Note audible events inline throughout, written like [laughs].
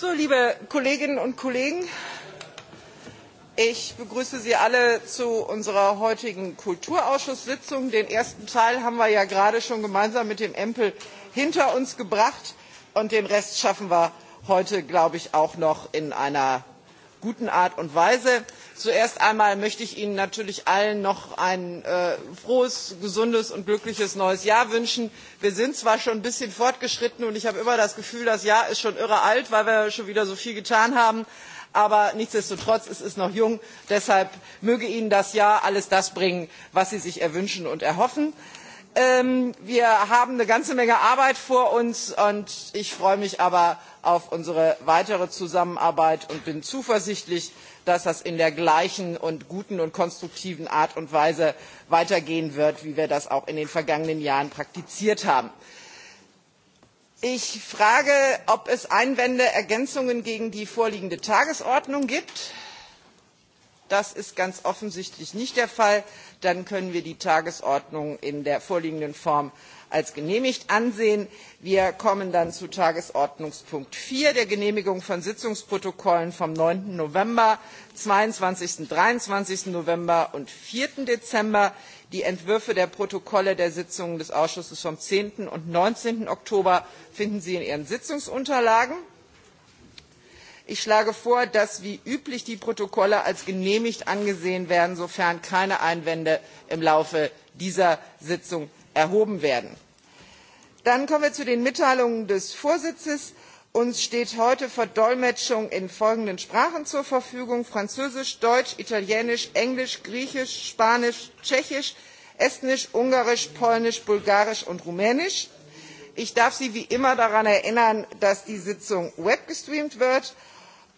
So, liebe Kolleginnen und Kollegen, ich begrüße Sie alle zu unserer heutigen Kulturausschusssitzung. Den ersten Teil haben wir ja gerade schon gemeinsam mit dem Empel hinter uns gebracht und den Rest schaffen wir heute, glaube ich, auch noch in einer guten Art und Weise zuerst einmal möchte ich ihnen natürlich allen noch ein äh, frohes gesundes und glückliches neues jahr wünschen. wir sind zwar schon ein bisschen fortgeschritten und ich habe immer das gefühl das jahr ist schon irre alt weil wir schon wieder so viel getan haben aber nichtsdestotrotz es ist noch jung deshalb möge ihnen das jahr alles das bringen was sie sich erwünschen und erhoffen. Ähm, wir haben eine ganze menge arbeit vor uns und ich freue mich aber auf unsere weitere zusammenarbeit und bin zuversichtlich dass das in der gleichen und guten und konstruktiven Art und Weise weitergehen wird, wie wir das auch in den vergangenen Jahren praktiziert haben. Ich frage, ob es Einwände, Ergänzungen gegen die vorliegende Tagesordnung gibt. Das ist ganz offensichtlich nicht der Fall. Dann können wir die Tagesordnung in der vorliegenden Form als genehmigt ansehen. wir kommen dann zu tagesordnungspunkt vier der genehmigung von sitzungsprotokollen vom. neun november zweiundzwanzig. dreiundzwanzig november und. vier dezember die entwürfe der protokolle der sitzungen des ausschusses vom. zehn und. neunzehn oktober finden sie in ihren sitzungsunterlagen ich schlage vor dass wie üblich die protokolle als genehmigt angesehen werden sofern keine einwände im laufe dieser sitzung erhoben werden. dann kommen wir zu den mitteilungen des vorsitzes uns steht heute verdolmetschung in folgenden sprachen zur verfügung französisch deutsch italienisch englisch griechisch spanisch tschechisch estnisch ungarisch polnisch bulgarisch und rumänisch. ich darf sie wie immer daran erinnern dass die sitzung webgestreamt wird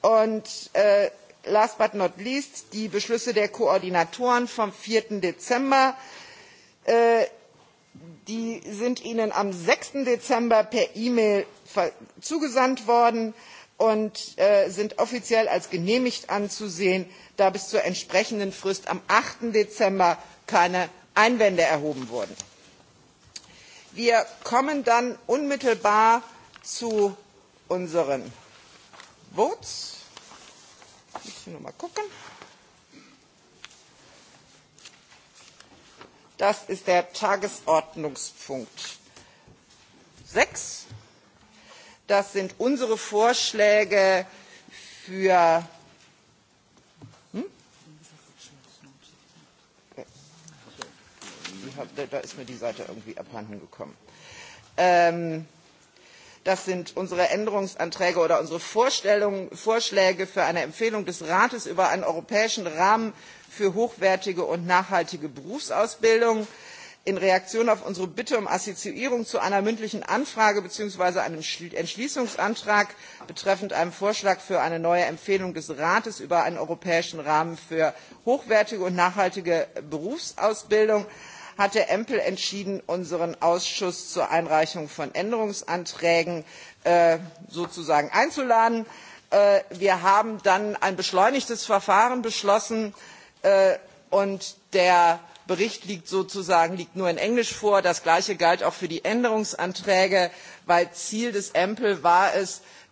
und äh, last but not least die beschlüsse der koordinatoren vom. vier dezember äh, die sind ihnen am. sechs dezember per e mail zugesandt worden und äh, sind offiziell als genehmigt anzusehen da bis zur entsprechenden frist am. acht dezember keine einwände erhoben wurden. wir kommen dann unmittelbar zu unseren votes. Ich muss hier noch mal gucken. das ist der tagesordnungspunkt sechs das sind unsere vorschläge für hm? da ist mir die seite irgendwie abhanden gekommen. Ähm das sind unsere änderungsanträge oder unsere vorschläge für eine empfehlung des rates über einen europäischen rahmen für hochwertige und nachhaltige berufsausbildung in reaktion auf unsere bitte um assoziierung zu einer mündlichen anfrage beziehungsweise einem entschließungsantrag betreffend einen vorschlag für eine neue empfehlung des rates über einen europäischen rahmen für hochwertige und nachhaltige berufsausbildung hatte empl entschieden unseren ausschuss zur einreichung von änderungsanträgen äh, sozusagen einzuladen. Äh, wir haben dann ein beschleunigtes verfahren beschlossen äh, und der bericht liegt sozusagen nur in englisch vor. das gleiche galt auch für die änderungsanträge weil ziel des empl war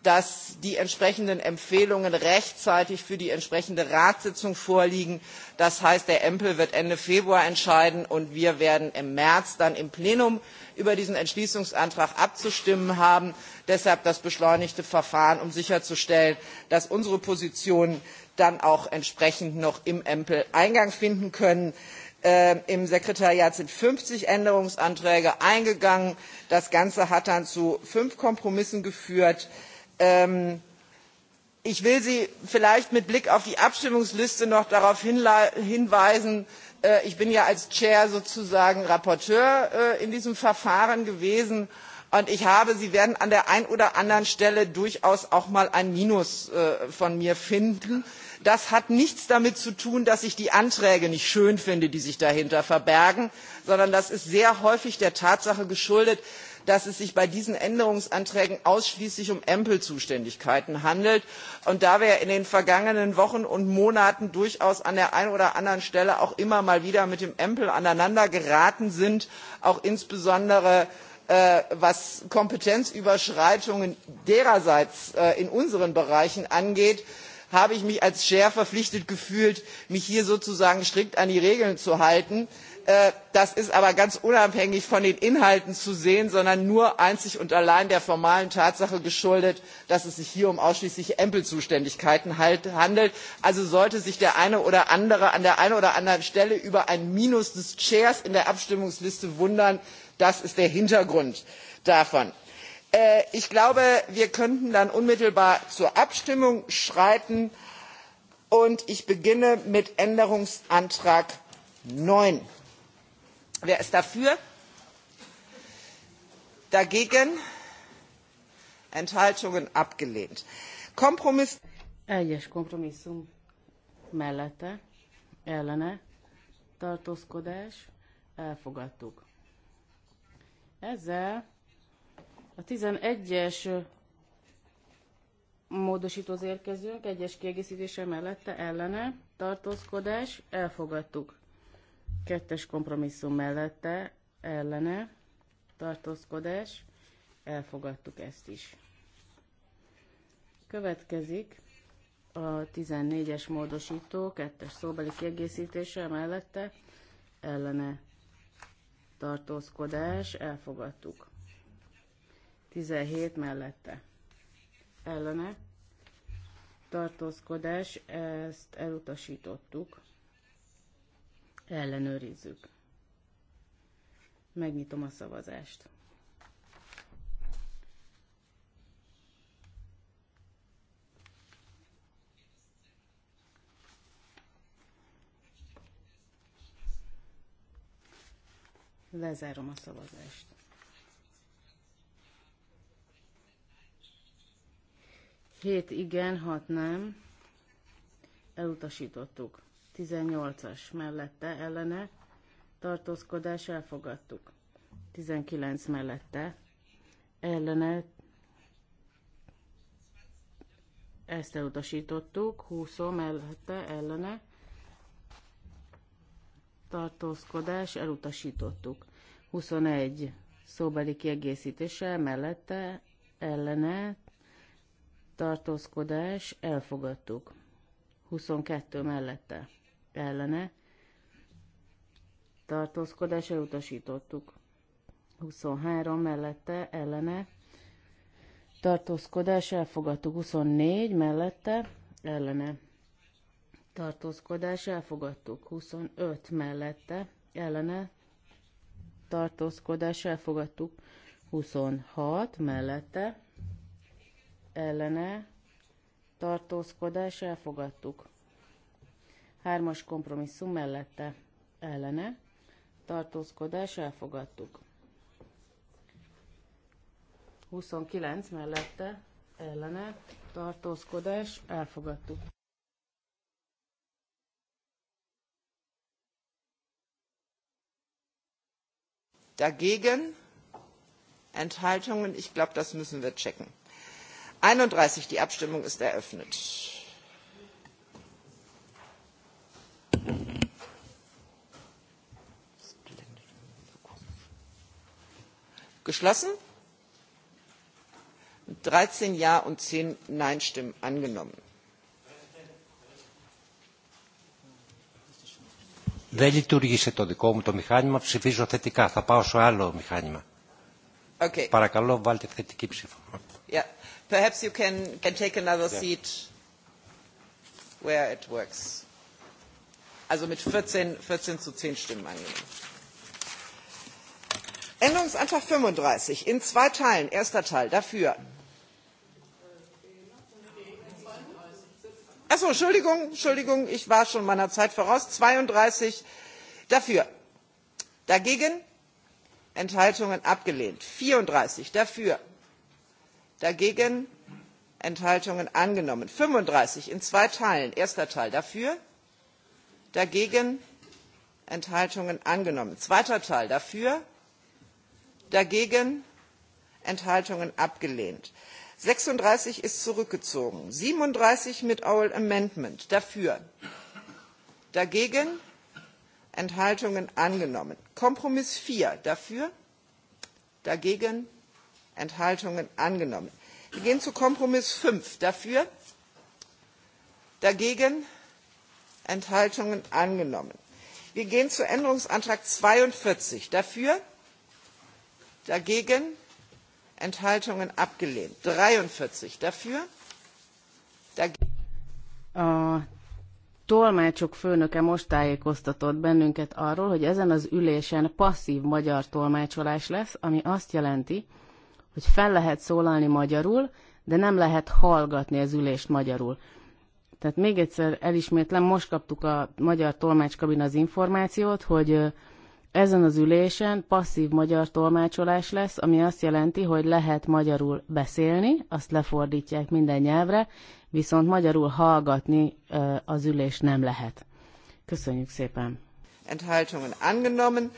dass die entsprechenden empfehlungen rechtzeitig für die entsprechende ratssitzung vorliegen. das heißt der empl wird ende februar entscheiden und wir werden im märz dann im plenum über diesen entschließungsantrag abzustimmen haben. deshalb das beschleunigte verfahren um sicherzustellen dass unsere positionen dann auch entsprechend noch im empl eingang finden können äh, im sekretariat sind fünfzig änderungsanträge eingegangen das ganze hat dann zu fünf kompromissen geführt. Ähm, ich will sie vielleicht mit blick auf die abstimmungsliste noch darauf hinweisen äh, ich bin ja als chair sozusagen berichterstatter äh, in diesem verfahren gewesen und ich habe sie werden an der einen oder anderen stelle durchaus auch mal ein minus äh, von mir finden. das hat nichts damit zu tun dass ich die anträge nicht schön finde die sich dahinter verbergen sondern das ist sehr häufig der tatsache geschuldet dass es sich bei diesen änderungsanträgen ausschließlich um empl zuständigkeiten handelt und da wir in den vergangenen wochen und monaten durchaus an der einen oder anderen stelle auch immer mal wieder mit dem ampel aneinander geraten sind auch insbesondere äh, was kompetenzüberschreitungen dererseits äh, in unseren bereichen angeht habe ich mich als verpflichtet gefühlt mich hier sozusagen strikt an die regeln zu halten. Äh, das ist aber ganz unabhängig von den inhalten zu sehen sondern nur einzig und allein der formalen tatsache geschuldet dass es sich hier um ausschließlich empl zuständigkeiten handelt. also sollte sich der eine oder andere an der einen oder anderen stelle über ein minus des chairs in der abstimmungsliste wundern das ist der hintergrund davon. Äh, ich glaube wir könnten dann unmittelbar zur abstimmung schreiten und ich beginne mit änderungsantrag neun wer ist dafür? dagegen enthaltungen abgelehnt. kompromiss egyes kompromisszum mellette ellene tartózkodás elfogadtuk. Ezzel a 11-es módosítóz érkezünk, egyes kiegészítése mellette ellene tartózkodás elfogadtuk. Kettes kompromisszum mellette ellene tartózkodás, elfogadtuk ezt is. Következik a 14-es módosító, kettes szóbeli kiegészítése mellette ellene tartózkodás, elfogadtuk. 17 mellette ellene tartózkodás, ezt elutasítottuk ellenőrizzük. Megnyitom a szavazást. Lezárom a szavazást. Hét igen, hat nem. Elutasítottuk. 18-as mellette ellene tartózkodás elfogadtuk. 19 mellette ellene ezt elutasítottuk, 20 mellette ellene tartózkodás elutasítottuk. 21 szóbeli kiegészítése mellette ellene tartózkodás elfogadtuk. 22 mellette ellene tartózkodás elutasítottuk. 23 mellette ellene tartózkodás elfogadtuk. 24 mellette ellene tartózkodás elfogadtuk. 25 mellette ellene tartózkodás elfogadtuk. 26 mellette ellene tartózkodás elfogadtuk. Hármas kompromisszum mellette ellene tartózkodás elfogadtuk. 29 mellette ellene tartózkodás elfogadtuk. Dagegen Enthaltungen, ich glaube, das müssen wir checken. 31, die Abstimmung ist eröffnet. geschlossen mit dreizehn ja und zehn nein stimmen angenommen. Δεν λειτουργήσε το δικό μου το μηχάνημα, ψηφίζω θετικά. Θα πάω σε άλλο μηχάνημα. Okay. Παρακαλώ, βάλτε θετική ψήφο. Yeah. Perhaps you can, can take another yeah. seat where it works. Also mit 14, 14 zu 10 Stimmen angenommen änderungsantrag fünfunddreißig in zwei teilen erster teil dafür Achso, entschuldigung entschuldigung ich war schon meiner zeit voraus zweiunddreißig dafür dagegen enthaltungen abgelehnt vierunddreißig dafür dagegen enthaltungen angenommen fünfunddreißig in zwei teilen erster teil dafür dagegen enthaltungen angenommen zweiter teil dafür dagegen enthaltungen abgelehnt; sechsunddreißig ist zurückgezogen; siebenunddreißig mit oral amendment dafür; dagegen enthaltungen angenommen; kompromiss vier dafür; dagegen enthaltungen angenommen. wir gehen zu kompromiss fünf dafür; dagegen enthaltungen angenommen. wir gehen zu änderungsantrag zweiundvierzig dafür; dagegen Enthaltungen abgelehnt. 43 dafür. Dagegen. A tolmácsok főnöke most tájékoztatott bennünket arról, hogy ezen az ülésen passzív magyar tolmácsolás lesz, ami azt jelenti, hogy fel lehet szólalni magyarul, de nem lehet hallgatni az ülést magyarul. Tehát még egyszer elismétlem, most kaptuk a magyar tolmácskabin az információt, hogy ezen az ülésen passzív magyar tolmácsolás lesz, ami azt jelenti, hogy lehet magyarul beszélni, azt lefordítják minden nyelvre, viszont magyarul hallgatni az ülés nem lehet. Köszönjük szépen! Enthaltungen angenommen.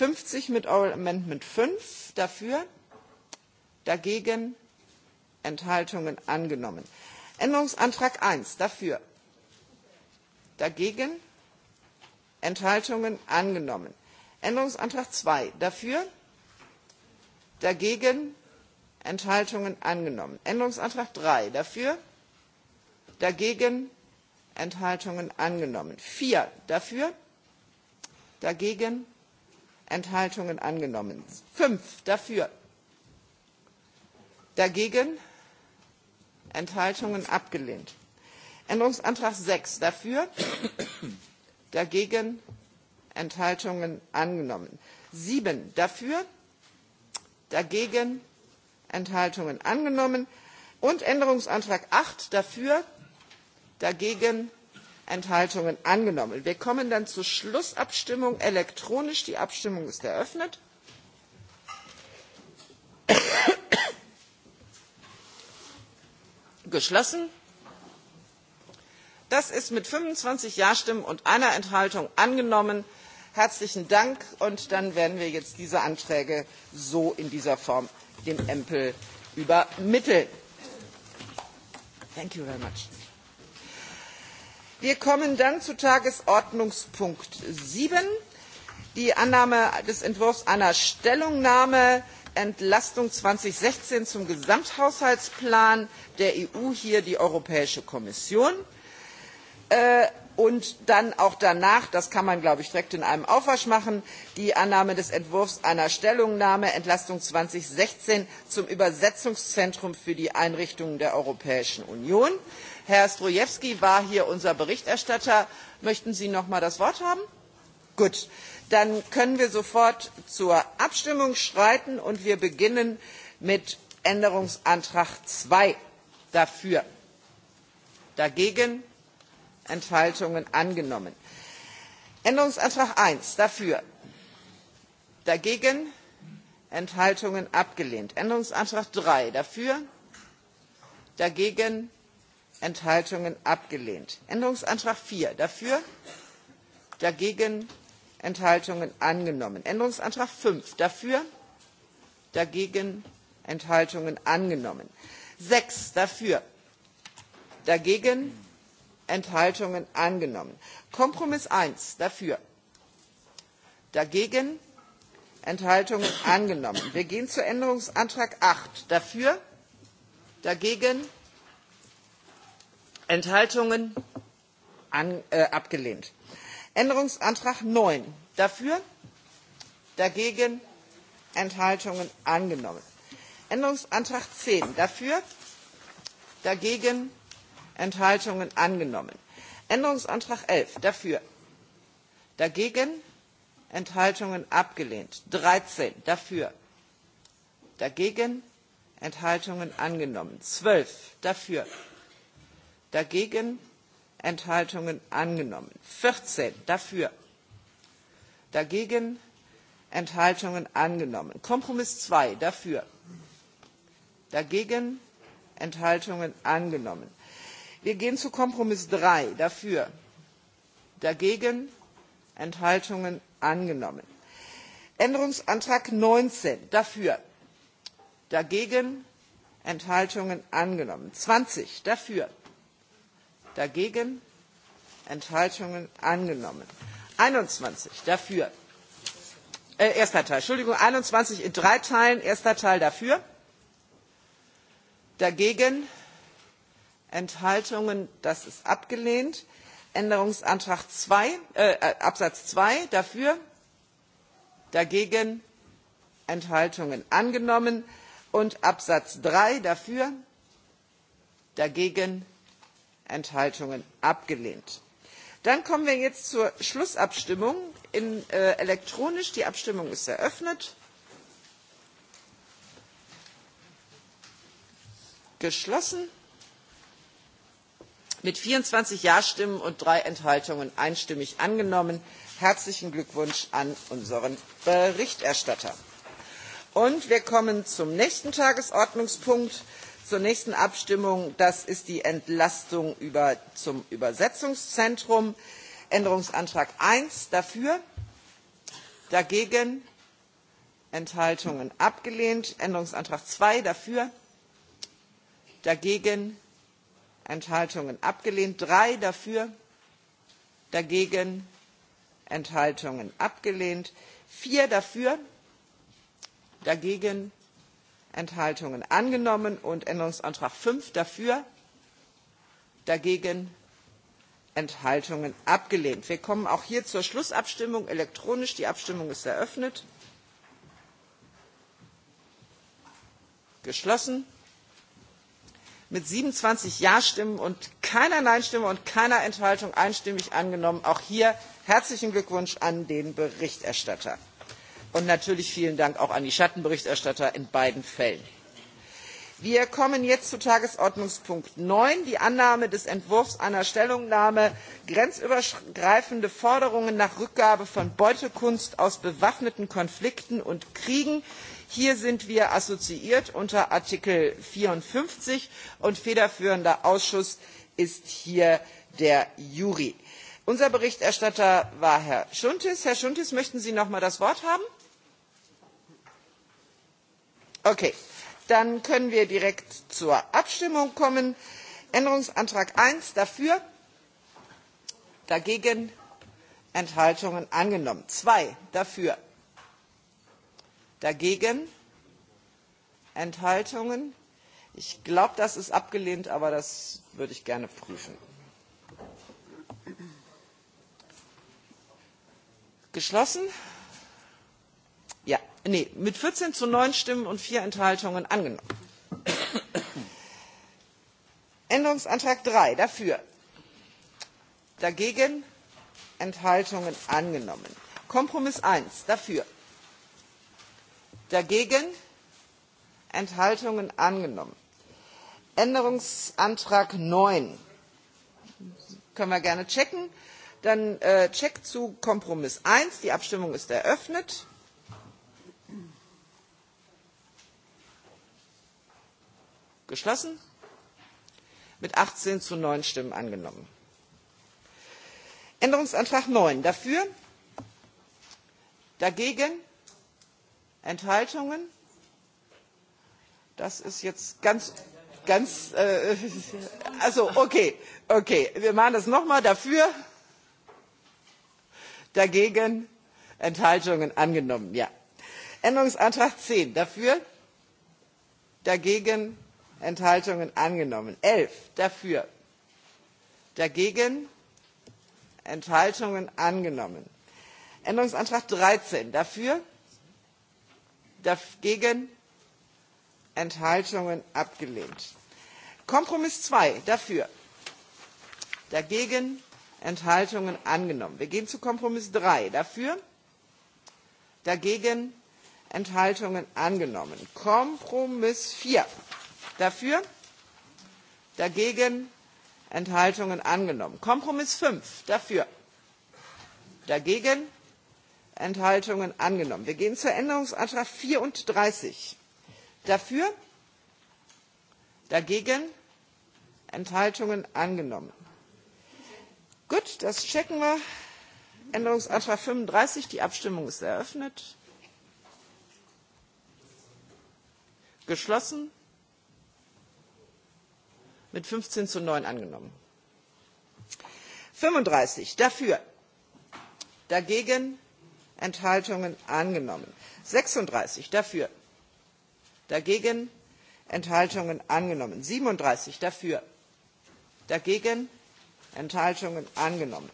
50 mit Oral Amendment 5 dafür, dagegen Enthaltungen angenommen. Änderungsantrag 1 dafür, dagegen Enthaltungen angenommen änderungsantrag zwei dafür dagegen enthaltungen angenommen; änderungsantrag drei dafür dagegen enthaltungen angenommen; vier dafür dagegen enthaltungen angenommen; fünf dafür dagegen enthaltungen abgelehnt; änderungsantrag sechs dafür dagegen enthaltungen angenommen; sieben dafür dagegen enthaltungen angenommen; und änderungsantrag acht dafür dagegen enthaltungen angenommen. wir kommen dann zur schlussabstimmung elektronisch. die abstimmung ist eröffnet. [coughs] geschlossen. das ist mit fünfundzwanzig ja stimmen und einer enthaltung angenommen herzlichen dank und dann werden wir jetzt diese anträge so in dieser form dem empl übermitteln. Thank you very much. Wir kommen dann zu Tagesordnungspunkt 7, die Annahme des Entwurfs einer Stellungnahme Entlastung 2016 zum Gesamthaushaltsplan der EU, hier die Europäische Kommission. Äh, und dann auch danach das kann man glaube ich direkt in einem aufwasch machen die annahme des entwurfs einer stellungnahme entlastung zweitausendsechzehn zum übersetzungszentrum für die einrichtungen der europäischen union. herr strojewski war hier unser berichterstatter. möchten sie noch einmal das wort haben? gut dann können wir sofort zur abstimmung schreiten und wir beginnen mit änderungsantrag zwei dafür dagegen Enthaltungen angenommen. Änderungsantrag eins dafür, dagegen Enthaltungen abgelehnt. Änderungsantrag drei dafür, dagegen Enthaltungen abgelehnt. Änderungsantrag vier dafür, dagegen Enthaltungen angenommen. Änderungsantrag fünf dafür, dagegen Enthaltungen angenommen. sechs dafür, dagegen Enthaltungen angenommen. Kompromiss 1 dafür. Dagegen Enthaltungen angenommen. Wir gehen zu Änderungsantrag 8 dafür. Dagegen Enthaltungen an, äh, abgelehnt. Änderungsantrag 9 dafür. Dagegen Enthaltungen angenommen. Änderungsantrag 10 dafür. Dagegen Enthaltungen angenommen. Änderungsantrag 11 dafür, dagegen, Enthaltungen abgelehnt. dreizehn dafür, dagegen, Enthaltungen angenommen. zwölf dafür, dagegen, Enthaltungen angenommen. vierzehn dafür, dagegen, Enthaltungen angenommen. Kompromiss zwei dafür, dagegen, Enthaltungen angenommen wir gehen zu kompromiss drei dafür dagegen enthaltungen angenommen; änderungsantrag neunzehn dafür dagegen enthaltungen angenommen; zwanzig dafür dagegen enthaltungen angenommen; einundzwanzig dafür äh, erster teil entschuldigung einundzwanzig in drei teilen erster teil dafür dagegen enthaltungen das ist abgelehnt; änderungsantrag 2, äh, absatz zwei dafür dagegen enthaltungen angenommen und absatz drei dafür dagegen enthaltungen abgelehnt. dann kommen wir jetzt zur schlussabstimmung in, äh, elektronisch. die abstimmung ist eröffnet. geschlossen mit vierundzwanzig ja stimmen und drei enthaltungen einstimmig angenommen. herzlichen glückwunsch an unseren berichterstatter! wir kommen zum nächsten tagesordnungspunkt zur nächsten abstimmung das ist die entlastung zum übersetzungszentrum änderungsantrag eins dafür dagegen enthaltungen abgelehnt; änderungsantrag zwei dafür dagegen Enthaltungen abgelehnt. Drei dafür, dagegen, Enthaltungen abgelehnt. Vier dafür, dagegen, Enthaltungen angenommen und Änderungsantrag fünf dafür, dagegen, Enthaltungen abgelehnt. Wir kommen auch hier zur Schlussabstimmung elektronisch. Die Abstimmung ist eröffnet. Geschlossen mit siebenundzwanzig ja stimmen und keiner nein stimme und keiner enthaltung einstimmig angenommen. auch hier herzlichen glückwunsch an den berichterstatter und natürlich vielen dank auch an die schattenberichterstatter in beiden fällen. wir kommen jetzt zu tagesordnungspunkt neun die annahme des entwurfs einer stellungnahme grenzübergreifende forderungen nach rückgabe von beutekunst aus bewaffneten konflikten und kriegen hier sind wir assoziiert unter artikel vierundfünfzig und federführender ausschuss ist hier der juri. unser berichterstatter war herr chountis. herr chountis möchten sie noch einmal das wort haben? okay dann können wir direkt zur abstimmung kommen. änderungsantrag eins dafür dagegen enthaltungen angenommen; zwei dafür dagegen enthaltungen ich glaube das ist abgelehnt aber das würde ich gerne prüfen. geschlossen? ja nee mit vierzehn zu neun stimmen und vier enthaltungen angenommen. änderungsantrag drei dafür dagegen enthaltungen angenommen. kompromiss eins dafür dagegen enthaltungen angenommen; änderungsantrag neun können wir gerne checken dann äh, check zu kompromiss eins die abstimmung ist eröffnet. geschlossen mit achtzehn zu neun stimmen angenommen. änderungsantrag neun dafür dagegen enthaltungen? das ist jetzt ganz ganz äh, [laughs] also okay okay wir machen das noch mal dafür dagegen enthaltungen angenommen ja änderungsantrag zehn dafür dagegen enthaltungen angenommen elf dafür dagegen enthaltungen angenommen änderungsantrag dreizehn dafür dagegen enthaltungen abgelehnt. kompromiss zwei dafür dagegen enthaltungen angenommen. wir gehen zu kompromiss drei dafür dagegen enthaltungen angenommen. kompromiss vier dafür dagegen enthaltungen angenommen. kompromiss fünf dafür dagegen enthaltungen angenommen. wir gehen zu änderungsantrag vierunddreißig dafür dagegen enthaltungen angenommen. gut das checken wir. änderungsantrag fünfunddreißig die abstimmung ist eröffnet. geschlossen mit fünfzehn zu neun angenommen. fünfunddreißig dafür dagegen Enthaltungen angenommen. 36 dafür, dagegen Enthaltungen angenommen. 37 dafür, dagegen Enthaltungen angenommen.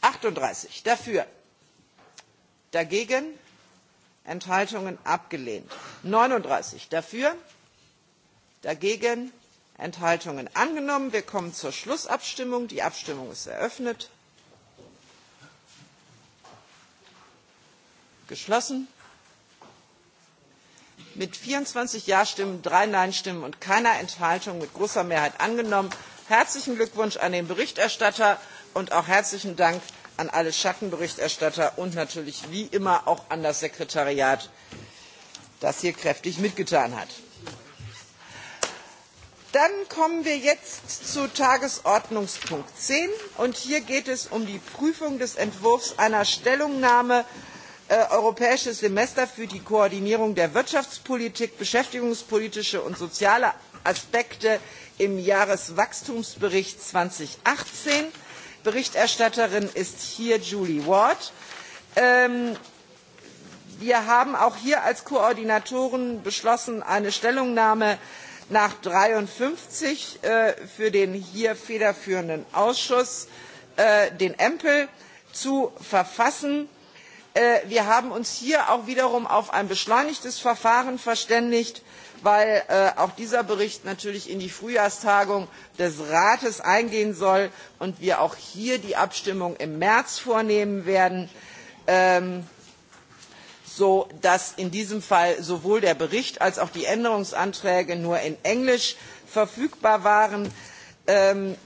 38 dafür, dagegen Enthaltungen abgelehnt. 39 dafür, dagegen Enthaltungen angenommen. Wir kommen zur Schlussabstimmung. Die Abstimmung ist eröffnet. geschlossen mit vierundzwanzig ja stimmen drei nein stimmen und keiner enthaltung mit großer mehrheit angenommen. herzlichen glückwunsch an den berichterstatter und auch herzlichen dank an alle schattenberichterstatter und natürlich wie immer auch an das sekretariat das hier kräftig mitgetan hat. dann kommen wir jetzt zu tagesordnungspunkt zehn und hier geht es um die prüfung des entwurfs einer stellungnahme Äh, europäisches semester für die koordinierung der wirtschaftspolitik beschäftigungspolitische und soziale aspekte im jahreswachstumsbericht. zweitausendachtzehn berichterstatterin ist hier julie ward. Ähm, wir haben auch hier als koordinatoren beschlossen eine stellungnahme nach dreiundfünfzig äh, für den hier federführenden ausschuss äh, den empl zu verfassen Äh, wir haben uns hier auch wiederum auf ein beschleunigtes verfahren verständigt weil äh, auch dieser bericht natürlich in die frühjahrstagung des rates eingehen soll und wir auch hier die abstimmung im märz vornehmen werden ähm, sodass in diesem fall sowohl der bericht als auch die änderungsanträge nur in englisch verfügbar waren. Ähm,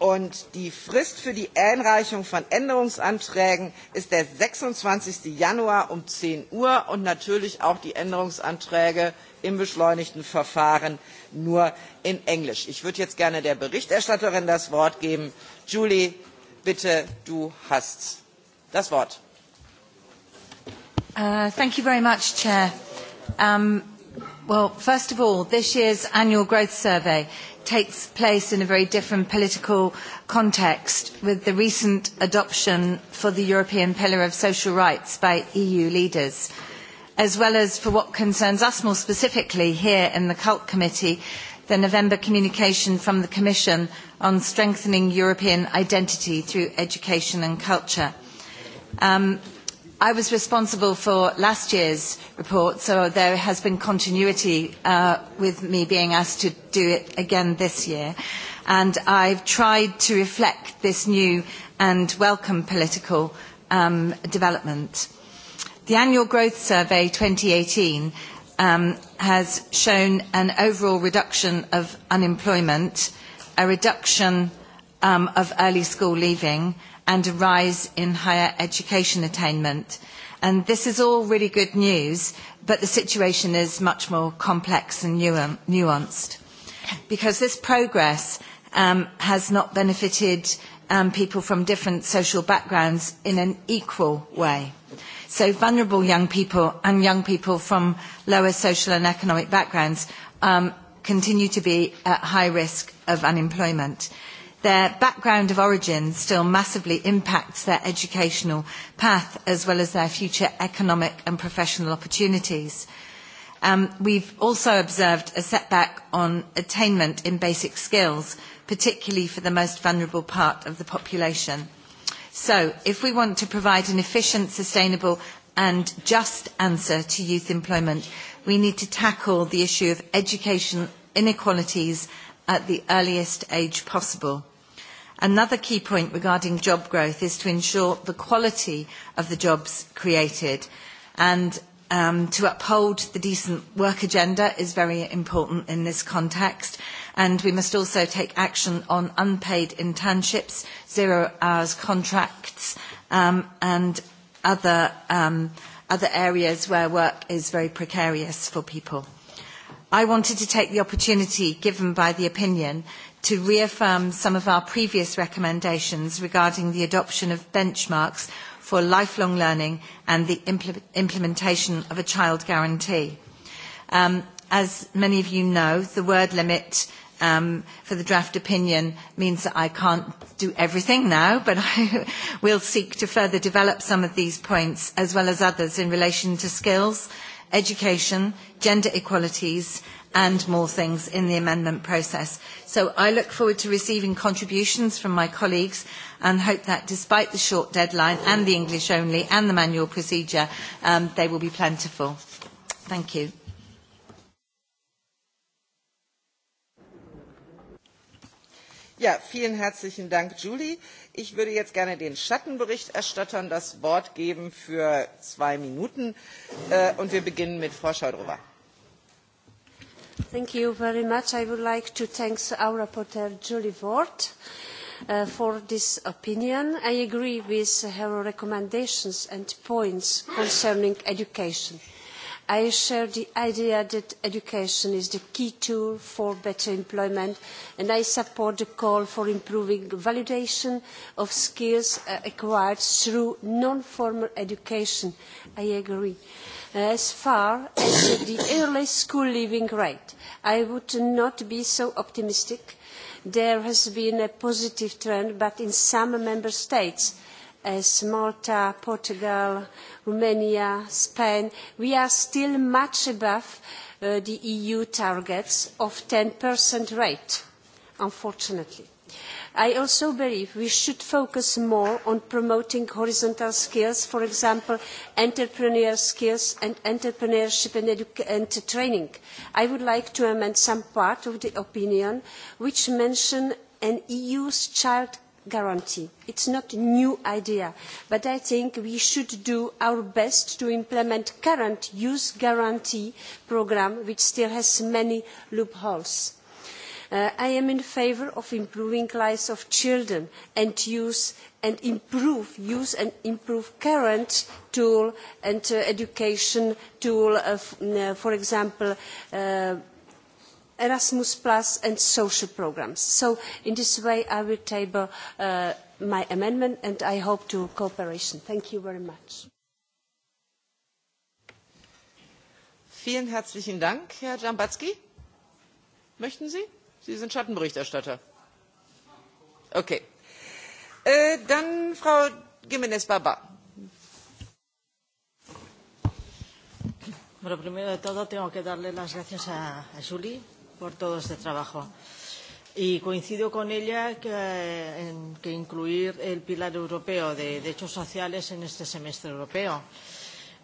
und die frist für die einreichung von änderungsanträgen ist der. sechsundzwanzig januar um zehn uhr und natürlich auch die änderungsanträge im beschleunigten verfahren nur in englisch. ich würde jetzt gerne der berichterstatterin das wort geben. julie bitte du hast das wort. Uh, thank you very much, Chair. Um, well, first of all, this year's annual growth survey takes place in a very different political context with the recent adoption for the European Pillar of Social Rights by EU leaders, as well as for what concerns us more specifically here in the CULT Committee, the November communication from the Commission on strengthening European identity through education and culture. Um, I was responsible for last year's report, so there has been continuity uh, with me being asked to do it again this year. And I've tried to reflect this new and welcome political um, development. The Annual Growth Survey 2018 um, has shown an overall reduction of unemployment, a reduction um, of early school leaving, and a rise in higher education attainment. And this is all really good news, but the situation is much more complex and nuanced because this progress um, has not benefited um, people from different social backgrounds in an equal way. So vulnerable young people and young people from lower social and economic backgrounds um, continue to be at high risk of unemployment their background of origin still massively impacts their educational path as well as their future economic and professional opportunities. Um, we've also observed a setback on attainment in basic skills, particularly for the most vulnerable part of the population. So if we want to provide an efficient, sustainable and just answer to youth employment, we need to tackle the issue of education inequalities at the earliest age possible. Another key point regarding job growth is to ensure the quality of the jobs created and um, to uphold the decent work agenda is very important in this context and we must also take action on unpaid internships, zero hours contracts um, and other, um, other areas where work is very precarious for people. I wanted to take the opportunity given by the opinion to reaffirm some of our previous recommendations regarding the adoption of benchmarks for lifelong learning and the impl implementation of a child guarantee. Um, as many of you know, the word limit um, for the draft opinion means that I can't do everything now, but [laughs] I will seek to further develop some of these points as well as others in relation to skills, education, gender equalities, and more things in the amendment process. So I look forward to receiving contributions from my colleagues and hope that despite the short deadline and the English only and the manual procedure, um, they will be plentiful. Thank you. Ja, vielen herzlichen Dank, Julie. Ich würde jetzt gerne den Schattenberichterstattern das Wort geben für zwei Minuten. Äh, und wir beginnen mit Frau Schaudrova. Thank you very much. I would like to thank our rapporteur, Julie Ward, uh, for this opinion. I agree with her recommendations and points concerning education. I share the idea that education is the key tool for better employment, and I support the call for improving validation of skills uh, acquired through non-formal education. I agree. Uh, as far as the early school leaving rate. I would not be so optimistic. There has been a positive trend, but in some member states, as Malta, Portugal, Romania, Spain, we are still much above uh, the EU targets of 10% rate, unfortunately I also believe we should focus more on promoting horizontal skills, for example, entrepreneurial skills and entrepreneurship and, training. I would like to amend some part of the opinion which mention an EU's child guarantee. It's not a new idea, but I think we should do our best to implement current youth guarantee programme, which still has many loopholes Uh, I am in favour of improving lives of children and use and improve, use and improve current tool and uh, education tool, of, uh, for example, uh, Erasmus Plus and social programmes. So in this way I will table my amendment and I hope to cooperation. Thank you very much. Vielen herzlichen Dank, Herr Jambatzky. Möchten Sie? Sie sind Schattenberichterstatter. Okay. Äh, dann Frau Jiménez Baba. Bueno, primero de todo tengo que darle las gracias a, a Julie por todo este trabajo. Y coincido con ella que, en que incluir el pilar europeo de derechos sociales en este semestre europeo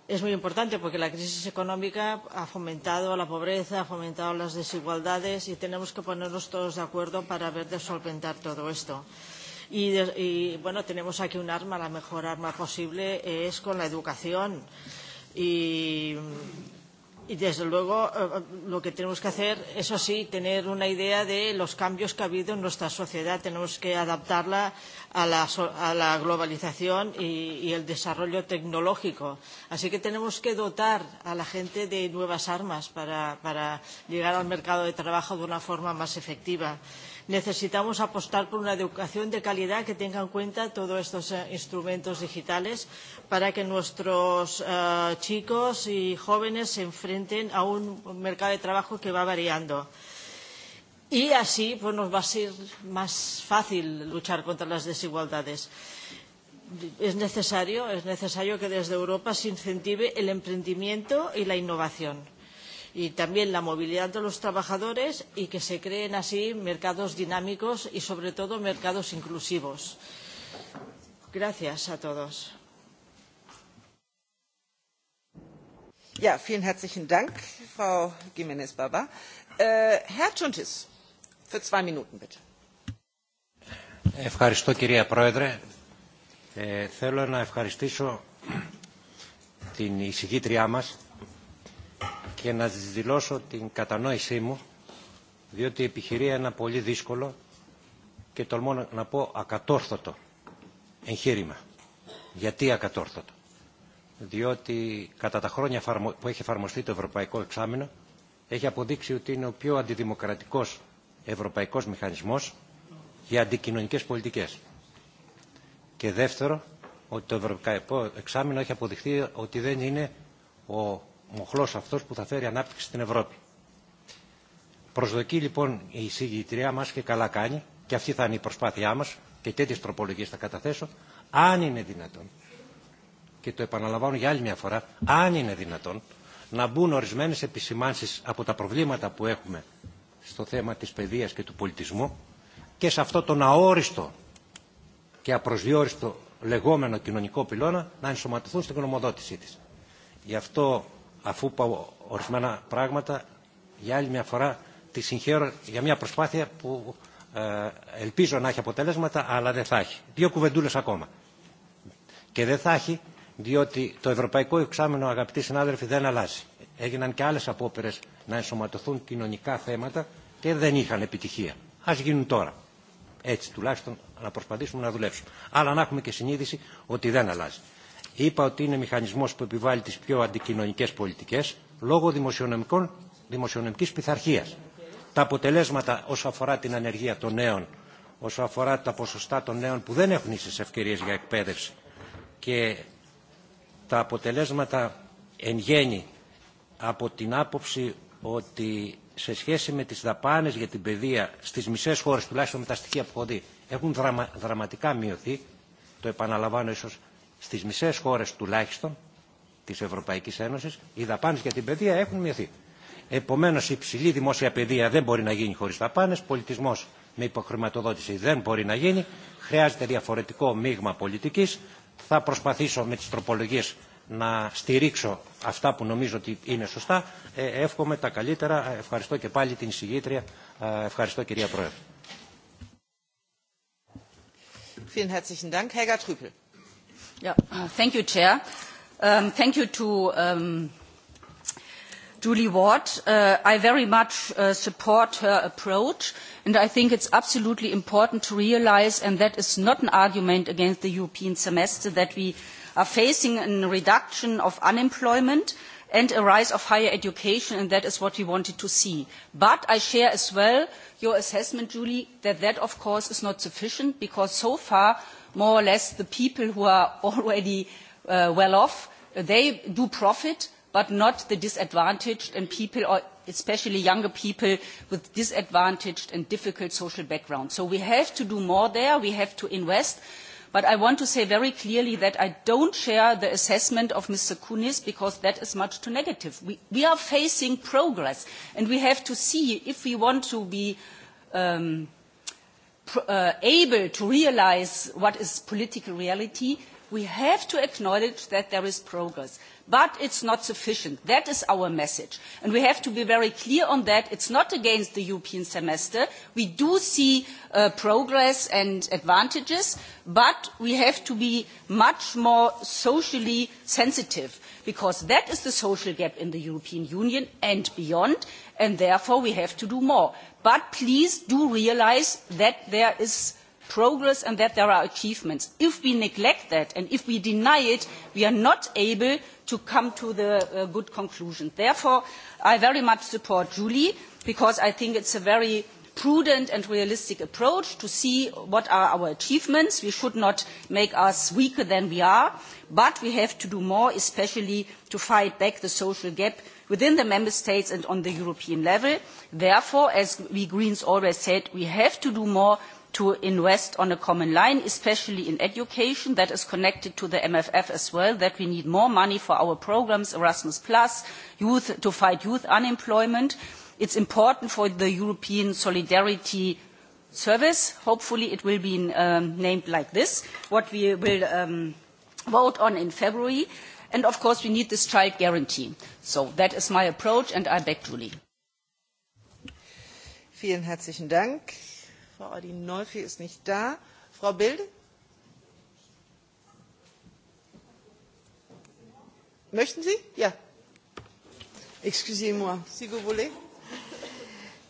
es muy importante porque la crisis económica ha fomentado la pobreza, ha fomentado las desigualdades y tenemos que ponernos todos de acuerdo para ver de solventar todo esto. Y, de, y bueno, tenemos aquí un arma, la mejor arma posible es con la educación. Y Y desde luego eh, eh, lo que tenemos que hacer, eso sí, tener una idea de los cambios que ha habido en nuestra sociedad. Tenemos que adaptarla a la, a la globalización y, y el desarrollo tecnológico. Así que tenemos que dotar a la gente de nuevas armas para, para llegar al mercado de trabajo de una forma más efectiva necesitamos apostar por una educación de calidad que tenga en cuenta todos estos eh, instrumentos digitales para que nuestros eh, chicos y jóvenes se enfrenten a un mercado de trabajo que va variando. Y así pues, nos va a ser más fácil luchar contra las desigualdades es necesario, es necesario que desde Europa se incentive el emprendimiento y la innovación y también la movilidad de los trabajadores y que se creen así mercados dinámicos y, sobre todo, mercados inclusivos. Gracias a todos. Ja, vielen herzlichen Dank, Frau Jiménez Baba. Äh, Herr Tschuntis, für zwei Minuten bitte. Ευχαριστώ κυρία Πρόεδρε. Ε, θέλω να ευχαριστήσω την εισηγήτριά μας και να σας δηλώσω την κατανόησή μου, διότι επιχειρεί ένα πολύ δύσκολο και τολμώ να πω ακατόρθωτο εγχείρημα. Γιατί ακατόρθωτο. Διότι κατά τα χρόνια που έχει εφαρμοστεί το Ευρωπαϊκό Εξάμεινο έχει αποδείξει ότι είναι ο πιο αντιδημοκρατικός ευρωπαϊκός μηχανισμός για αντικοινωνικές πολιτικές. Και δεύτερο, ότι το Ευρωπαϊκό Εξάμεινο έχει αποδειχθεί ότι δεν είναι ο μοχλός αυτός που θα φέρει ανάπτυξη στην Ευρώπη. Προσδοκεί λοιπόν η εισηγητριά μας και καλά κάνει, και αυτή θα είναι η προσπάθειά μας, και τέτοιες τροπολογίες θα καταθέσω, αν είναι δυνατόν, και το επαναλαμβάνω για άλλη μια φορά, αν είναι δυνατόν, να μπουν ορισμένες επισημάνσεις από τα προβλήματα που έχουμε στο θέμα της παιδείας και του πολιτισμού και σε αυτό τον αόριστο και απροσδιόριστο λεγόμενο κοινωνικό πυλώνα να ενσωματωθούν στην γνωμοδότησή της. Γι' αυτό αφού πάω ορισμένα πράγματα για άλλη μια φορά τη συγχαίρω για μια προσπάθεια που ε, ελπίζω να έχει αποτελέσματα αλλά δεν θα έχει. Δύο κουβεντούλες ακόμα. Και δεν θα έχει διότι το ευρωπαϊκό εξάμεινο αγαπητοί συνάδελφοι δεν αλλάζει. Έγιναν και άλλες απόπειρες να ενσωματωθούν κοινωνικά θέματα και δεν είχαν επιτυχία. Ας γίνουν τώρα. Έτσι τουλάχιστον να προσπαθήσουμε να δουλέψουμε. Αλλά να έχουμε και συνείδηση ότι δεν αλλάζει είπα ότι είναι μηχανισμός που επιβάλλει τις πιο αντικοινωνικές πολιτικές λόγω δημοσιονομικών, δημοσιονομικής πειθαρχίας. Τα αποτελέσματα όσο αφορά την ανεργία των νέων, όσο αφορά τα ποσοστά των νέων που δεν έχουν ίσες ευκαιρίες για εκπαίδευση και τα αποτελέσματα εν γέννη από την άποψη ότι σε σχέση με τις δαπάνες για την παιδεία στις μισές χώρες, τουλάχιστον με τα στοιχεία που έχω δει, έχουν δραμα, δραματικά μειωθεί, το επαναλαμβάνω ίσως στις μισές χώρες τουλάχιστον της Ευρωπαϊκής Ένωσης οι δαπάνες για την παιδεία έχουν μειωθεί. Επομένως η υψηλή δημόσια παιδεία δεν μπορεί να γίνει χωρίς δαπάνες, πολιτισμός με υποχρηματοδότηση δεν μπορεί να γίνει, χρειάζεται διαφορετικό μείγμα πολιτικής. Θα προσπαθήσω με τις τροπολογίες να στηρίξω αυτά που νομίζω ότι είναι σωστά. Ε, εύχομαι τα καλύτερα. Ευχαριστώ και πάλι την εισηγήτρια. Ευχαριστώ κυρία Πρόεδρε. Vielen herzlichen Dank. Helga Trüpel thank you, Chair. Um, thank you to um, Julie Ward. Uh, I very much uh, support her approach, and I think it's absolutely important to realize, and that is not an argument against the European semester, that we are facing a reduction of unemployment and a rise of higher education, and that is what we wanted to see. But I share as well your assessment, Julie, that that, of course, is not sufficient, because so far more or less the people who are [laughs] already uh, well off, they do profit, but not the disadvantaged and people, or especially younger people with disadvantaged and difficult social backgrounds. So we have to do more there. We have to invest. But I want to say very clearly that I don't share the assessment of Mr. Kunis because that is much too negative. We, we are facing progress and we have to see if we want to be um, Uh, able to realise what is political reality, we have to acknowledge that there is progress. But it's not sufficient. That is our message. And we have to be very clear on that. It's not against the European semester. We do see uh, progress and advantages, but we have to be much more socially sensitive because that is the social gap in the European Union and beyond and therefore we have to do more. But please do realise that there is progress and that there are achievements. If we neglect that and if we deny it, we are not able to come to the uh, good conclusion. Therefore, I very much support Julie because I think it's a very prudent and realistic approach to see what are our achievements. We should not make us weaker than we are, but we have to do more, especially to fight back the social gap within the member states and on the European level. Therefore, as we Greens always said, we have to do more to invest on a common line, especially in education. That is connected to the MFF as well, that we need more money for our programmes, Erasmus+, youth, to fight youth unemployment. It's important for the European solidarity service. Hopefully it will be um, named like this, what we will um, vote on in February. And of course, we need this child guarantee. So that is my approach, and I back Julie. Vielen herzlichen Dank. Frau Adin Neufi ist nicht da. Frau Bild? Möchten Sie? Ja. Excusez-moi, si vous voulez.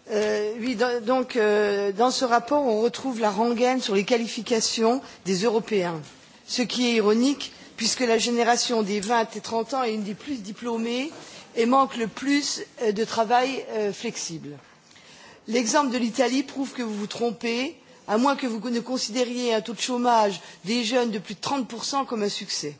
Euh, oui, donc euh, dans ce rapport, on retrouve la rengaine sur les qualifications des Européens. Ce qui est ironique, puisque la génération des vingt et trente ans est une des plus diplômées et manque le plus euh, de travail euh, flexible. l'exemple de l'italie prouve que vous vous trompez à moins que vous ne considériez un taux de chômage des jeunes de plus de trente comme un succès.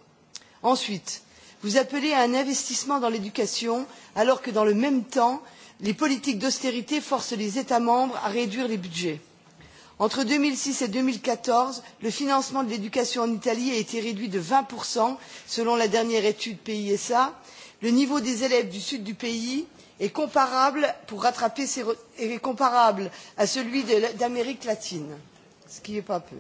ensuite vous appelez à un investissement dans l'éducation alors que dans le même temps les politiques d'austérité forcent les états membres à réduire les budgets entre deux mille six et deux mille quatorze le financement de l'éducation en italie a été réduit de vingt selon la dernière étude pisa. le niveau des élèves du sud du pays est comparable à celui d'amérique latine ce qui n'est pas peu.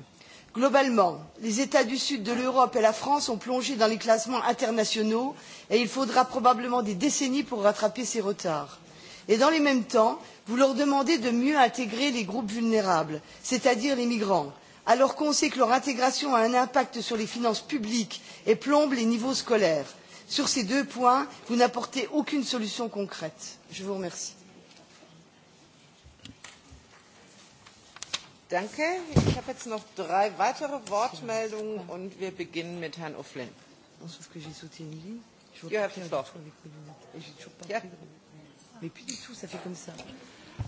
globalement les états du sud de l'europe et la france ont plongé dans les classements internationaux et il faudra probablement des décennies pour rattraper ces retards et dans le même temps vous leur demandez de mieux intégrer les groupes vulnérables c'est à dire les migrants alors qu'on sait que leur intégration a un impact sur les finances publiques et plombe les niveaux scolaires. sur ces deux points vous n'apportez aucune solution concrète. je vous remercie. Danke. Ich habe jetzt noch drei weitere Wortmeldungen und wir beginnen mit Herrn O'Flynn. On trouve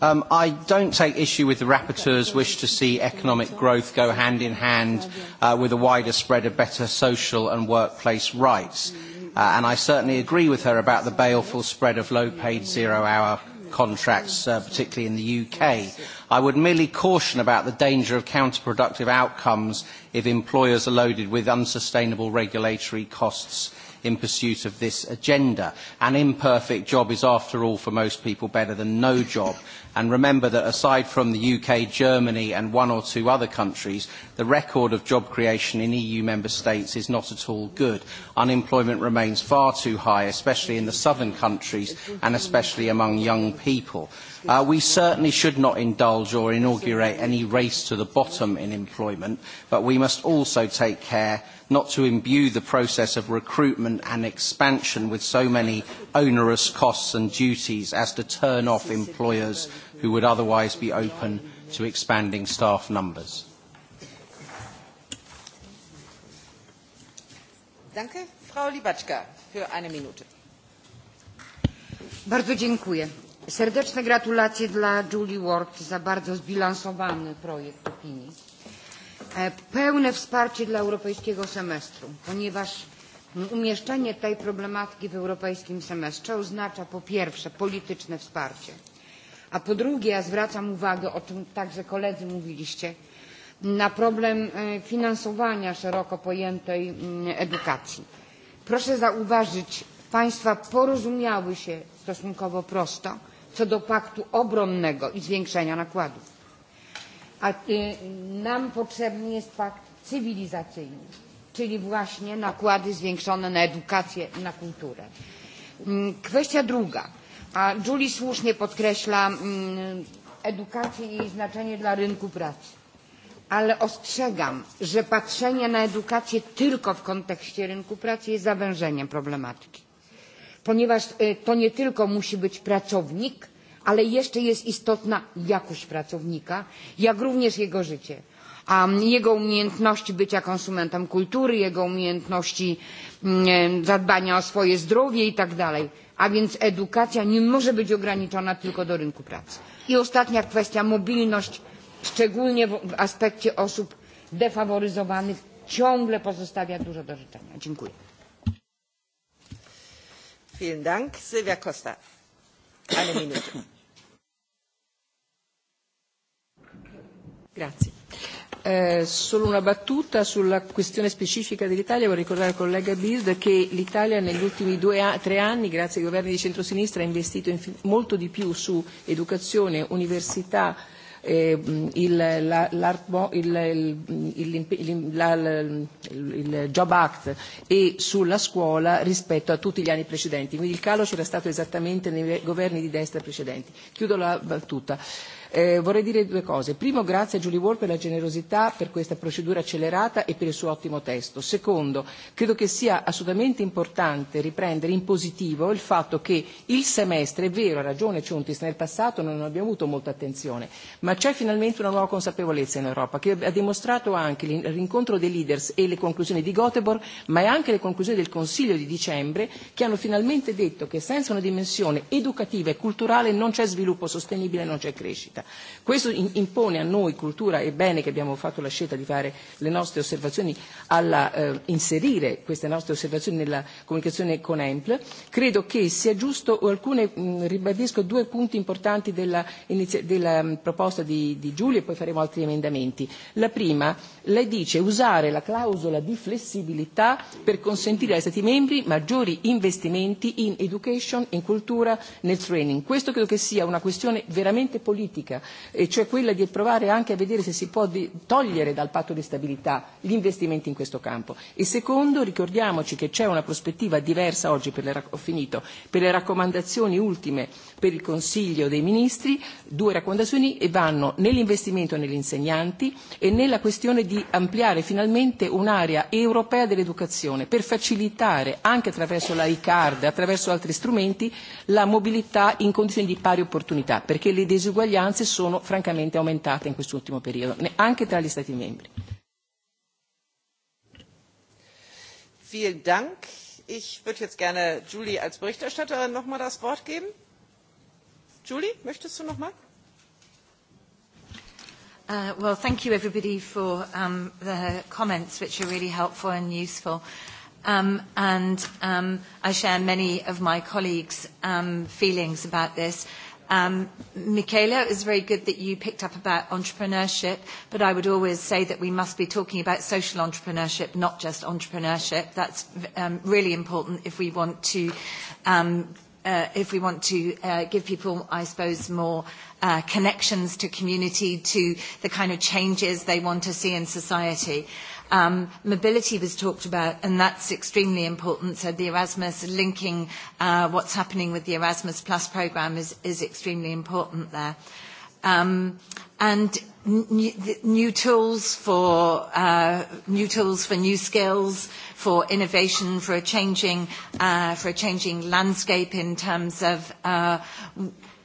Um, I don't take issue with the rapporteur's wish to see economic growth go hand in hand uh, with a wider spread of better social and workplace rights. Uh, and I certainly agree with her about the baleful spread of low-paid zero-hour contracts, uh, particularly in the UK. I would merely caution about the danger of counterproductive outcomes if employers are loaded with unsustainable regulatory costs in pursuit of this agenda. An imperfect job is, after all, for most people better than no job. And remember that aside from the UK, Germany and one or two other countries, the record of job creation in EU member states is not at all good. Unemployment remains far too high, especially in the southern countries and especially among young people. Uh, we certainly should not indulge or inaugurate any race to the bottom in employment, but we must also take care not to imbue the process of recruitment and expansion with so many onerous costs and duties as to turn off employers who would otherwise be open to expanding staff numbers. Danke. Frau Libacka für eine Minute. Bardzo dziękuję. Serdeczne gratulacje dla Julie Ward za bardzo zbilansowany projekt opinii. E, pełne wsparcie dla europejskiego semestru, ponieważ umieszczenie tej problematyki w europejskim semestrze oznacza po pierwsze polityczne wsparcie, a po drugie, ja zwracam uwagę, o czym także koledzy mówiliście, na problem e, finansowania szeroko pojętej mm, edukacji. Proszę zauważyć, państwa porozumiały się stosunkowo prosto co do paktu obronnego i zwiększenia nakładów. A nam potrzebny jest pakt cywilizacyjny, czyli właśnie nakłady zwiększone na edukację i na kulturę. Mm, kwestia druga. A Julie słusznie podkreśla mm, edukację i jej znaczenie dla rynku pracy. Ale ostrzegam, że patrzenie na edukację tylko w kontekście rynku pracy jest zawężeniem problematyki ponieważ e, to nie tylko musi być pracownik ale jeszcze jest istotna jakość pracownika jak również jego życie jego umiejętności bycia konsumentem kultury jego umiejętności e, zadbania o swoje zdrowie i tak dalej a więc edukacja nie może być ograniczona tylko do rynku pracy. i ostatnia kwestia mobilność szczególnie w aspekcie osób defaworyzowanych ciągle pozostawia dużo do życzenia. dziękuję. Eh, solo una battuta sulla questione specifica dell'Italia. Vorrei ricordare al collega bildt che l'Italia negli ultimi due, a, tre anni, grazie ai governi di centrosinistra, ha investito molto di più su educazione, università, eh, il, la, il, il, il, la, il Job Act e sulla scuola rispetto a tutti gli anni precedenti. Quindi il calo c'era stato esattamente nei governi di destra precedenti. Chiudo la battuta Eh, vorrei dire due cose. Primo, grazie a Julie Ward per la generosità, per questa procedura accelerata e per il suo ottimo testo. Secondo, credo che sia assolutamente importante riprendere in positivo il fatto che il semestre, è vero, ha ragione Ciuntis, nel passato non abbiamo avuto molta attenzione, ma c'è finalmente una nuova consapevolezza in Europa che ha dimostrato anche l'incontro dei leaders e le conclusioni di Göteborg, ma anche le conclusioni del Consiglio di dicembre che hanno finalmente detto che senza una dimensione educativa e culturale non c'è sviluppo sostenibile, non c'è crescita vita. Questo impone a noi cultura, e bene che abbiamo fatto la scelta di fare le nostre osservazioni, alla, eh, inserire queste nostre osservazioni nella comunicazione con EMPL, credo che sia giusto alcune, mh, ribadisco due punti importanti della, della mh, proposta di, di Giulia e poi faremo altri emendamenti. La prima, lei dice usare la clausola di flessibilità per consentire ai Stati membri maggiori investimenti in education, in cultura, nel training. Questo credo che sia una questione veramente politica politica, e cioè quella di provare anche a vedere se si può di- togliere dal patto di stabilità gli investimenti in questo campo. E secondo, ricordiamoci che c'è una prospettiva diversa oggi per le, ho finito, per le raccomandazioni ultime per il Consiglio dei Ministri, due raccomandazioni e vanno nell'investimento negli insegnanti e nella questione di ampliare finalmente un'area europea dell'educazione per facilitare anche attraverso la ICARD, attraverso altri strumenti, la mobilità in condizioni di pari opportunità, perché le disuguaglianze distanze sono francamente aumentate in quest'ultimo periodo, anche tra gli Stati membri. Vielen Dank. Ich würde jetzt gerne Julie als Berichterstatterin noch mal das Wort geben. Julie, möchtest du noch mal? Uh, well, thank you everybody for um, the comments, which are really helpful and useful. Um, and um, I share many of my colleagues' um, feelings about this. Um, Michaela, it was very good that you picked up about entrepreneurship, but I would always say that we must be talking about social entrepreneurship, not just entrepreneurship. That's um, really important if we want to, um, uh, if we want to uh, give people, I suppose, more uh, connections to community, to the kind of changes they want to see in society. Um, mobility was talked about, and that's extremely important. So the Erasmus linking uh, what's happening with the Erasmus Plus programme is, is extremely important there. Um, and new tools for uh, new tools for new skills, for innovation, for a changing uh, for a changing landscape in terms of uh,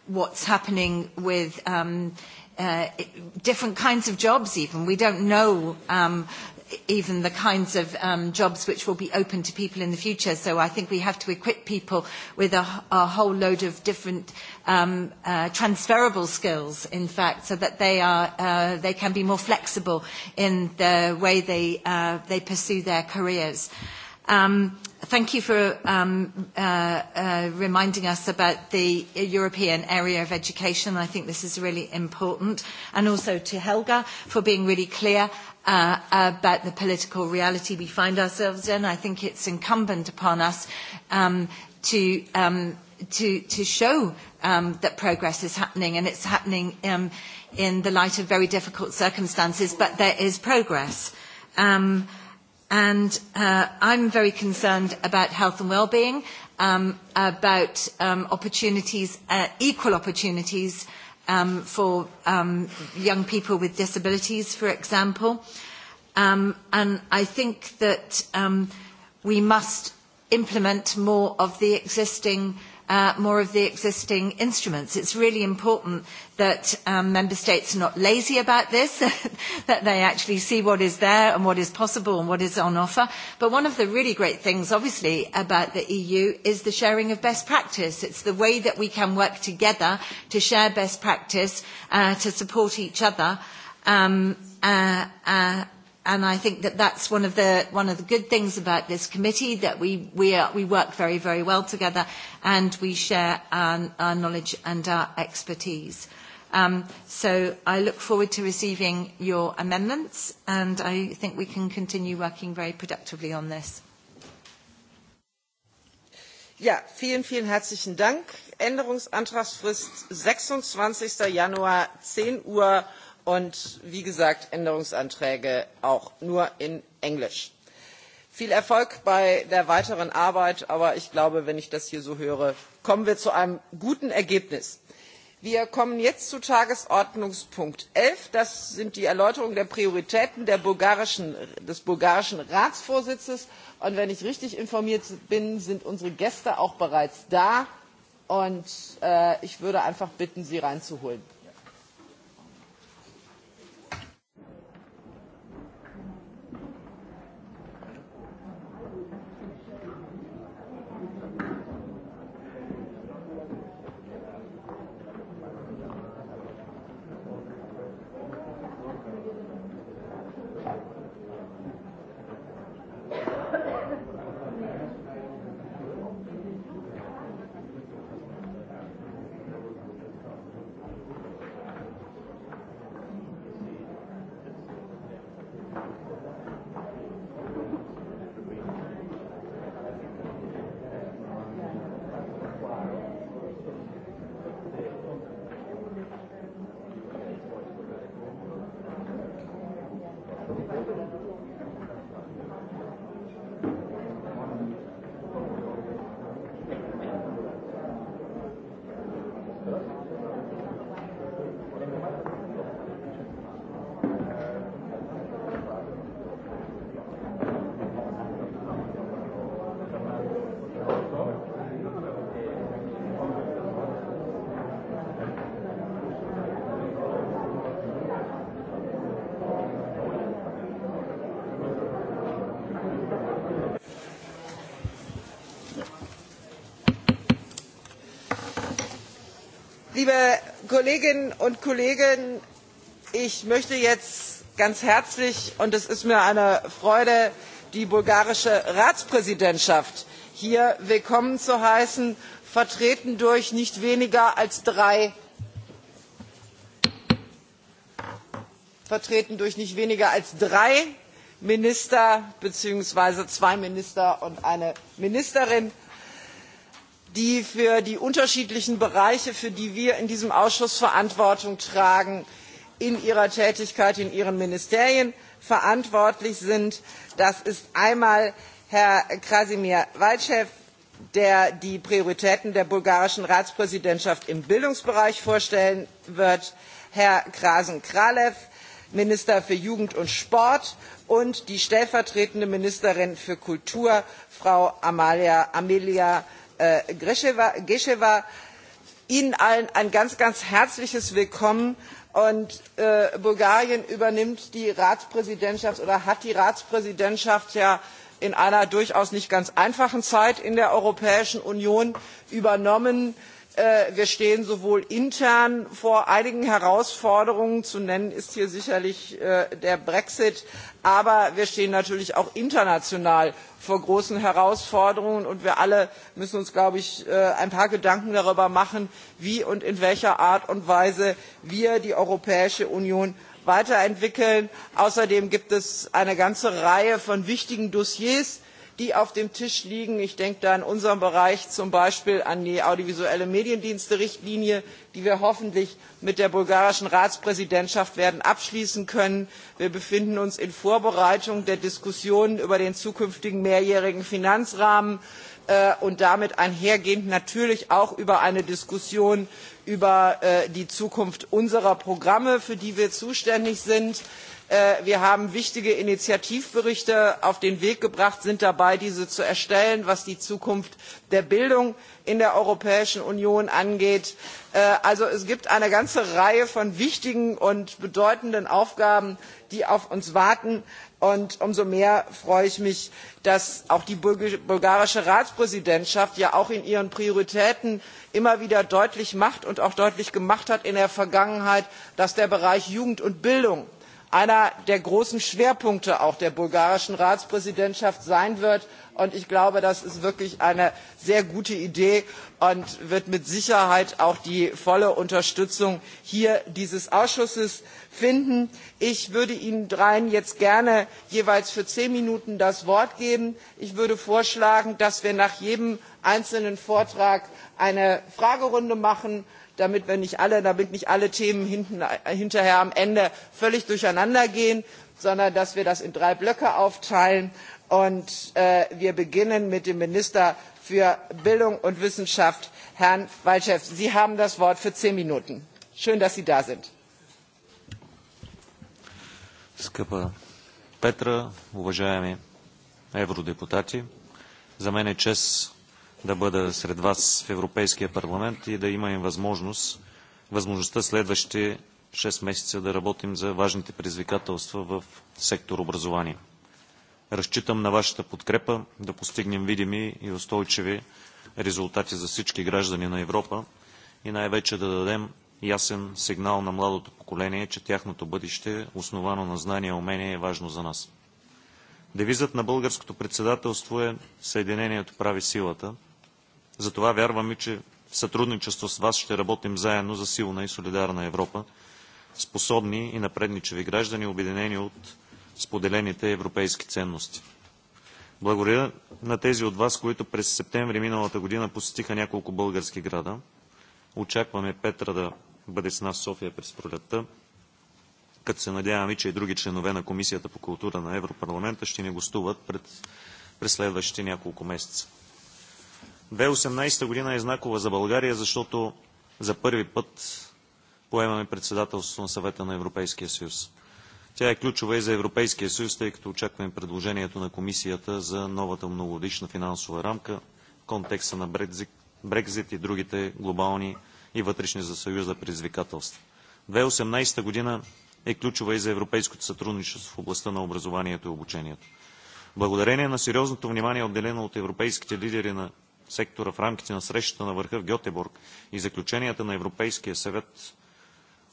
what's happening with. Um, uh, different kinds of jobs even. We don't know um, even the kinds of um, jobs which will be open to people in the future. So I think we have to equip people with a, a whole load of different um, uh, transferable skills, in fact, so that they, are, uh, they can be more flexible in the way they, uh, they pursue their careers. Um, thank you for um, uh, uh, reminding us about the European area of education. I think this is really important. And also to Helga for being really clear uh, about the political reality we find ourselves in. I think it's incumbent upon us um, to, um, to, to show um, that progress is happening, and it's happening um, in the light of very difficult circumstances, but there is progress. Um, and uh, I'm very concerned about health and well-being, um, about um, opportunities, uh, equal opportunities um, for um, young people with disabilities, for example. Um, and I think that um, we must implement more of the existing uh, more of the existing instruments. It's really important that um, member states are not lazy about this, [laughs] that they actually see what is there and what is possible and what is on offer. But one of the really great things, obviously, about the EU is the sharing of best practice. It's the way that we can work together to share best practice, uh, to support each other. Um, uh, uh, and I think that that's one of the one of the good things about this committee that we we are, we work very very well together, and we share our, our knowledge and our expertise. Um, so I look forward to receiving your amendments, and I think we can continue working very productively on this. Ja, vielen, vielen herzlichen Dank. Änderungsantragsfrist 26. Januar 10 Uhr und wie gesagt änderungsanträge auch nur in englisch. viel erfolg bei der weiteren arbeit aber ich glaube wenn ich das hier so höre kommen wir zu einem guten ergebnis. wir kommen jetzt zu tagesordnungspunkt elf das sind die erläuterungen der prioritäten des bulgarischen ratsvorsitzes und wenn ich richtig informiert bin sind unsere gäste auch bereits da und äh, ich würde einfach bitten sie reinzuholen. liebe kolleginnen und kollegen! ich möchte jetzt ganz herzlich und es ist mir eine freude die bulgarische ratspräsidentschaft hier willkommen zu heißen vertreten durch nicht weniger als drei vertreten durch nicht weniger als drei minister beziehungsweise zwei minister und eine ministerin die für die unterschiedlichen bereiche für die wir in diesem ausschuss verantwortung tragen in ihrer tätigkeit in ihren ministerien verantwortlich sind das ist einmal herr krasimir vajcev der die prioritäten der bulgarischen ratspräsidentschaft im bildungsbereich vorstellen wird herr krasen kralev minister für jugend und sport und die stellvertretende ministerin für kultur frau amelia Äh, grzewa ihnen allen ein ganz ganz herzliches willkommen und äh, bulgarien übernimmt die ratspräsidentschaft oder hat die ratspräsidentschaft ja in einer durchaus nicht ganz einfachen zeit in der europäischen union übernommen. Äh, wir stehen sowohl intern vor einigen herausforderungen zu nennen ist hier sicherlich äh, der brexit aber wir stehen natürlich auch international vor großen herausforderungen und wir alle müssen uns glaube ich äh, ein paar gedanken darüber machen wie und in welcher art und weise wir die europäische union weiterentwickeln. außerdem gibt es eine ganze reihe von wichtigen dossiers die auf dem tisch liegen ich denke da in unserem bereich zum beispiel an die audiovisuelle mediendienste richtlinie die wir hoffentlich mit der bulgarischen ratspräsidentschaft werden abschließen können. wir befinden uns in vorbereitung der diskussionen über den zukünftigen mehrjährigen finanzrahmen äh, und damit einhergehend natürlich auch über eine diskussion über äh, die zukunft unserer programme für die wir zuständig sind. Äh, wir haben wichtige initiativberichte auf den weg gebracht sind dabei diese zu erstellen was die zukunft der bildung in der europäischen union angeht. Äh, also es gibt eine ganze reihe von wichtigen und bedeutenden aufgaben die auf uns warten und umso mehr freue ich mich dass auch die bulgarische ratspräsidentschaft ja auch in ihren prioritäten immer wieder deutlich macht und auch deutlich gemacht hat in der vergangenheit dass der bereich jugend und bildung einer der großen schwerpunkte auch der bulgarischen ratspräsidentschaft sein wird und ich glaube das ist wirklich eine sehr gute idee und wird mit sicherheit auch die volle unterstützung hier dieses ausschusses finden. ich würde ihnen dreien jetzt gerne jeweils für zehn minuten das wort geben. ich würde vorschlagen dass wir nach jedem einzelnen vortrag eine fragerunde machen damit wir nicht alle, damit nicht alle Themen hinten, äh, hinterher am Ende völlig durcheinander gehen, sondern dass wir das in drei Blöcke aufteilen. Und äh, wir beginnen mit dem Minister für Bildung und Wissenschaft, Herrn Walchew. Sie haben das Wort für zehn Minuten. Schön, dass Sie da sind. Скъпа Петра, уважаеми евродепутати, за мен е чест да бъда сред вас в Европейския парламент и да имаме възможност, възможността следващите 6 месеца да работим за важните предизвикателства в сектор образование. Разчитам на вашата подкрепа да постигнем видими и устойчиви резултати за всички граждани на Европа и най-вече да дадем ясен сигнал на младото поколение, че тяхното бъдеще, основано на знания и умения, е важно за нас. Девизът на българското председателство е Съединението прави силата – Затова вярваме, че в сътрудничество с вас ще работим заедно за силна и солидарна Европа, способни и напредничеви граждани, обединени от споделените европейски ценности. Благодаря на тези от вас, които през септември миналата година посетиха няколко български града. Очакваме Петра да бъде с нас в София през пролетта, като се надяваме, че и други членове на Комисията по култура на Европарламента ще ни гостуват пред, през следващите няколко месеца. 2018 година е знакова за България, защото за първи път поемаме председателството на съвета на Европейския съюз. Тя е ключова и за Европейския съюз, тъй като очакваме предложението на комисията за новата многогодишна финансова рамка в контекста на Брекзит и другите глобални и вътрешни за Съюза предизвикателства. 2018 година е ключова и за европейското сътрудничество в областта на образованието и обучението. Благодарение на сериозното внимание, отделено от европейските лидери на сектора в рамките на срещата на върха в Гьотеборг и заключенията на Европейския съвет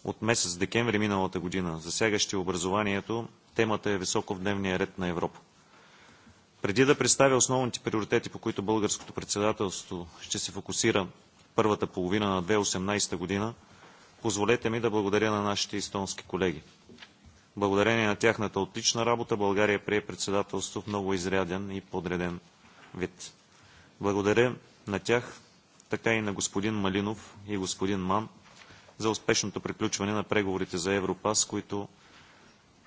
от месец декември миналата година, засягащи образованието, темата е високо в дневния ред на Европа. Преди да представя основните приоритети, по които българското председателство ще се фокусира първата половина на 2018 година, позволете ми да благодаря на нашите естонски колеги. Благодарение на тяхната отлична работа България прие председателство в много изряден и подреден вид. Благодаря на тях, така и на господин Малинов и господин Ман за успешното приключване на преговорите за Европас, които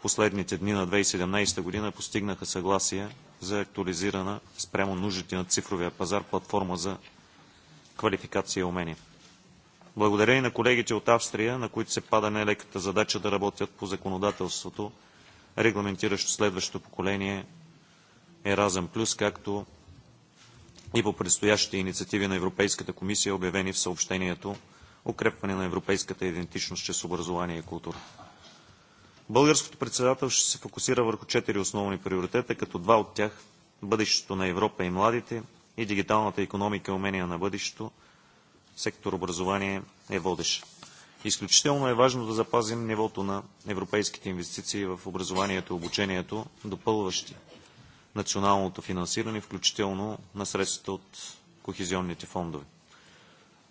последните дни на 2017 година постигнаха съгласие за актуализирана спрямо нуждите на цифровия пазар платформа за квалификация и умения. Благодаря и на колегите от Австрия, на които се пада нелеката задача да работят по законодателството, регламентиращо следващото поколение Еразъм Плюс, както и по предстоящите инициативи на Европейската комисия, обявени в съобщението «Укрепване на европейската идентичност чрез образование и култура». Българското председателство ще се фокусира върху четири основни приоритета, като два от тях – бъдещето на Европа и младите и дигиталната економика и умения на бъдещето, сектор образование е водещ. Изключително е важно да запазим нивото на европейските инвестиции в образованието и обучението, допълващи националното финансиране, включително на средствата от кохезионните фондове.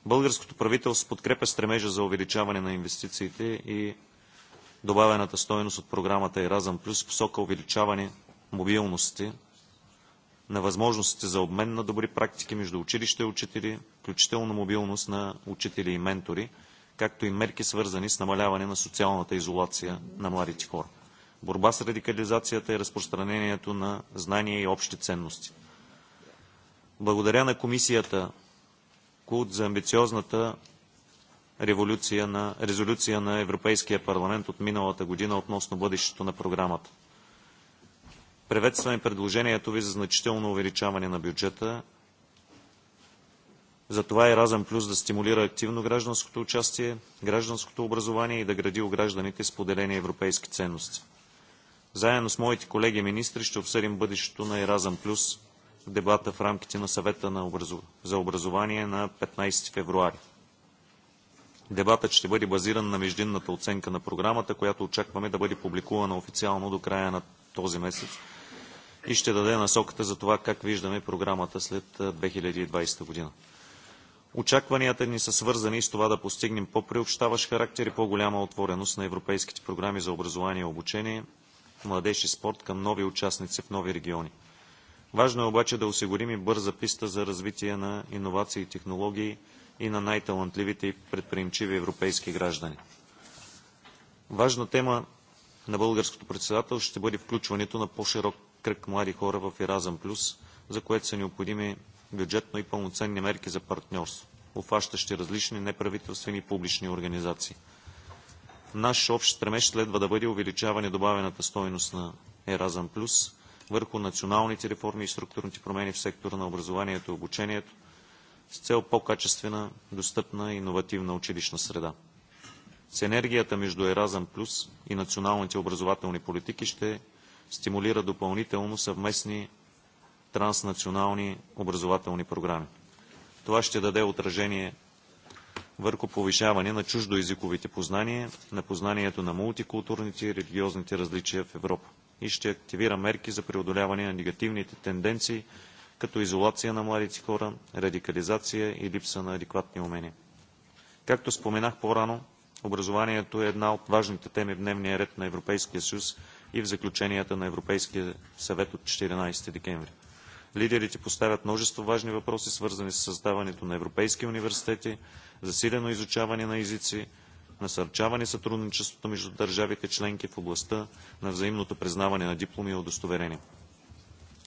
Българското правителство подкрепя стремежа за увеличаване на инвестициите и добавената стоеност от програмата Еразъм Плюс в посока увеличаване мобилности на възможностите за обмен на добри практики между училища и учители, включително мобилност на учители и ментори, както и мерки свързани с намаляване на социалната изолация на младите хора борба с радикализацията и разпространението на знания и общи ценности. Благодаря на комисията КУД за амбициозната революция на, резолюция на Европейския парламент от миналата година относно бъдещето на програмата. Приветстваме предложението ви за значително увеличаване на бюджета. За това е Разъм Плюс да стимулира активно гражданското участие, гражданското образование и да гради у гражданите споделени европейски ценности. Заедно с моите колеги министри ще обсъдим бъдещето на Еразъм Плюс в дебата в рамките на съвета на образу... за образование на 15 февруари. Дебатът ще бъде базиран на междинната оценка на програмата, която очакваме да бъде публикувана официално до края на този месец и ще даде насоката за това как виждаме програмата след 2020 година. Очакванията ни са свързани с това да постигнем по-приобщаващ характер и по-голяма отвореност на европейските програми за образование и обучение, младеж и спорт към нови участници в нови региони. Важно е обаче да осигурим и бърза писта за развитие на иновации и технологии и на най-талантливите и предприемчиви европейски граждани. Важна тема на българското председател ще бъде включването на по-широк кръг млади хора в Еразъм Плюс, за което са необходими бюджетно и пълноценни мерки за партньорство, обхващащи различни неправителствени и публични организации – Наш общ стремеж следва да бъде увеличаване добавената стойност на Еразъм Плюс върху националните реформи и структурните промени в сектора на образованието и обучението с цел по-качествена, достъпна и иновативна училищна среда. С енергията между Еразъм Плюс и националните образователни политики ще стимулира допълнително съвместни транснационални образователни програми. Това ще даде отражение върху повишаване на чуждоязиковите познания, на познанието на мултикултурните и религиозните различия в Европа и ще активира мерки за преодоляване на негативните тенденции, като изолация на младите хора, радикализация и липса на адекватни умения. Както споменах по-рано, образованието е една от важните теми в дневния ред на Европейския съюз и в заключенията на Европейския съвет от 14 декември. Лидерите поставят множество важни въпроси, свързани с създаването на европейски университети, засилено изучаване на езици, насърчаване сътрудничеството между държавите членки в областта на взаимното признаване на дипломи и удостоверения.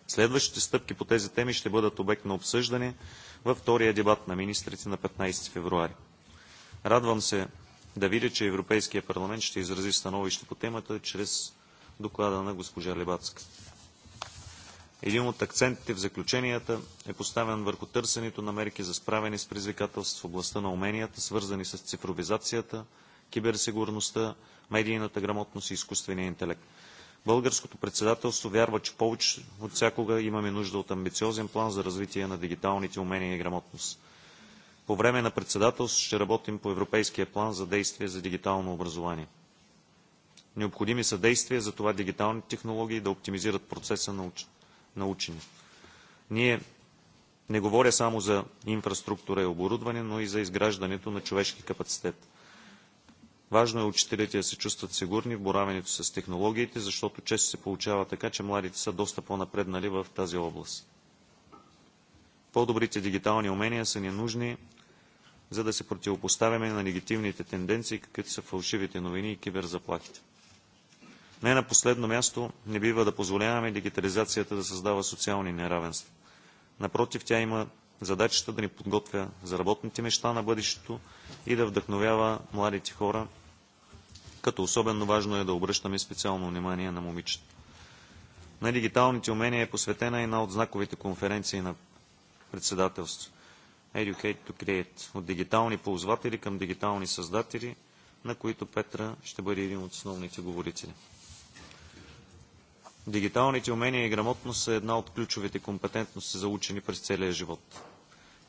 Следващите стъпки по тези теми ще бъдат обект на обсъждане във втория дебат на министрите на 15 февруари. Радвам се да видя, че Европейския парламент ще изрази становище по темата чрез доклада на госпожа Лебацка. Един от акцентите в заключенията е поставен върху търсенето на мерки за справяне с предизвикателства в областта на уменията, свързани с цифровизацията, киберсигурността, медийната грамотност и изкуствения интелект. Българското председателство вярва, че повече от всякога имаме нужда от амбициозен план за развитие на дигиталните умения и грамотност. По време на председателство ще работим по Европейския план за действие за дигитално образование. Необходими са действия за това дигиталните технологии да оптимизират процеса на научени. Ние не говоря само за инфраструктура и оборудване, но и за изграждането на човешки капацитет. Важно е учителите да се чувстват сигурни в боравенето с технологиите, защото често се получава така, че младите са доста по-напреднали в тази област. По-добрите дигитални умения са ни нужни, за да се противопоставяме на негативните тенденции, каквито са фалшивите новини и киберзаплахите. Не на последно място, не бива да позволяваме дигитализацията да създава социални неравенства. Напротив, тя има задачата да ни подготвя за работните мечта на бъдещето и да вдъхновява младите хора, като особено важно е да обръщаме специално внимание на момичета. На дигиталните умения е посветена една от знаковите конференции на председателство. Educate to Create. От дигитални ползватели към дигитални създатели, на които Петра ще бъде един от основните говорители. Дигиталните умения и грамотност са една от ключовите компетентности за учени през целия живот.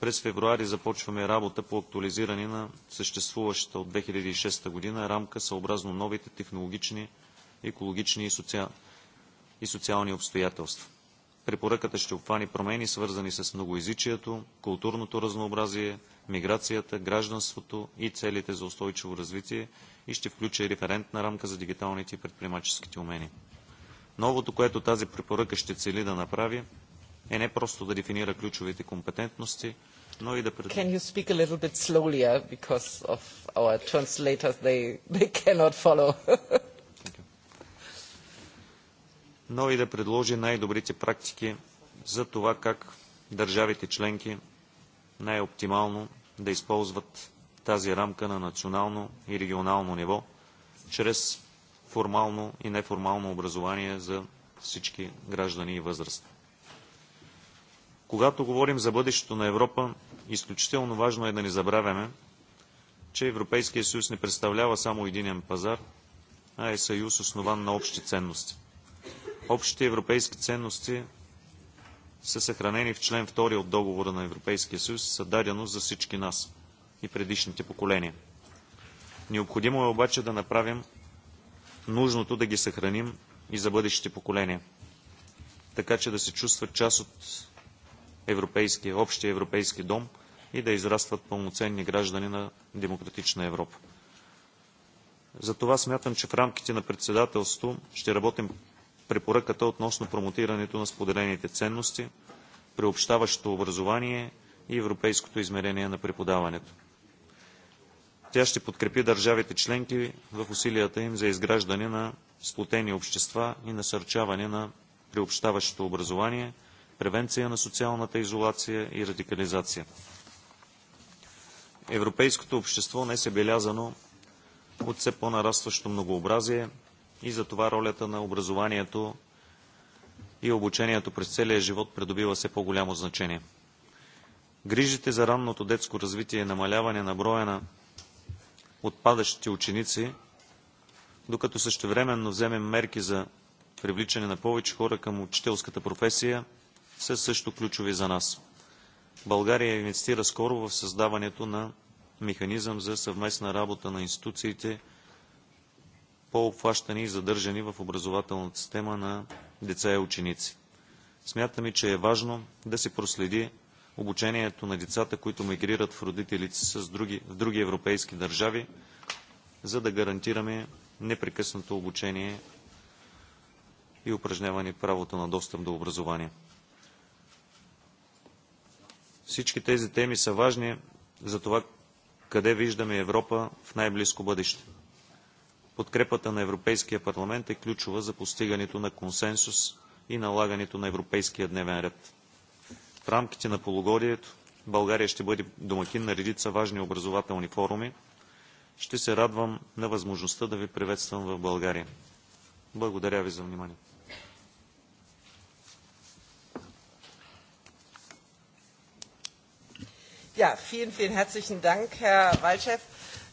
През февруари започваме работа по актуализиране на съществуващата от 2006 година рамка съобразно новите технологични, екологични и, соци... и социални обстоятелства. Препоръката ще обхване промени, свързани с многоязичието, културното разнообразие, миграцията, гражданството и целите за устойчиво развитие и ще включи референтна рамка за дигиталните и предприемаческите умения. Новото, което тази препоръка ще цели да направи, е не просто да дефинира ключовите компетентности, но и да пред... Can you speak a little bit slowlier because of our translators, they, they cannot follow. но и да предложи най-добрите практики за това как държавите членки най-оптимално да използват тази рамка на национално и регионално ниво чрез формално и неформално образование за всички граждани и възраст. Когато говорим за бъдещето на Европа, изключително важно е да не забравяме, че Европейския съюз не представлява само единен пазар, а е съюз основан на общи ценности. Общите европейски ценности са съхранени в член 2 от договора на Европейския съюз са дадено за всички нас и предишните поколения. Необходимо е обаче да направим нужното да ги съхраним и за бъдещите поколения, така че да се чувстват част от европейския, общия европейски дом и да израстват пълноценни граждани на демократична Европа. Затова смятам, че в рамките на председателство ще работим препоръката относно промотирането на споделените ценности, приобщаващото образование и европейското измерение на преподаването. Тя ще подкрепи държавите членки в усилията им за изграждане на сплотени общества и насърчаване на приобщаващото образование, превенция на социалната изолация и радикализация. Европейското общество не се белязано от все по-нарастващо многообразие и за това ролята на образованието и обучението през целия живот придобива все по-голямо значение. Грижите за ранното детско развитие и намаляване на броя на отпадащите ученици, докато същевременно вземем мерки за привличане на повече хора към учителската професия, са също ключови за нас. България инвестира скоро в създаването на механизъм за съвместна работа на институциите по обхващане и задържане в образователната система на деца и ученици. Смятаме, че е важно да се проследи обучението на децата, които мигрират в родителите си с други, в други европейски държави, за да гарантираме непрекъснато обучение и упражняване правото на достъп до образование. Всички тези теми са важни за това къде виждаме Европа в най-близко бъдеще. Подкрепата на Европейския парламент е ключова за постигането на консенсус и налагането на европейския дневен ред. В рамките на полугодието България ще бъде домакин на редица важни образователни форуми. Ще се радвам на възможността да ви приветствам в България. Благодаря ви за вниманието. Ja, vielen, vielen herzlichen Dank, Herr Walchef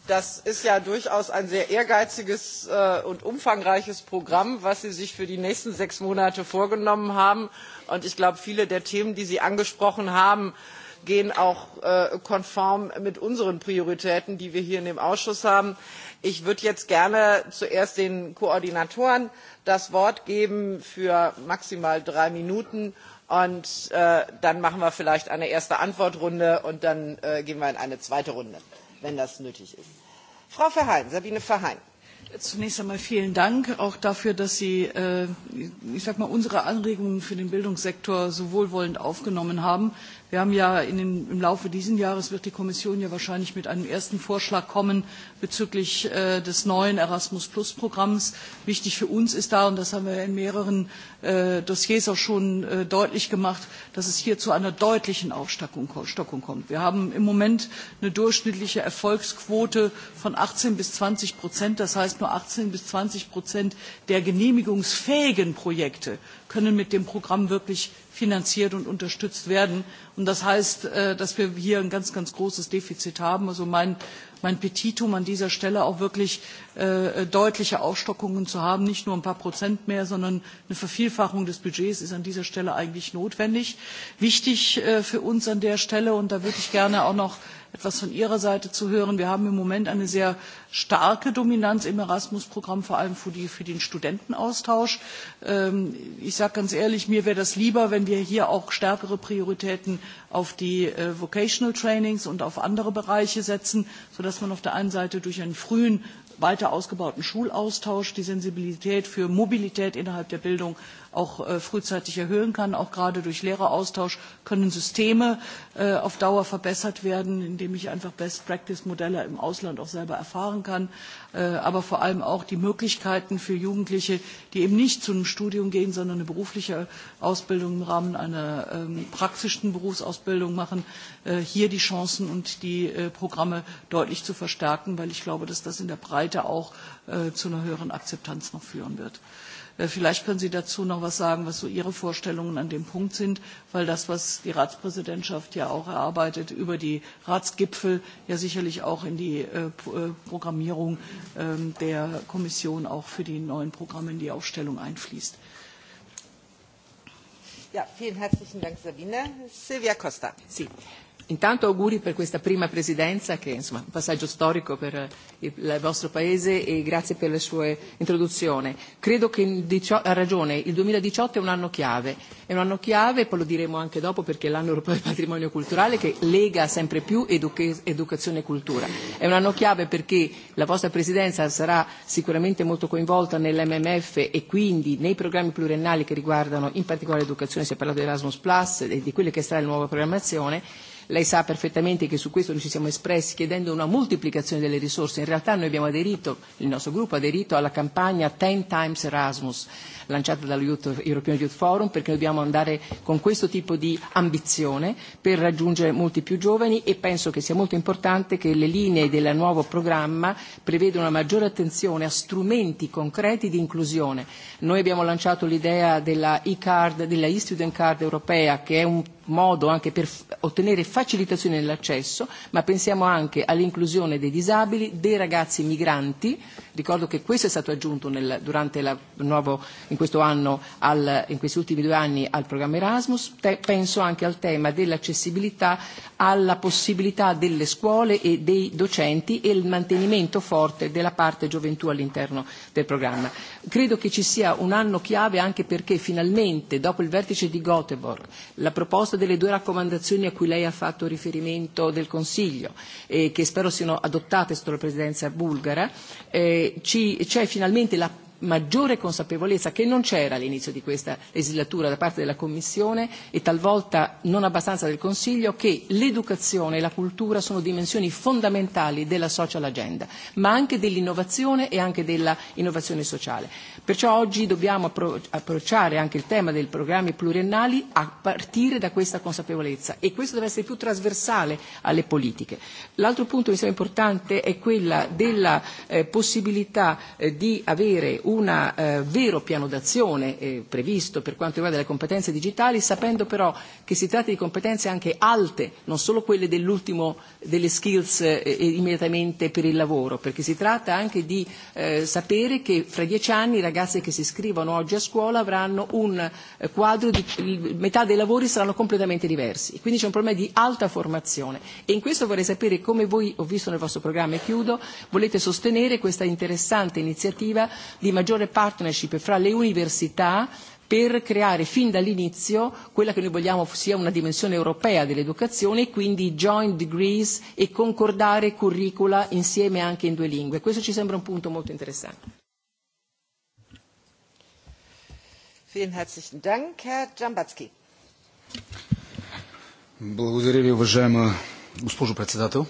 das ist ja durchaus ein sehr ehrgeiziges äh, und umfangreiches programm das sie sich für die nächsten sechs monate vorgenommen haben und ich glaube viele der themen die sie angesprochen haben gehen auch äh, konform mit unseren prioritäten die wir hier in dem ausschuss haben. ich würde jetzt gerne zuerst den koordinatoren das wort geben für maximal drei minuten und äh, dann machen wir vielleicht eine erste antwortrunde und dann gehen wir in eine zweite runde wenn das nötig ist. Frau Verheyen, Sabine Verheyen. Zunächst einmal vielen Dank auch dafür, dass Sie äh, ich sag mal, unsere Anregungen für den Bildungssektor so wohlwollend aufgenommen haben. Wir haben ja in den, im Laufe dieses Jahres wird die Kommission ja wahrscheinlich mit einem ersten Vorschlag kommen bezüglich äh, des neuen Erasmus Plus Programms. Wichtig für uns ist da, und das haben wir in mehreren äh, Dossiers auch schon äh, deutlich gemacht, dass es hier zu einer deutlichen Aufstockung kommt. Wir haben im Moment eine durchschnittliche Erfolgsquote von 18 bis 20 Prozent. Das heißt, nur 18 bis 20 Prozent der genehmigungsfähigen Projekte können mit dem Programm wirklich finanziert und unterstützt werden. Und das heißt, äh, dass wir hier ein ganz, ganz großes Defizit haben. Also mein, mein Petitum an dieser Stelle auch wirklich äh, deutliche Aufstockungen zu haben, nicht nur ein paar Prozent mehr, sondern eine Vervielfachung des Budgets ist an dieser Stelle eigentlich notwendig. Wichtig äh, für uns an der Stelle, und da würde ich gerne auch noch etwas von Ihrer Seite zu hören. Wir haben im Moment eine sehr starke Dominanz im Erasmus-Programm, vor allem für, die, für den Studentenaustausch. Ähm, ich sage ganz ehrlich, mir wäre das lieber, wenn wir hier auch stärkere Prioritäten auf die äh, Vocational Trainings und auf andere Bereiche setzen, sodass man auf der einen Seite durch einen frühen weiter ausgebauten Schulaustausch die Sensibilität für Mobilität innerhalb der Bildung auch äh, frühzeitig erhöhen kann. Auch gerade durch Lehreraustausch können Systeme äh, auf Dauer verbessert werden, indem ich einfach Best-Practice-Modelle im Ausland auch selber erfahren kann. Äh, aber vor allem auch die Möglichkeiten für Jugendliche, die eben nicht zu einem Studium gehen, sondern eine berufliche Ausbildung im Rahmen einer ähm, praktischen Berufsausbildung machen, hier die Chancen und die Programme deutlich zu verstärken, weil ich glaube, dass das in der Breite auch zu einer höheren Akzeptanz noch führen wird. Äh, vielleicht können Sie dazu noch etwas sagen, was so Ihre Vorstellungen an dem Punkt sind, weil das, was die Ratspräsidentschaft ja auch erarbeitet über die Ratsgipfel, ja sicherlich auch in die äh, äh, Programmierung ähm, der Kommission auch für die neuen Programme in die Aufstellung einfließt. Ja, vielen herzlichen Dank, Sabine. Silvia Costa. Sie. Intanto auguri per questa prima presidenza, che insomma, è un passaggio storico per il vostro Paese e grazie per la sua introduzione. Credo che ha ragione, il 2018 è un anno chiave, è un anno chiave, poi lo diremo anche dopo perché è l'anno europeo del patrimonio culturale che lega sempre più educa- educazione e cultura. È un anno chiave perché la vostra presidenza sarà sicuramente molto coinvolta nell'MMF e quindi nei programmi pluriennali che riguardano in particolare l'educazione, si è parlato di Erasmus Plus e di quelle che sarà la nuova programmazione Lei sa perfettamente che su questo noi ci siamo espressi chiedendo una moltiplicazione delle risorse. In realtà noi abbiamo aderito, il nostro gruppo ha aderito alla campagna Ten Times Erasmus, lanciata dallo Youth, European Youth Forum, perché dobbiamo andare con questo tipo di ambizione per raggiungere molti più giovani e penso che sia molto importante che le linee del nuovo programma prevedano una maggiore attenzione a strumenti concreti di inclusione. Noi abbiamo lanciato l'idea della e-card, della e-student card europea, che è un modo anche per ottenere facilitazione nell'accesso, ma pensiamo anche all'inclusione dei disabili, dei ragazzi migranti. Ricordo che questo è stato aggiunto nel, durante la nuovo in, questo anno al, in questi ultimi due anni al programma Erasmus, te, penso anche al tema dell'accessibilità alla possibilità delle scuole e dei docenti e il mantenimento forte della parte gioventù all'interno del programma. Credo che ci sia un anno chiave anche perché finalmente dopo il vertice di Göteborg, la proposta delle due raccomandazioni a cui lei ha fatto riferimento del Consiglio e che spero siano adottate sotto la presidenza bulgara, eh, c'è finalmente la maggiore consapevolezza che non c'era all'inizio di questa legislatura da parte della Commissione e talvolta non abbastanza del Consiglio che l'educazione e la cultura sono dimensioni fondamentali della social agenda, ma anche dell'innovazione e anche dell'innovazione sociale. Perciò oggi dobbiamo approcciare anche il tema dei programmi pluriennali a partire da questa consapevolezza e questo deve essere più trasversale alle politiche. L'altro punto che mi sembra importante è quella della eh, possibilità eh, di avere un eh, vero piano d'azione eh, previsto per quanto riguarda le competenze digitali, sapendo però che si tratta di competenze anche alte, non solo quelle dell'ultimo delle skills eh, eh, immediatamente per il lavoro, perché si tratta anche di eh, sapere che fra dieci anni i ragazzi che si iscrivono oggi a scuola avranno un eh, quadro di metà dei lavori saranno completamente diversi. E quindi c'è un problema di alta formazione e in questo vorrei sapere come voi, ho visto nel vostro programma e chiudo, volete sostenere questa interessante iniziativa di maggiore maggiore partnership fra le università per creare fin dall'inizio quella che noi vogliamo sia una dimensione europea dell'educazione e quindi joint degrees e concordare curricula insieme anche in due lingue. Questo ci sembra un punto molto interessante. Vielen herzlichen Dank, Herr Джамбацки. Благодаря ви, уважаема госпожо председател.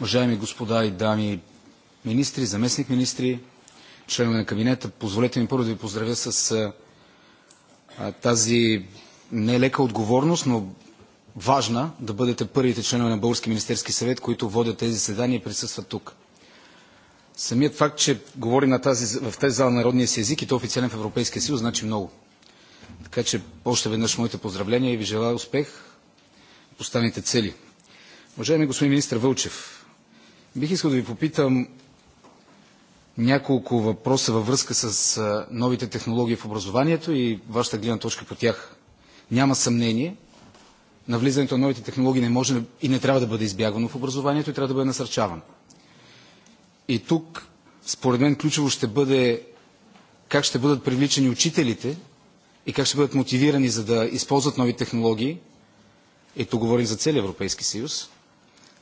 Уважаеми господа и дами министри, заместник министри, членове на кабинета. Позволете ми първо да ви поздравя с тази нелека отговорност, но важна да бъдете първите членове на Български министерски съвет, които водят тези заседания и присъстват тук. Самият факт, че говори на тази, в тази зала народния си език и то официален в Европейския съюз, значи много. Така че още веднъж моите поздравления и ви желая успех по цели. Уважаеми господин министр Вълчев, бих искал да ви попитам няколко въпроса във връзка с новите технологии в образованието и вашата гледна точка по тях. Няма съмнение, навлизането на новите технологии не може и не трябва да бъде избягвано в образованието и трябва да бъде насърчавано. И тук, според мен, ключово ще бъде как ще бъдат привличани учителите и как ще бъдат мотивирани за да използват нови технологии, и тук говорим за целия Европейски съюз,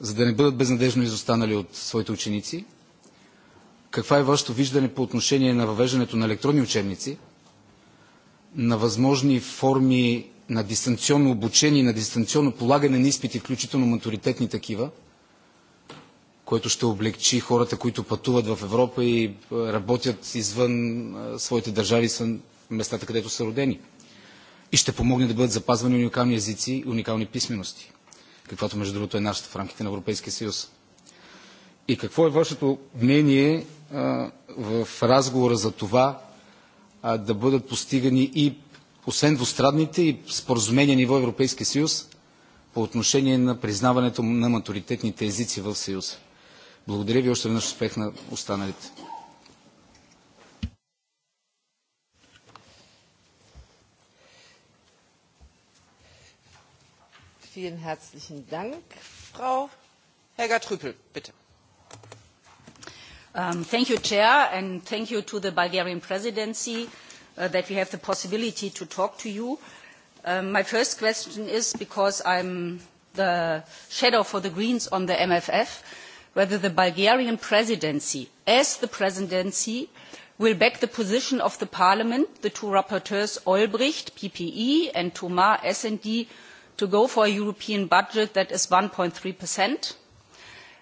за да не бъдат безнадежно изостанали от своите ученици – каква е вашето виждане по отношение на въвеждането на електронни учебници, на възможни форми на дистанционно обучение, на дистанционно полагане на изпити, включително матуритетни такива, което ще облегчи хората, които пътуват в Европа и работят извън своите държави, извън местата, където са родени. И ще помогне да бъдат запазвани уникални езици и уникални писмености, каквато между другото е нашата в рамките на Европейския съюз. И какво е вашето мнение в разговора за това да бъдат постигани и освен двустранните и споразумения ниво Европейския съюз по отношение на признаването на матуритетните езици в Съюза. Благодаря ви още веднъж успех на останалите. Vielen herzlichen Dank, Frau Helga Trüppel, bitte. Um, thank you, Chair, and thank you to the Bulgarian presidency uh, that we have the possibility to talk to you. Um, my first question is, because I'm the shadow for the Greens on the MFF, whether the Bulgarian presidency, as the presidency, will back the position of the Parliament, the two rapporteurs, Olbricht, PPE, and Thomas, S&D, to go for a European budget that is 1.3 percent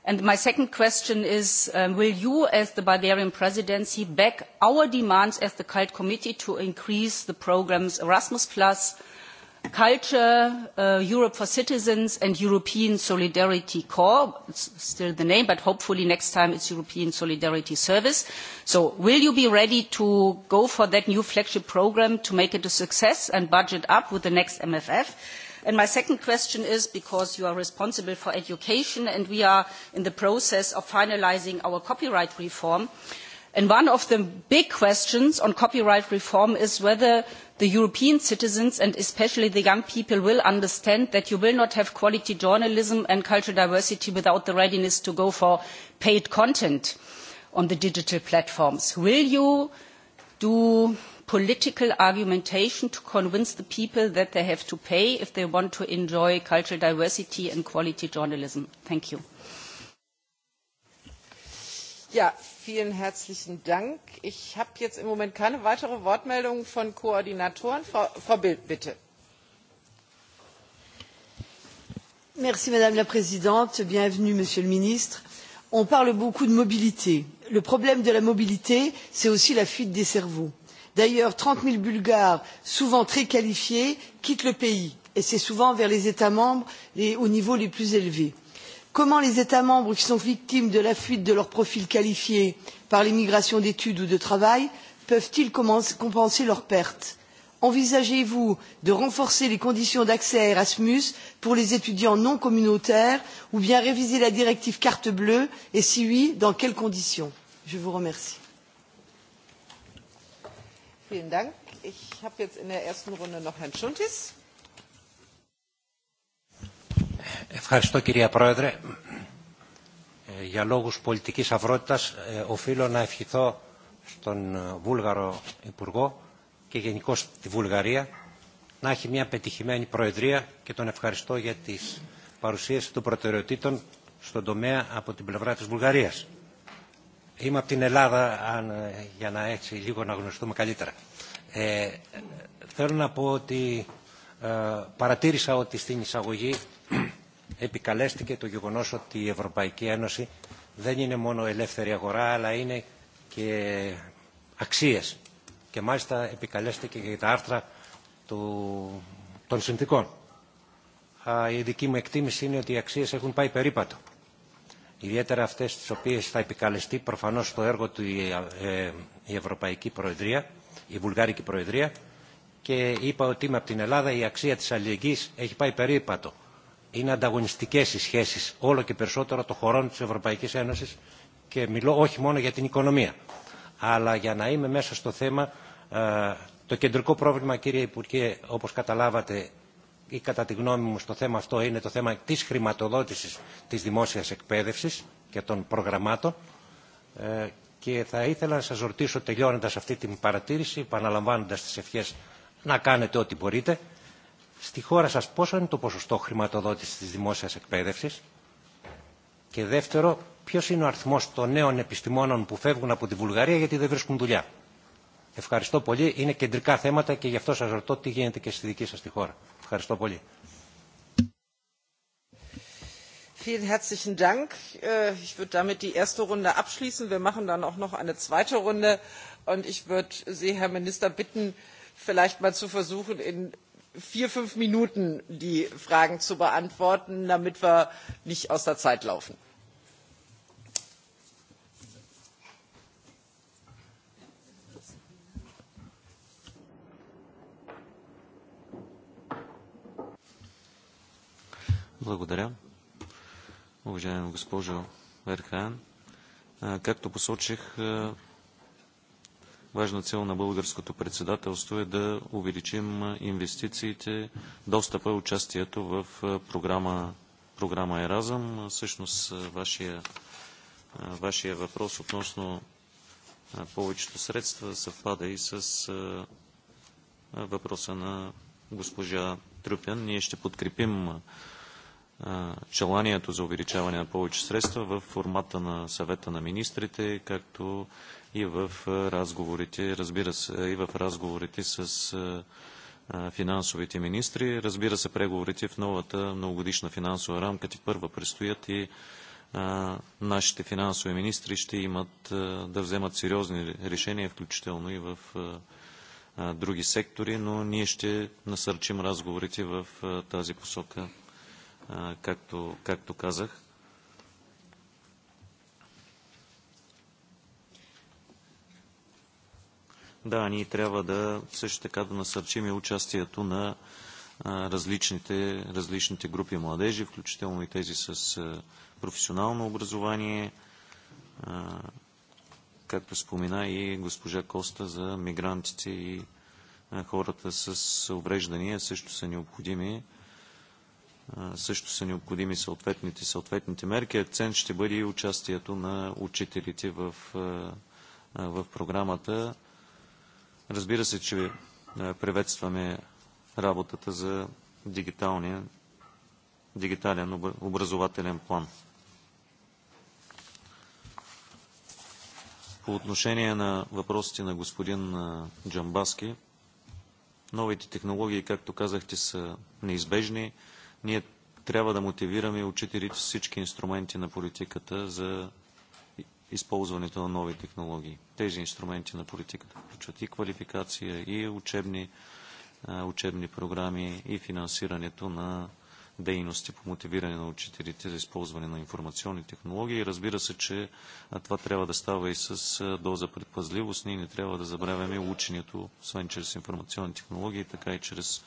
And my second question is, um, will you, as the Bulgarian presidency, back our demands as the CULT committee to increase the programs Erasmus+, Culture, uh, Europe for Citizens, and European Solidarity Corps? It's still the name, but hopefully next time it's European Solidarity Service. So will you be ready to go for that new flagship program to make it a success and budget up with the next MFF? And my second question is, because you are responsible for education and we are in the process of finalising our copyright reform, and one of the big questions on copyright reform is whether the european citizens and especially the young people will understand that you will not have quality journalism and cultural diversity without the readiness to go for paid content on the digital platforms. will you do political argumentation to convince the people that they have to pay if they want to enjoy cultural diversity and quality journalism. Thank you. Ja, vielen herzlichen Dank. Ich habe jetzt im Moment keine weitere Wortmeldungen von Koordinatoren. Frau, Frau Bild, bitte. Merci, Madame la Présidente. Bienvenue, Monsieur le Ministre. On parle beaucoup de mobilité. Le problème de la mobilité, c'est aussi la fuite des cerveaux d'ailleurs trente zéro bulgares souvent très qualifiés quittent le pays et c'est souvent vers les états membres au niveau le plus élevé. comment les états membres qui sont victimes de la fuite de leurs profils qualifiés par l'émigration d'études ou de travail peuvent ils compenser leurs pertes? envisagez vous de renforcer les conditions d'accès à erasmus pour les étudiants non communautaires ou bien de réviser la directive carte bleue et si oui dans quelles conditions? je vous remercie. Vielen Dank. Ich habe jetzt in der ersten Runde noch Herrn Schuntis. Ευχαριστώ κυρία Πρόεδρε. Για λόγους πολιτικής αυρότητας οφείλω να ευχηθώ στον Βούλγαρο Υπουργό και γενικώ τη Βουλγαρία να έχει μια πετυχημένη Προεδρία και τον ευχαριστώ για τις παρουσίες των προτεραιοτήτων στον τομέα από την πλευρά της Βουλγαρίας. Είμαι από την Ελλάδα αν, για να έτσι λίγο να γνωριστούμε καλύτερα. Ε, θέλω να πω ότι ε, παρατήρησα ότι στην εισαγωγή επικαλέστηκε το γεγονός ότι η Ευρωπαϊκή Ένωση δεν είναι μόνο ελεύθερη αγορά αλλά είναι και αξίες και μάλιστα επικαλέστηκε και τα άρθρα του, των συνθήκων. Η δική μου εκτίμηση είναι ότι οι αξίες έχουν πάει περίπατο ιδιαίτερα αυτές τις οποίες θα επικαλεστεί προφανώς στο έργο του η, ε, η Ευρωπαϊκή Προεδρία, η Βουλγάρικη Προεδρία και είπα ότι είμαι από την Ελλάδα, η αξία της αλληλεγγύης έχει πάει περίπατο. Είναι ανταγωνιστικές οι σχέσεις όλο και περισσότερο των χωρών της Ευρωπαϊκής Ένωσης και μιλώ όχι μόνο για την οικονομία. Αλλά για να είμαι μέσα στο θέμα, ε, το κεντρικό πρόβλημα κύριε Υπουργέ, όπως καταλάβατε, ή κατά τη γνώμη μου στο θέμα αυτό είναι το θέμα της χρηματοδότησης της δημόσιας εκπαίδευσης και των προγραμμάτων ε, και θα ήθελα να σας ρωτήσω τελειώνοντας αυτή την παρατήρηση, επαναλαμβάνοντας τις ευχές να κάνετε ό,τι μπορείτε, στη χώρα σας πόσο είναι το ποσοστό χρηματοδότησης της δημόσιας εκπαίδευσης και δεύτερο, ποιος είναι ο αριθμός των νέων επιστημόνων που φεύγουν από τη Βουλγαρία γιατί δεν βρίσκουν δουλειά. Ευχαριστώ πολύ. Είναι κεντρικά θέματα και γι' αυτό σας ρωτώ τι γίνεται και στη δική σας τη χώρα. Ευχαριστώ πολύ. Vielen herzlichen Dank. Äh, ich würde damit die erste Runde abschließen. Wir machen dann auch noch eine zweite Runde. Und ich würde Sie, Herr Minister, bitten, vielleicht mal zu versuchen, in vier, fünf Minuten die Fragen zu beantworten, damit wir nicht aus der Zeit laufen. Благодаря. Уважаема госпожо Верхан, както посочих, важна цел на българското председателство е да увеличим инвестициите, достъпа и участието в програма, програма Еразъм. Всъщност, вашия, вашия въпрос относно повечето средства съвпада и с въпроса на госпожа Трюпян. Ние ще подкрепим желанието за увеличаване на повече средства в формата на съвета на министрите, както и в разговорите, разбира се, и в разговорите с финансовите министри. Разбира се, преговорите в новата многогодишна финансова рамка ти първа предстоят и нашите финансови министри ще имат да вземат сериозни решения, включително и в други сектори, но ние ще насърчим разговорите в тази посока както, както казах. Да, ние трябва да също така да насърчим и участието на различните, различните групи младежи, включително и тези с професионално образование, както спомена и госпожа Коста за мигрантите и хората с увреждания също са необходими също са необходими съответните, съответните мерки. Акцент ще бъде и участието на учителите в, в програмата. Разбира се, че приветстваме работата за дигиталния, дигитален образователен план. По отношение на въпросите на господин Джамбаски, новите технологии, както казахте, са неизбежни ние трябва да мотивираме и учителите всички инструменти на политиката за използването на нови технологии. Тези инструменти на политиката включват и квалификация, и учебни, учебни програми, и финансирането на дейности по мотивиране на учителите за използване на информационни технологии. Разбира се, че това трябва да става и с доза предпазливост. Ние не трябва да забравяме ученето, освен чрез информационни технологии, така и чрез,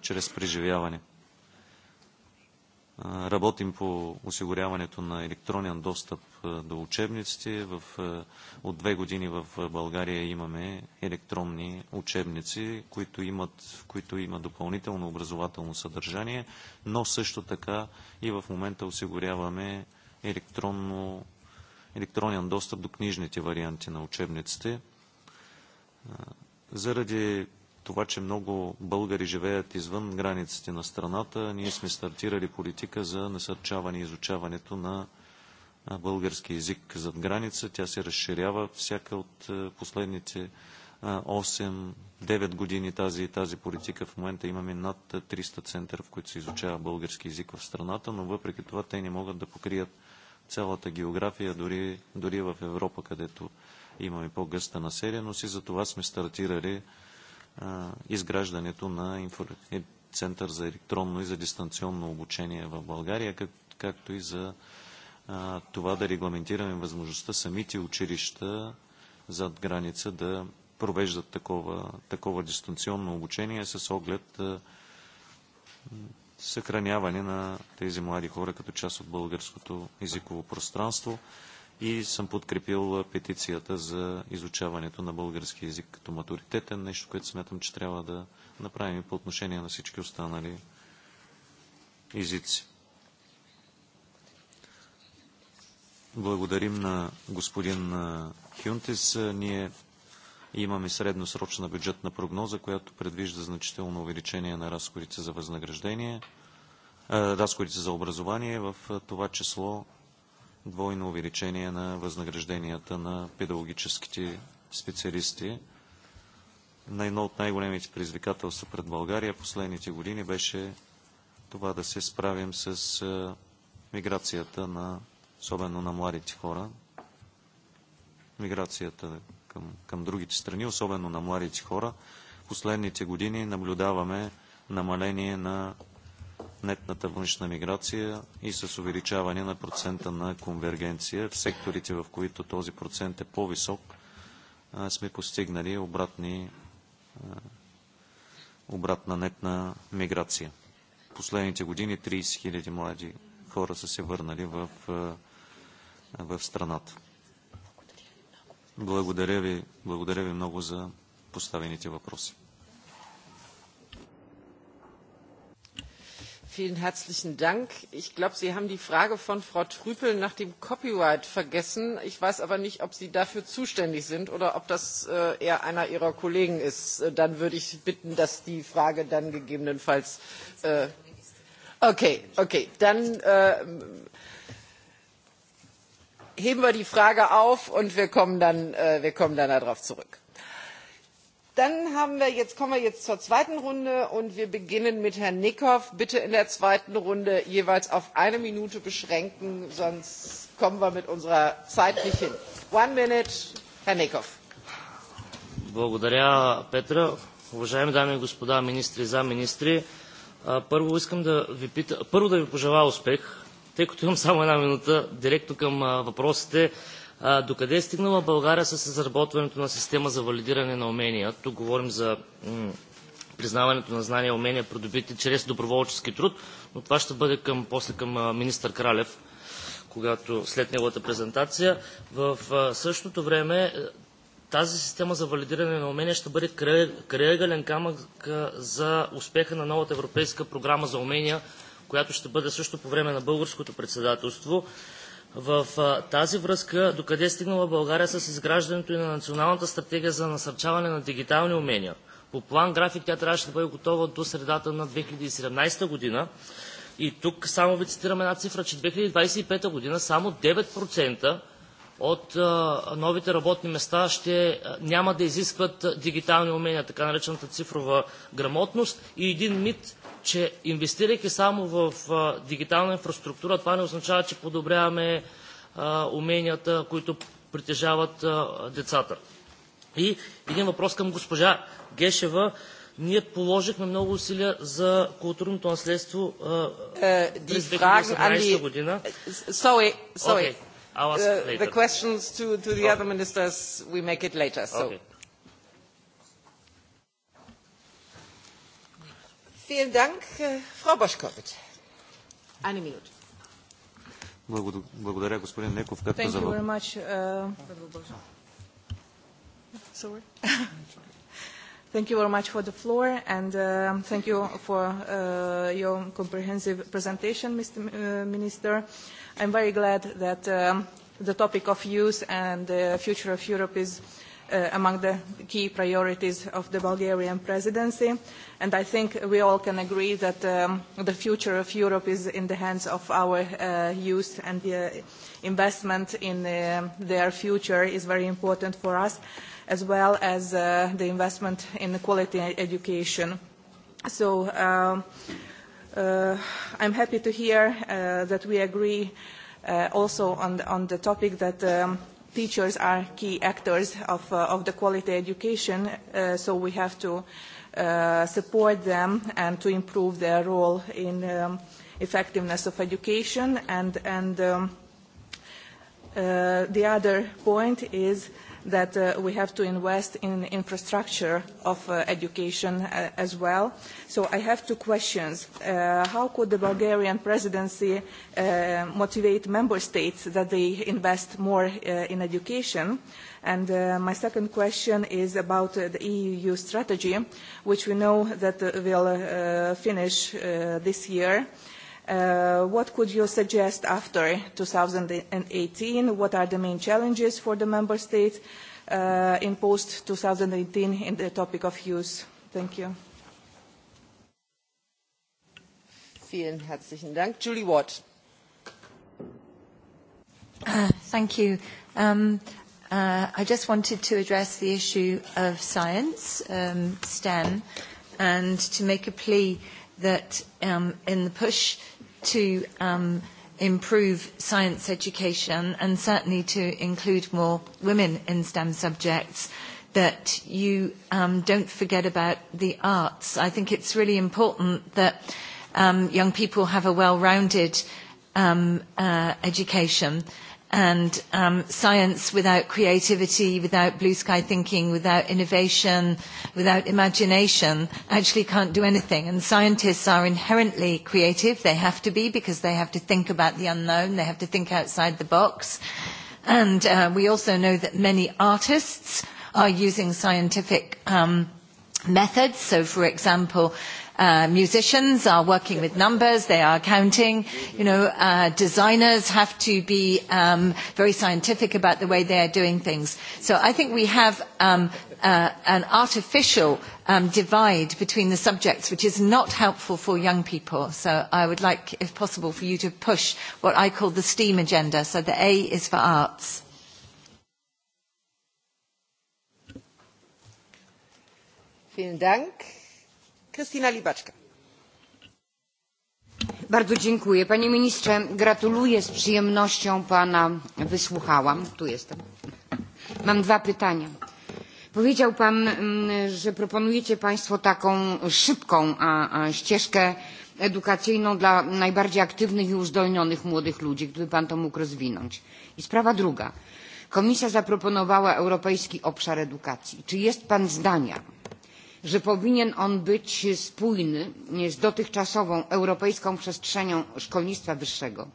чрез преживяване. Работим по осигуряването на електронен достъп до учебниците. В, от две години в България имаме електронни учебници, които имат, които има допълнително образователно съдържание, но също така и в момента осигуряваме електронно, електронен достъп до книжните варианти на учебниците. Заради това, че много българи живеят извън границите на страната, ние сме стартирали политика за насърчаване и изучаването на български язик зад граница. Тя се разширява всяка от последните 8-9 години тази, тази политика. В момента имаме над 300 центъра, в които се изучава български язик в страната, но въпреки това те не могат да покрият цялата география, дори, дори в Европа, където имаме по-гъста населеност и за това сме стартирали изграждането на Център за електронно и за дистанционно обучение в България, как, както и за а, това да регламентираме възможността самите училища зад граница да провеждат такова, такова дистанционно обучение с оглед а, съхраняване на тези млади хора като част от българското езиково пространство и съм подкрепил петицията за изучаването на български язик като матуритетен, нещо, което смятам, че трябва да направим и по отношение на всички останали езици. Благодарим на господин Хюнтис. Ние имаме средносрочна бюджетна прогноза, която предвижда значително увеличение на разходите за възнаграждение, разходите за образование, в това число двойно увеличение на възнагражденията на педагогическите специалисти. На едно от най-големите предизвикателства пред България последните години беше това да се справим с миграцията на, особено на младите хора, миграцията към, към другите страни, особено на младите хора. Последните години наблюдаваме намаление на нетната външна миграция и с увеличаване на процента на конвергенция. В секторите, в които този процент е по-висок, сме постигнали обратни, обратна нетна миграция. Последните години 30 хиляди млади хора са се върнали в, в страната. Благодаря ви, благодаря ви много за поставените въпроси. Vielen herzlichen Dank. Ich glaube, Sie haben die Frage von Frau Trüpel nach dem Copyright vergessen. Ich weiß aber nicht, ob Sie dafür zuständig sind oder ob das äh, eher einer Ihrer Kollegen ist. Äh, dann würde ich bitten, dass die Frage dann gegebenenfalls. Äh, okay, okay. Dann äh, heben wir die Frage auf und wir kommen dann, äh, wir kommen dann darauf zurück dann haben wir jetzt kommen wir jetzt zur zweiten runde und wir beginnen mit herrn nickhoff bitte in der zweiten runde jeweils auf eine minute beschränken sonst kommen wir mit unserer zeit nicht hin. one minute herr nickhoff. Благодаря, Петра. Уважаеми дами и господа министри и замминистри, първо искам да ви пита, първо да ви пожелая успех, тъй като имам само една минута, директно към въпросите. А, докъде е стигнала България с изработването на система за валидиране на умения? Тук говорим за признаването на знания и умения, придобити чрез доброволчески труд, но това ще бъде към, после към министър Кралев, когато след неговата презентация. В същото време тази система за валидиране на умения ще бъде крайъгълен камък за успеха на новата европейска програма за умения, която ще бъде също по време на българското председателство. В тази връзка, докъде е стигнала България с изграждането и на националната стратегия за насърчаване на дигитални умения? По план график тя трябваше да бъде готова до средата на 2017 година. И тук само ви цитирам една цифра, че 2025 година само 9% от новите работни места ще няма да изискват дигитални умения, така наречената цифрова грамотност и един мит, че инвестирайки само в дигитална инфраструктура, това не означава, че подобряваме уменията, които притежават децата. И един въпрос към госпожа Гешева. Ние положихме много усилия за културното наследство през 2018 година. Sorry, sorry. Okay. Uh, the questions to, to the okay. other ministers, we make it later. So. Okay. Vielen Dank. Äh, Frau Boschkowitz. Eine Minute. Благодаря, господин Неков. Както Thank you very much. Uh, sorry. [laughs] Thank you very much for the floor, and uh, thank you for uh, your comprehensive presentation, Mr. Uh, Minister. Uh, I'm very glad that um, the topic of youth and the future of Europe is uh, among the key priorities of the Bulgarian presidency. And I think we all can agree that um, the future of Europe is in the hands of our uh, youth and the uh, investment in uh, their future is very important for us, as well as uh, the investment in quality education. So. Uh, Uh, I'm happy to hear uh, that we agree uh, also on the, on the topic that um, teachers are key actors of, uh, of the quality education, uh, so we have to uh, support them and to improve their role in um, effectiveness of education. And, and um, uh, the other point is that uh, we have to invest in infrastructure of uh, education uh, as well. So I have two questions. Uh, how could the Bulgarian presidency uh, motivate member states that they invest more uh, in education? And uh, my second question is about uh, the EU strategy, which we know that uh, will uh, finish uh, this year. Uh, Uh, what could you suggest after 2018? What are the main challenges for the member states uh, in post-2018 in the topic of use? Thank you. Vielen herzlichen Dank. Julie Watt. Uh, thank you. Um, uh, I just wanted to address the issue of science, um, STEM, and to make a plea that um, in the push to um, improve science education and certainly to include more women in STEM subjects that you um, don't forget about the arts. I think it's really important that um, young people have a well-rounded um, uh, education and um, science without creativity, without blue sky thinking, without innovation, without imagination actually can't do anything. And scientists are inherently creative. They have to be because they have to think about the unknown. They have to think outside the box. And uh, we also know that many artists are using scientific um, methods. So, for example, Uh, musicians are working with numbers, they are counting. You know, uh, designers have to be um, very scientific about the way they are doing things. So I think we have um, uh, an artificial um, divide between the subjects, which is not helpful for young people. So I would like, if possible, for you to push what I call the STEAM agenda. So the A is for arts. Vielen Dank. Bardzo dziękuję. Panie ministrze, gratuluję z przyjemnością pana wysłuchałam. Tu jestem. Mam dwa pytania. Powiedział pan, mm, że proponujecie państwo taką szybką ścieżkę edukacyjną dla najbardziej aktywnych i uzdolnionych młodych ludzi. Gdyby pan to mógł rozwinąć. I sprawa druga. Komisja zaproponowała Europejski Obszar Edukacji. Czy jest pan zdania, że że powinien on być spójny z dotychczasową europejską przestrzenią szkolnictwa wyższego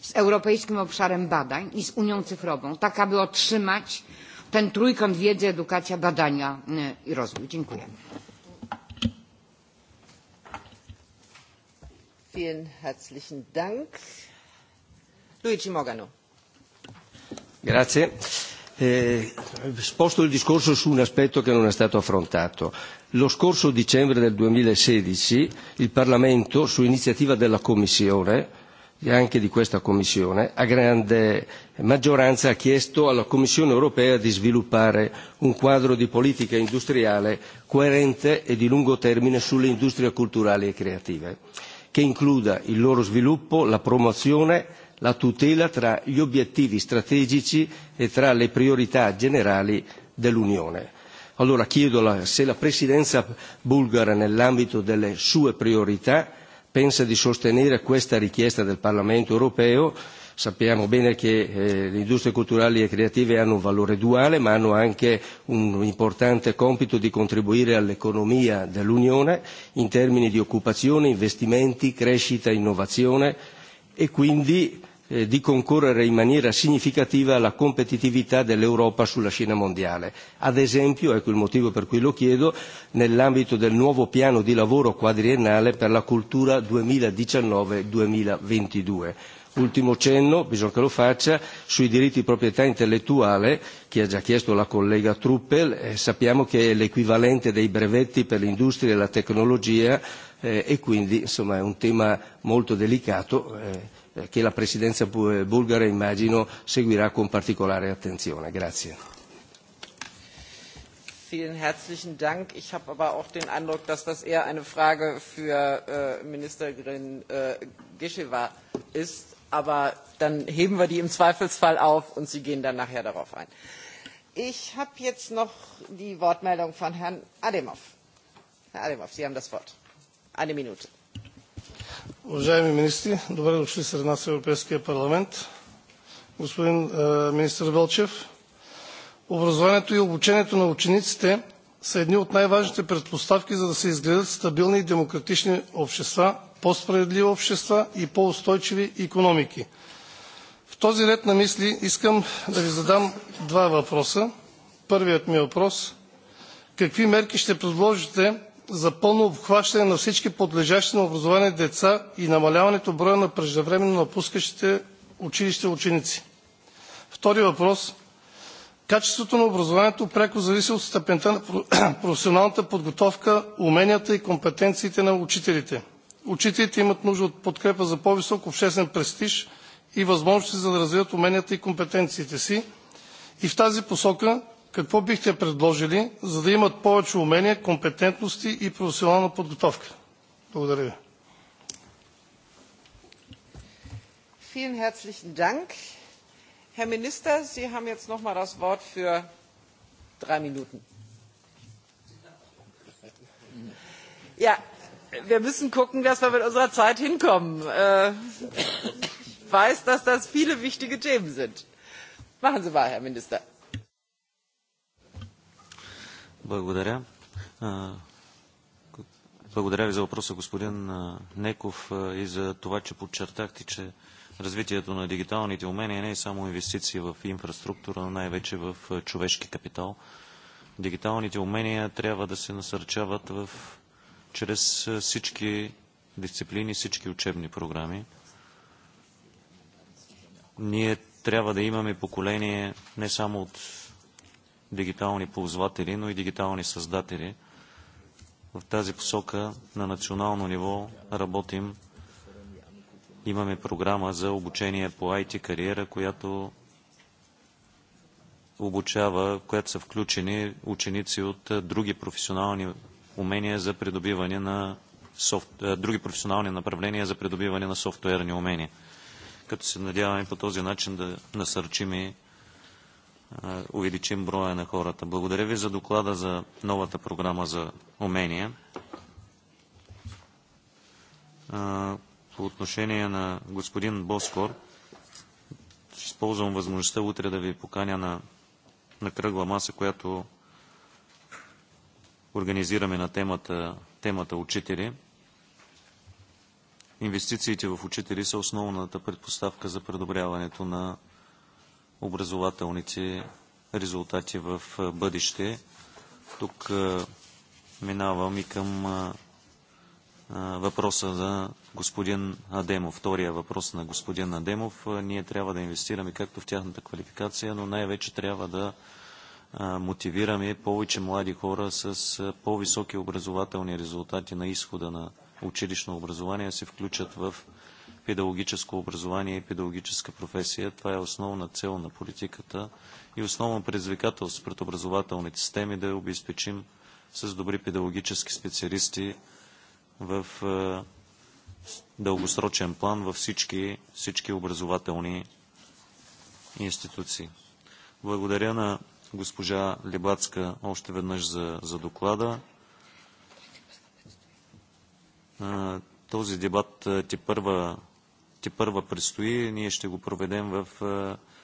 z europejskim obszarem badań i z unią cyfrową tak aby otrzymać ten trójkąt wiedzy edukacja badania i rozwój. dziękuję. Vielen herzlichen Dank. Luigi Morgano. Grazie. Eh, sposto il discorso su un aspetto che non è stato affrontato. Lo scorso dicembre del 2016 il Parlamento, su iniziativa della Commissione, e anche di questa Commissione, a grande maggioranza ha chiesto alla Commissione europea di sviluppare un quadro di politica industriale coerente e di lungo termine sulle industrie culturali e creative, che includa il loro sviluppo, la promozione la tutela tra gli obiettivi strategici e tra le priorità generali dell'Unione. Allora chiedo la, se la Presidenza bulgara nell'ambito delle sue priorità pensa di sostenere questa richiesta del Parlamento europeo Sappiamo bene che eh, le industrie culturali e creative hanno un valore duale, ma hanno anche un importante compito di contribuire all'economia dell'Unione in termini di occupazione, investimenti, crescita, innovazione e quindi Eh, di concorrere in maniera significativa alla competitività dell'Europa sulla scena mondiale. Ad esempio, ecco il motivo per cui lo chiedo, nell'ambito del nuovo piano di lavoro quadriennale per la cultura 2019-2022. Ultimo cenno, bisogna che lo faccia, sui diritti di proprietà intellettuale, che ha già chiesto la collega Truppel, eh, sappiamo che è l'equivalente dei brevetti per l'industria e la tecnologia eh, e quindi insomma, è un tema molto delicato. Eh, Eh, che la presidenza eh, bulgara immagino seguirà con particolare attenzione. Grazie. Vielen herzlichen Dank. Ich habe aber auch den Eindruck, dass das eher eine Frage für äh, Ministerin äh, Gischewa ist. Aber dann heben wir die im Zweifelsfall auf und Sie gehen dann nachher darauf ein. Ich habe jetzt noch die Wortmeldung von Herrn Ademov. Herr Ademov, Sie haben das Wort. Eine Minute. Уважаеми министри, добре дошли сред нас в Европейския парламент. Господин министр Вълчев, образованието и обучението на учениците са едни от най-важните предпоставки за да се изградят стабилни и демократични общества, по-справедливи общества и по-устойчиви економики. В този ред на мисли искам да ви задам два въпроса. Първият ми въпрос – какви мерки ще предложите за пълно обхващане на всички подлежащи на образование деца и намаляването броя на преждевременно напускащите училище ученици. Втори въпрос. Качеството на образованието пряко зависи от степента на професионалната подготовка, уменията и компетенциите на учителите. Учителите имат нужда от подкрепа за по-висок обществен престиж и възможности за да развиват уменията и компетенциите си. И в тази посока какво бихте предложили, за да имат повече умения, компетентности и професионална подготовка? Благодаря ви. Vielen herzlichen Dank. Herr Minister, Sie haben jetzt noch mal das Wort für drei Minuten. Ja, wir müssen gucken, dass wir mit unserer Zeit hinkommen. Ich äh, weiß, dass das viele wichtige Themen sind. Machen Sie mal, Herr Minister. Благодаря. Благодаря ви за въпроса, господин Неков, и за това, че подчертахте, че развитието на дигиталните умения не е само инвестиции в инфраструктура, но най-вече в човешки капитал. Дигиталните умения трябва да се насърчават в, чрез всички дисциплини, всички учебни програми. Ние трябва да имаме поколение не само от дигитални ползватели, но и дигитални създатели. В тази посока на национално ниво работим. Имаме програма за обучение по IT кариера, която обучава, в която са включени ученици от други професионални умения за придобиване на софт, други професионални направления за придобиване на софтуерни умения. Като се надяваме по този начин да насърчим и увеличим броя на хората. Благодаря ви за доклада за новата програма за умения. По отношение на господин Боскор, ще използвам възможността утре да ви поканя на, на кръгла маса, която организираме на темата, темата учители. Инвестициите в учители са основната предпоставка за предобряването на образователните резултати в бъдеще. Тук минавам и към въпроса за господин Адемов, втория въпрос на господин Адемов. Ние трябва да инвестираме както в тяхната квалификация, но най-вече трябва да мотивираме повече млади хора с по-високи образователни резултати на изхода на училищно образование да се включат в педагогическо образование и педагогическа професия. Това е основна цел на политиката и основно предизвикателство пред образователните системи да я обезпечим с добри педагогически специалисти в дългосрочен план във всички, всички образователни институции. Благодаря на госпожа Лебацка още веднъж за, за доклада. Този дебат ти първа те първа предстои. Ние ще го проведем в,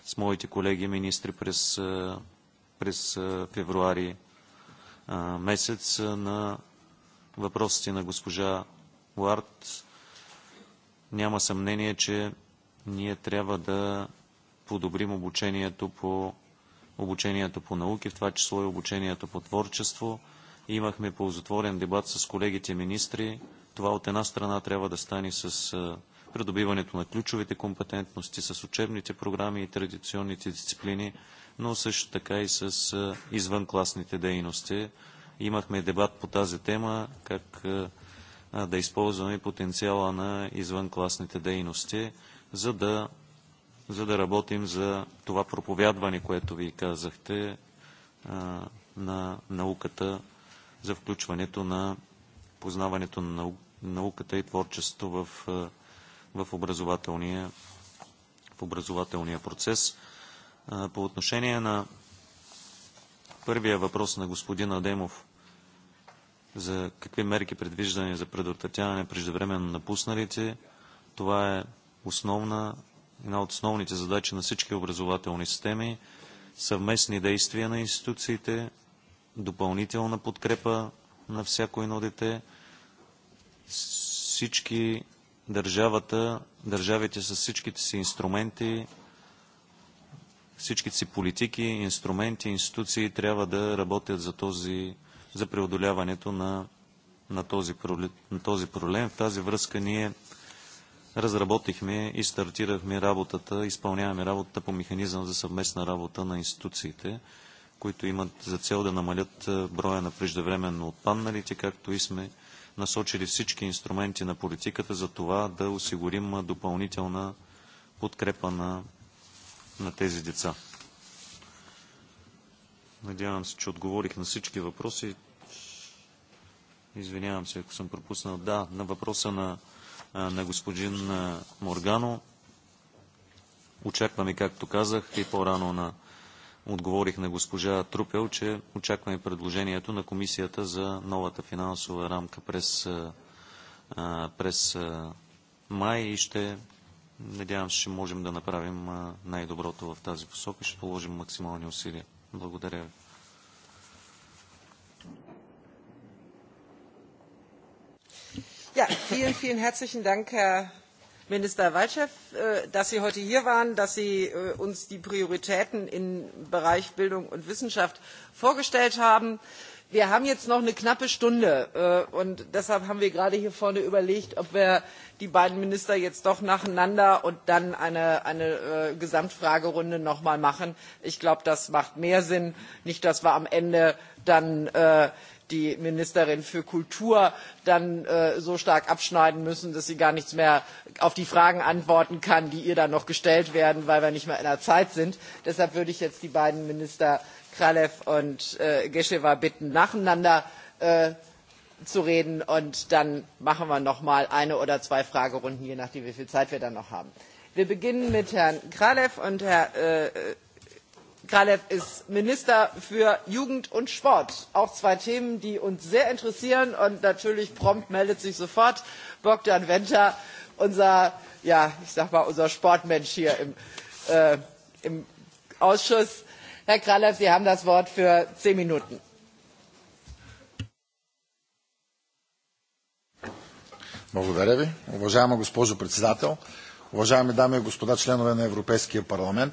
с моите колеги министри през, през февруари месец на въпросите на госпожа Уарт. Няма съмнение, че ние трябва да подобрим обучението по, обучението по науки, в това число и обучението по творчество. Имахме ползотворен дебат с колегите министри. Това от една страна трябва да стане с придобиването на ключовите компетентности с учебните програми и традиционните дисциплини, но също така и с извънкласните дейности. Имахме дебат по тази тема, как да използваме потенциала на извънкласните дейности, за да, за да работим за това проповядване, което ви казахте, на науката, за включването на познаването на науката и творчество в в образователния, в образователния процес. По отношение на първия въпрос на господин Адемов за какви мерки предвиждане за предотвратяване преждевременно напусналите, това е основна, една от основните задачи на всички образователни системи, съвместни действия на институциите, допълнителна подкрепа на всяко едно дете, всички държавата, държавите с всичките си инструменти, всичките си политики, инструменти, институции трябва да работят за, този, за преодоляването на, на, този, на този проблем. В тази връзка ние разработихме и стартирахме работата, изпълняваме работата по механизъм за съвместна работа на институциите, които имат за цел да намалят броя на преждевременно отпадналите, както и сме насочили всички инструменти на политиката за това да осигурим допълнителна подкрепа на, на тези деца. Надявам се, че отговорих на всички въпроси. Извинявам се, ако съм пропуснал. Да, на въпроса на, на господин Моргано. Очакваме, както казах, и по-рано на отговорих на госпожа Трупел, че очакваме предложението на комисията за новата финансова рамка през, през май и ще надявам се, че можем да направим най-доброто в тази посока. и Ще положим максимални усилия. Благодаря ви. Ja, vielen, vielen herzlichen Dank, Herr Minister Walchew, äh, dass Sie heute hier waren, dass Sie äh, uns die Prioritäten im Bereich Bildung und Wissenschaft vorgestellt haben. Wir haben jetzt noch eine knappe Stunde äh, und deshalb haben wir gerade hier vorne überlegt, ob wir die beiden Minister jetzt doch nacheinander und dann eine, eine Gesamtfragerunde nochmal machen. Ich glaube, das macht mehr Sinn. Nicht, dass wir am Ende dann die ministerin für kultur dann äh, so stark abschneiden müssen dass sie gar nichts mehr auf die fragen antworten kann die ihr dann noch gestellt werden weil wir nicht mehr in der zeit sind. deshalb würde ich jetzt die beiden minister kralev und äh, gescheva bitten nacheinander äh, zu reden und dann machen wir noch mal eine oder zwei fragerunden je nachdem wie viel zeit wir dann noch haben. wir beginnen mit herrn kralev und herrn äh, gralev ist minister für jugend und sport auch zwei themen die uns sehr interessieren und natürlich prompt meldet sich sofort bogdan wenta unser ja ich sag mal unser sportmensch hier im, äh, ausschuss. herr gralev sie haben das wort für zehn minuten. Благодаря ви. Уважаема госпожо председател, уважаеми дами и господа членове на Европейския парламент,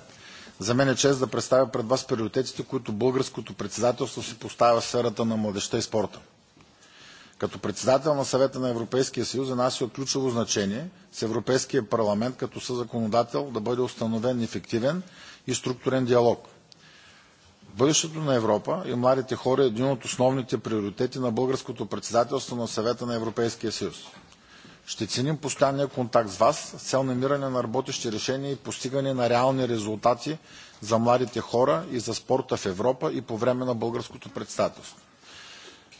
За мен е чест да представя пред вас приоритетите, които българското председателство си поставя в сферата на младеща и спорта. Като председател на съвета на Европейския съюз за нас е от ключово значение с Европейския парламент като съзаконодател да бъде установен ефективен и структурен диалог. Бъдещето на Европа и младите хора е един от основните приоритети на българското председателство на съвета на Европейския съюз. Ще ценим постоянния контакт с вас с цел намиране на работещи решения и постигане на реални резултати за младите хора и за спорта в Европа и по време на българското председателство.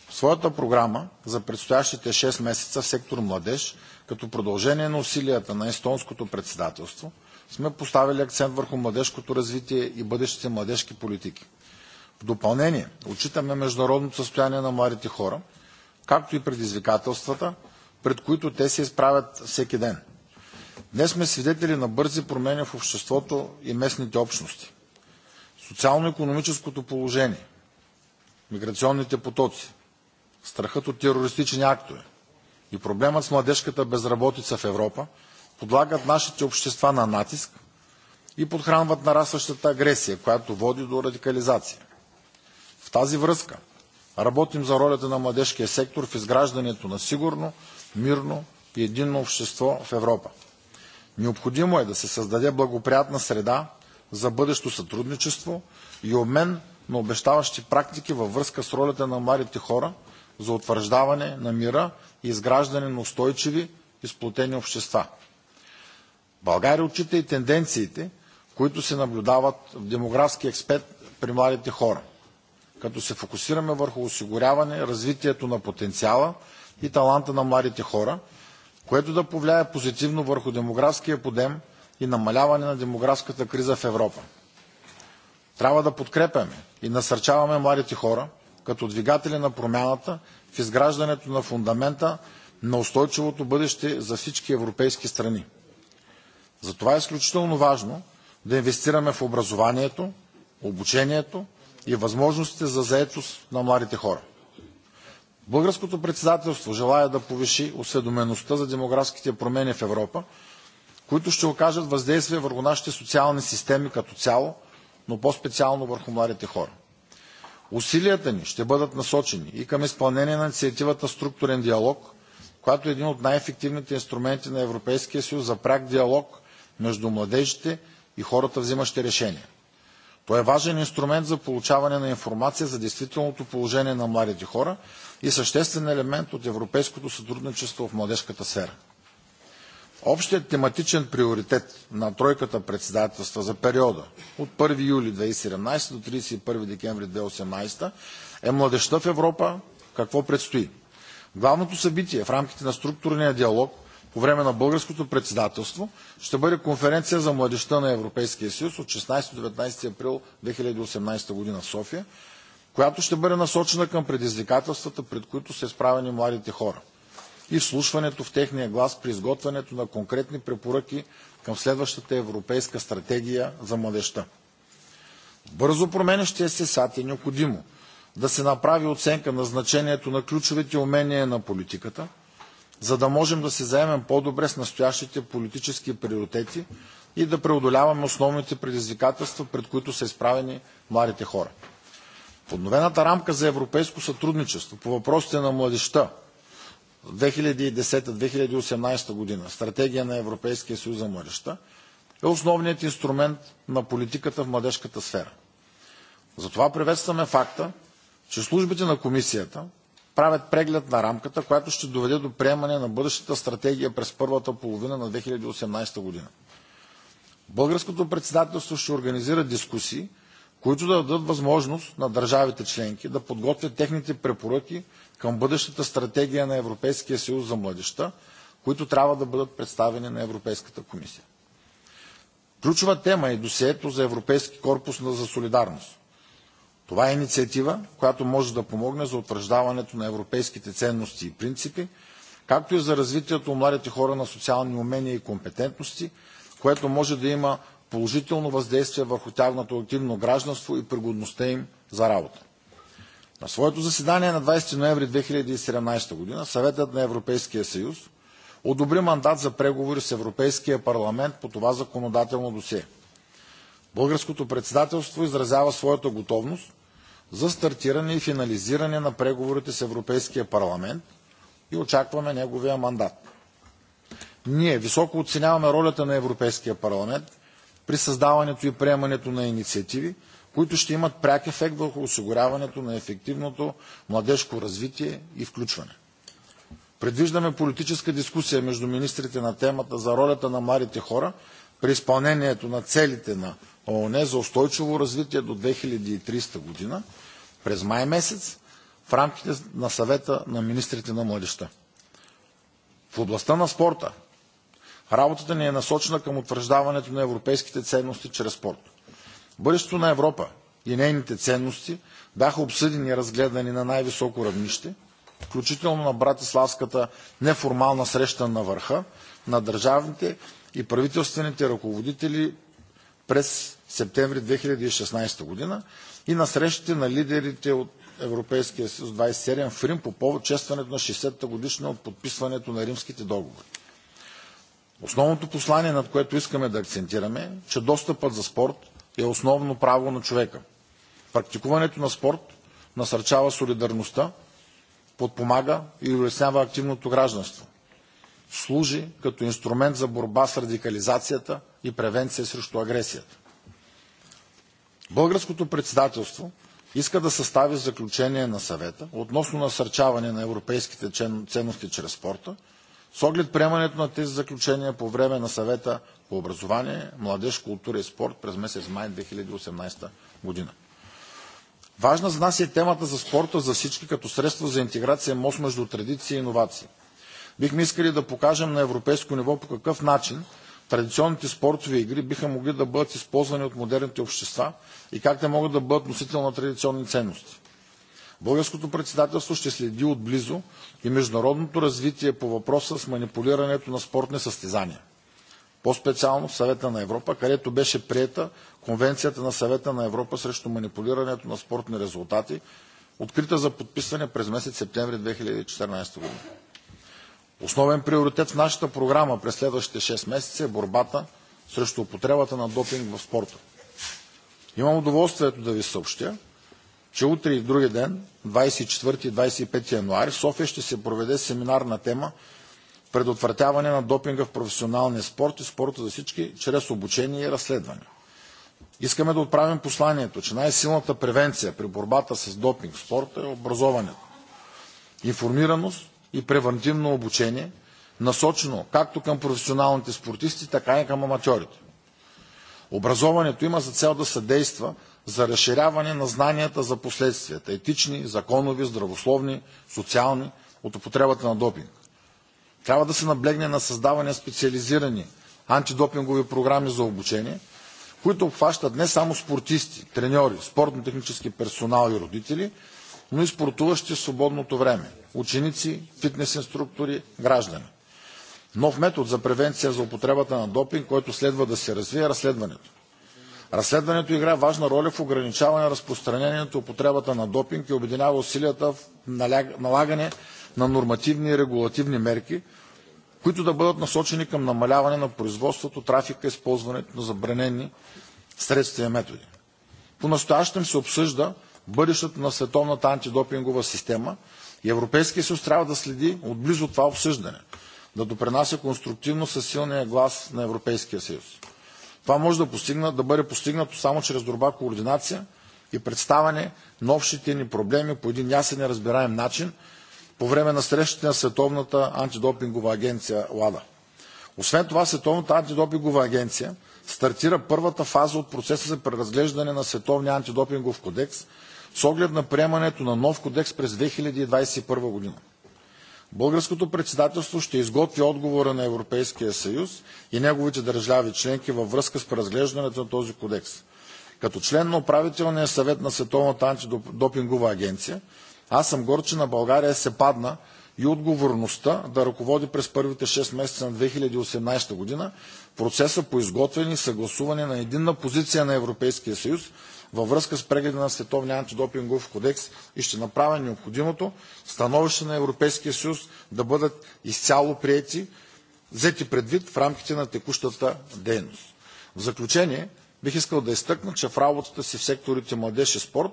В своята програма за предстоящите 6 месеца в сектор младеж, като продължение на усилията на естонското председателство, сме поставили акцент върху младежкото развитие и бъдещите младежки политики. В допълнение, отчитаме международното състояние на младите хора, както и предизвикателствата, пред които те се изправят всеки ден. Днес сме свидетели на бързи промени в обществото и местните общности. Социално-економическото положение, миграционните потоци, страхът от терористични актове и проблемът с младежката безработица в Европа подлагат нашите общества на натиск и подхранват нарастващата агресия, която води до радикализация. В тази връзка работим за ролята на младежкия сектор в изграждането на сигурно, мирно и единно общество в Европа. Необходимо е да се създаде благоприятна среда за бъдещо сътрудничество и обмен на обещаващи практики във връзка с ролята на младите хора за утвърждаване на мира и изграждане на устойчиви и сплотени общества. България отчита и тенденциите, които се наблюдават в демографски експерт при младите хора, като се фокусираме върху осигуряване развитието на потенциала и таланта на младите хора, което да повлияе позитивно върху демографския подем и намаляване на демографската криза в Европа. Трябва да подкрепяме и насърчаваме младите хора като двигатели на промяната в изграждането на фундамента на устойчивото бъдеще за всички европейски страни. Затова е изключително важно да инвестираме в образованието, обучението и възможностите за заетост на младите хора. Българското председателство желая да повиши осведомеността за демографските промени в Европа, които ще окажат въздействие върху нашите социални системи като цяло, но по-специално върху младите хора. Усилията ни ще бъдат насочени и към изпълнение на инициативата Структурен диалог, която е един от най-ефективните инструменти на Европейския съюз за пряк диалог между младежите и хората, взимащи решения. Той е важен инструмент за получаване на информация за действителното положение на младите хора и съществен елемент от европейското сътрудничество в младежката сфера. Общият тематичен приоритет на тройката председателства за периода от 1 юли 2017 до 31 декември 2018 е младеща в Европа, какво предстои. Главното събитие в рамките на структурния диалог по време на българското председателство ще бъде конференция за младеща на Европейския съюз от 16-19 април 2018 година в София, която ще бъде насочена към предизвикателствата, пред които са изправени младите хора и вслушването в техния глас при изготвянето на конкретни препоръки към следващата европейска стратегия за младеща. Бързо променящия се сад е необходимо да се направи оценка на значението на ключовите умения на политиката – за да можем да се заемем по-добре с настоящите политически приоритети и да преодоляваме основните предизвикателства, пред които са изправени младите хора. Подновената рамка за европейско сътрудничество по въпросите на младеща 2010-2018 година, стратегия на Европейския съюз за младеща, е основният инструмент на политиката в младежката сфера. Затова приветстваме факта, че службите на комисията правят преглед на рамката, която ще доведе до приемане на бъдещата стратегия през първата половина на 2018 година. Българското председателство ще организира дискусии, които да дадат възможност на държавите членки да подготвят техните препоръки към бъдещата стратегия на Европейския съюз за младеща, които трябва да бъдат представени на Европейската комисия. Ключова тема е досието за Европейски корпус за солидарност. Това е инициатива, която може да помогне за утвърждаването на европейските ценности и принципи, както и за развитието у младите хора на социални умения и компетентности, което може да има положително въздействие върху тяхното активно гражданство и пригодността им за работа. На своето заседание на 20 ноември 2017 година Съветът на Европейския съюз одобри мандат за преговори с Европейския парламент по това законодателно досие. Българското председателство изразява своята готовност за стартиране и финализиране на преговорите с Европейския парламент и очакваме неговия мандат. Ние високо оценяваме ролята на Европейския парламент при създаването и приемането на инициативи, които ще имат пряк ефект върху осигуряването на ефективното младежко развитие и включване. Предвиждаме политическа дискусия между министрите на темата за ролята на младите хора при изпълнението на целите на ООН за устойчиво развитие до 2300 година през май месец в рамките на съвета на министрите на младеща. В областта на спорта работата ни е насочена към утвърждаването на европейските ценности чрез спорт. Бъдещето на Европа и нейните ценности бяха обсъдени и разгледани на най-високо равнище, включително на Братиславската неформална среща на върха на държавните и правителствените ръководители през септември 2016 година и на срещите на лидерите от Европейския съюз 27 в Рим по повод честването на 60-та годишна от подписването на римските договори. Основното послание, над което искаме да акцентираме, е, че достъпът за спорт е основно право на човека. Практикуването на спорт насърчава солидарността, подпомага и улеснява активното гражданство служи като инструмент за борба с радикализацията и превенция срещу агресията. Българското председателство иска да състави заключение на съвета относно насърчаване на европейските ценности чрез спорта, с оглед приемането на тези заключения по време на съвета по образование, младеж, култура и спорт през месец май 2018 година. Важна за нас е темата за спорта за всички като средство за интеграция мост между традиции и иновации – Бихме искали да покажем на европейско ниво по какъв начин традиционните спортови игри биха могли да бъдат използвани от модерните общества и как те могат да бъдат носител на традиционни ценности. Българското председателство ще следи отблизо и международното развитие по въпроса с манипулирането на спортни състезания. По-специално в Съвета на Европа, където беше приета Конвенцията на Съвета на Европа срещу манипулирането на спортни резултати, открита за подписване през месец септември 2014 година. Основен приоритет в нашата програма през следващите 6 месеца е борбата срещу употребата на допинг в спорта. Имам удоволствието да ви съобщя, че утре и други ден, 24 и 25 януари, в София ще се проведе семинар на тема предотвратяване на допинга в професионалния спорт и спорта за всички чрез обучение и разследване. Искаме да отправим посланието, че най-силната превенция при борбата с допинг в спорта е образованието. Информираност, и превантивно обучение, насочено както към професионалните спортисти, така и към аматьорите. Образованието има за цел да съдейства за разширяване на знанията за последствията – етични, законови, здравословни, социални, от употребата на допинг. Трябва да се наблегне на създаване специализирани антидопингови програми за обучение, които обхващат не само спортисти, треньори, спортно-технически персонал и родители – но и спортуващи в свободното време – ученици, фитнес инструктори, граждани. Нов метод за превенция за употребата на допинг, който следва да се развие е разследването. Разследването играе важна роля в ограничаване разпространението и употребата на допинг и обединява усилията в налагане на нормативни и регулативни мерки, които да бъдат насочени към намаляване на производството, трафика и използването на забранени средства и методи. По настоящем се обсъжда бъдещето на световната антидопингова система и Европейския съюз трябва да следи отблизо това обсъждане, да допринася конструктивно със силния глас на Европейския съюз. Това може да, постигна, да бъде постигнато само чрез добра координация и представане на общите ни проблеми по един ясен и разбираем начин по време на срещите на Световната антидопингова агенция ЛАДА. Освен това, Световната антидопингова агенция стартира първата фаза от процеса за преразглеждане на Световния антидопингов кодекс с оглед на приемането на нов кодекс през 2021 година. Българското председателство ще изготви отговора на Европейския съюз и неговите държави членки във връзка с преразглеждането на този кодекс. Като член на управителния съвет на Световната антидопингова агенция, аз съм горд, че на България се падна и отговорността да ръководи през първите 6 месеца на 2018 година процеса по изготвяне и съгласуване на единна позиция на Европейския съюз във връзка с прегледа на Световния антидопингов кодекс и ще направя необходимото становище на Европейския съюз да бъдат изцяло приети, взети предвид в рамките на текущата дейност. В заключение, бих искал да изтъкна, че в работата си в секторите младеж и спорт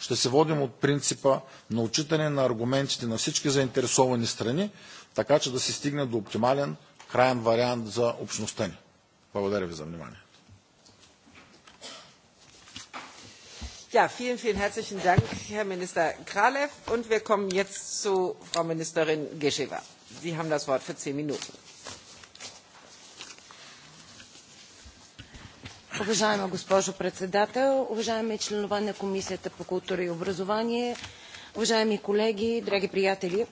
ще се водим от принципа на отчитане на аргументите на всички заинтересовани страни, така че да се стигне до оптимален краен вариант за общността ни. Благодаря ви за внимание. Ja, vielen, vielen herzlichen Dank, Herr Minister Kralev. Und wir kommen jetzt zu Frau Ministerin Gescheva. Sie haben das Wort für zehn Minuten. Уважаема госпожо председател, уважаеми членове на Комисията по култура и образование, уважаеми колеги, драги приятели!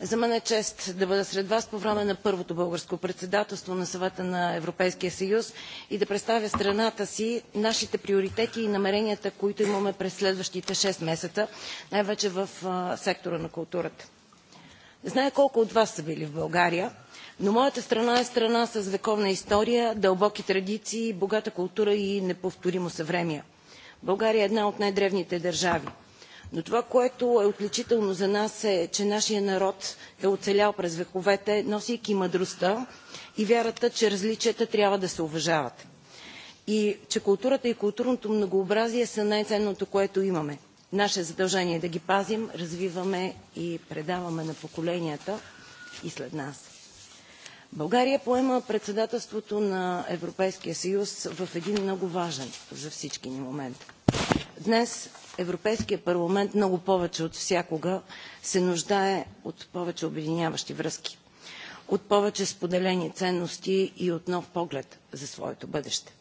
За мен е чест да бъда сред вас по време на първото българско председателство на съвета на Европейския съюз и да представя страната си, нашите приоритети и намеренията, които имаме през следващите 6 месеца, най-вече в сектора на културата. Зная колко от вас са били в България, но моята страна е страна с вековна история, дълбоки традиции, богата култура и неповторимо съвремие. България е една от най-древните държави – Но това, което е отличително за нас е, че нашия народ е оцелял през вековете, носейки мъдростта и вярата, че различията трябва да се уважават. И че културата и културното многообразие са най-ценното, което имаме. Наше задължение е да ги пазим, развиваме и предаваме на поколенията и след нас. България поема председателството на Европейския съюз в един много важен за всички ни момент. Днес европейският парламент много повече от всякога се нуждае от повече обединяващи връзки, от повече споделени ценности и от нов поглед за своето бъдеще.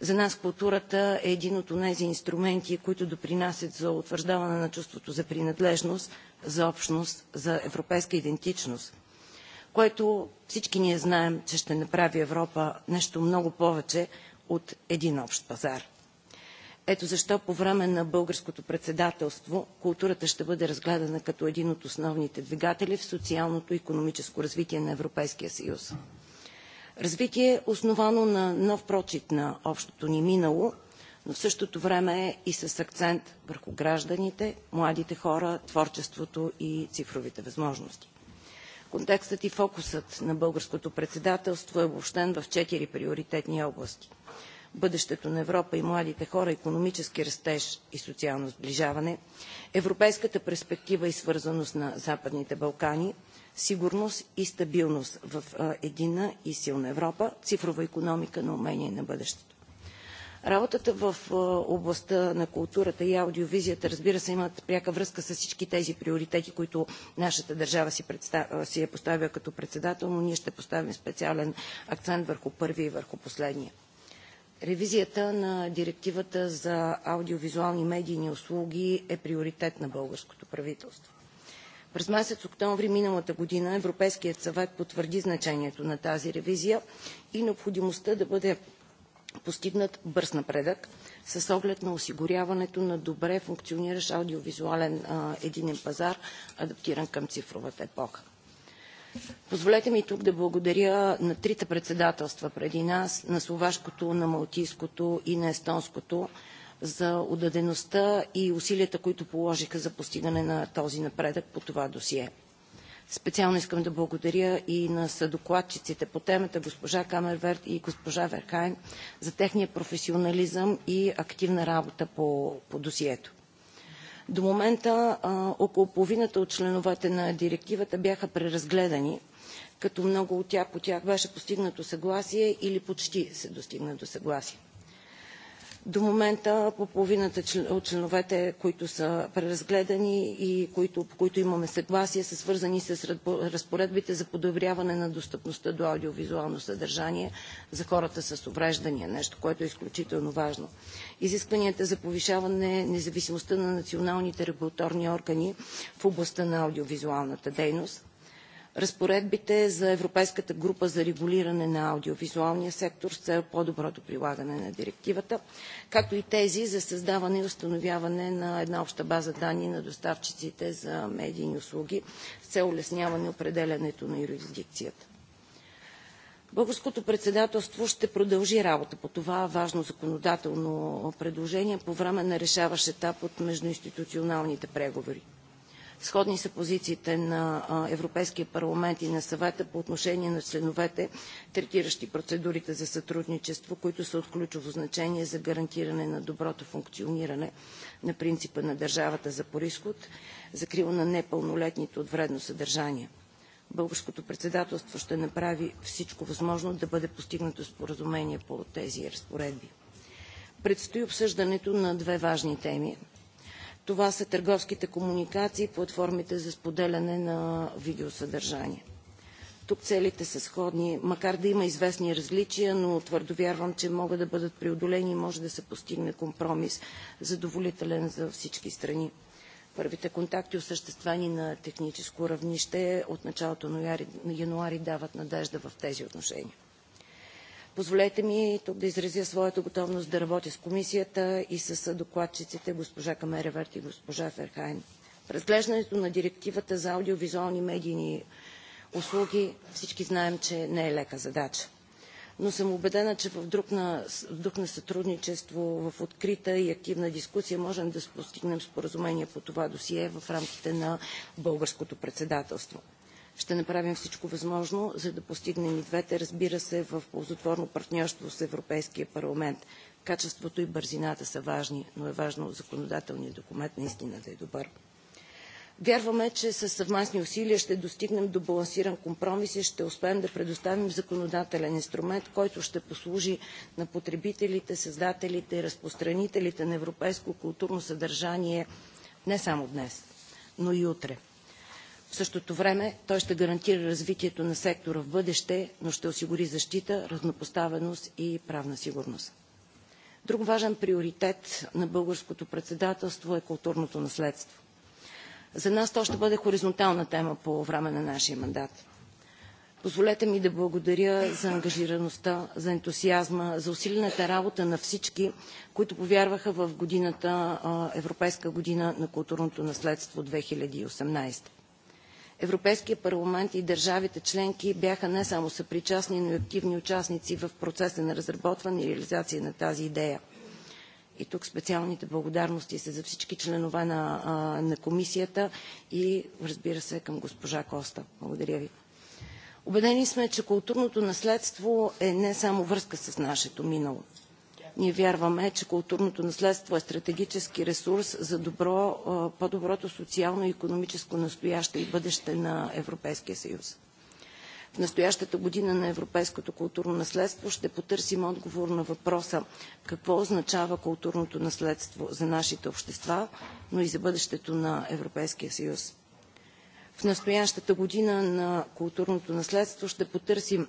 За нас културата е един от тези инструменти, които допринасят за утвърждаване на чувството за принадлежност, за общност, за европейска идентичност, което всички ние знаем, че ще направи Европа нещо много повече от един общ пазар – Ето защо по време на българското председателство културата ще бъде разгледана като един от основните двигатели в социалното и економическо развитие на Европейския съюз. Развитие е основано на нов прочит на общото ни минало, но в същото време е и с акцент върху гражданите, младите хора, творчеството и цифровите възможности. Контекстът и фокусът на българското председателство е обобщен в четири приоритетни области – бъдещето на Европа и младите хора, економически растеж и социално сближаване, европейската перспектива и свързаност на Западните Балкани, сигурност и стабилност в едина и силна Европа, цифрова економика на умение на бъдещето. Работата в областта на културата и аудиовизията, разбира се, имат пряка връзка с всички тези приоритети, които нашата държава си, представ... си е поставя като председател, но ние ще поставим специален акцент върху първи и върху последния. Ревизията на директивата за аудиовизуални медийни услуги е приоритет на българското правителство. През месец октомври миналата година Европейският съвет потвърди значението на тази ревизия и необходимостта да бъде постигнат бърз напредък с оглед на осигуряването на добре функциониращ аудиовизуален а, единен пазар, адаптиран към цифровата епоха. Позволете ми тук да благодаря на трите председателства преди нас, на словашкото, на малтийското и на естонското, за отдадеността и усилията, които положиха за постигане на този напредък по това досие. Специално искам да благодаря и на съдокладчиците по темата, госпожа Камерверт и госпожа Веркайн, за техния професионализъм и активна работа по, по досието. До момента а, около половината от членовете на директивата бяха преразгледани, като много от тях по тях беше постигнато съгласие или почти се достигна до съгласие. До момента по половината от членовете, които са преразгледани и които, по които имаме съгласие, са свързани с разпоредбите за подобряване на достъпността до аудиовизуално съдържание за хората с увреждания, нещо, което е изключително важно. Изискванията за повишаване независимостта на националните регулаторни органи в областта на аудиовизуалната дейност, разпоредбите за Европейската група за регулиране на аудиовизуалния сектор с цел по-доброто прилагане на директивата, както и тези за създаване и установяване на една обща база данни на доставчиците за медийни услуги с цел улесняване определянето на юрисдикцията. Българското председателство ще продължи работа по това важно законодателно предложение по време на решаващ етап от междуинституционалните преговори. Сходни са позициите на Европейския парламент и на съвета по отношение на членовете, третиращи процедурите за сътрудничество, които са от ключово значение за гарантиране на доброто функциониране на принципа на държавата за происход, закрила на непълнолетните от вредно съдържание. Българското председателство ще направи всичко възможно да бъде постигнато споразумение по тези разпоредби. Предстои обсъждането на две важни теми Това са търговските комуникации и платформите за споделяне на видеосъдържание. Тук целите са сходни, макар да има известни различия, но твърдо вярвам, че могат да бъдат преодолени и може да се постигне компромис, задоволителен за всички страни. Първите контакти, осъществени на техническо равнище от началото на януари, дават надежда в тези отношения. Позволете ми тук да изразя своята готовност да работя с комисията и с докладчиците госпожа Камереварт и госпожа Ферхайн. Разглеждането на директивата за аудиовизуални медийни услуги всички знаем, че не е лека задача. Но съм убедена, че в дух на, в дух на сътрудничество, в открита и активна дискусия можем да постигнем споразумение по това досие в рамките на българското председателство. Ще направим всичко възможно, за да постигнем и двете, разбира се, в ползотворно партньорство с Европейския парламент. Качеството и бързината са важни, но е важно законодателният документ наистина да е добър. Вярваме, че със съвместни усилия ще достигнем до балансиран компромис и ще успеем да предоставим законодателен инструмент, който ще послужи на потребителите, създателите и разпространителите на европейско културно съдържание не само днес, но и утре. В същото време той ще гарантира развитието на сектора в бъдеще, но ще осигури защита, разнопоставеност и правна сигурност. Друг важен приоритет на българското председателство е културното наследство. За нас то ще бъде хоризонтална тема по време на нашия мандат. Позволете ми да благодаря за ангажираността, за ентусиазма, за усилената работа на всички, които повярваха в годината, Европейска година на културното наследство 2018. Европейският парламент и държавите членки бяха не само съпричастни, но и активни участници в процеса на разработване и реализация на тази идея. И тук специалните благодарности са за всички членове на, на комисията и разбира се към госпожа Коста. Благодаря ви. Обедени сме, че културното наследство е не само връзка с нашето минало – Ние вярваме, че културното наследство е стратегически ресурс за добро, по-доброто социално и економическо настояще и бъдеще на Европейския съюз. В настоящата година на европейското културно наследство ще потърсим отговор на въпроса какво означава културното наследство за нашите общества, но и за бъдещето на Европейския съюз. В настоящата година на културното наследство ще потърсим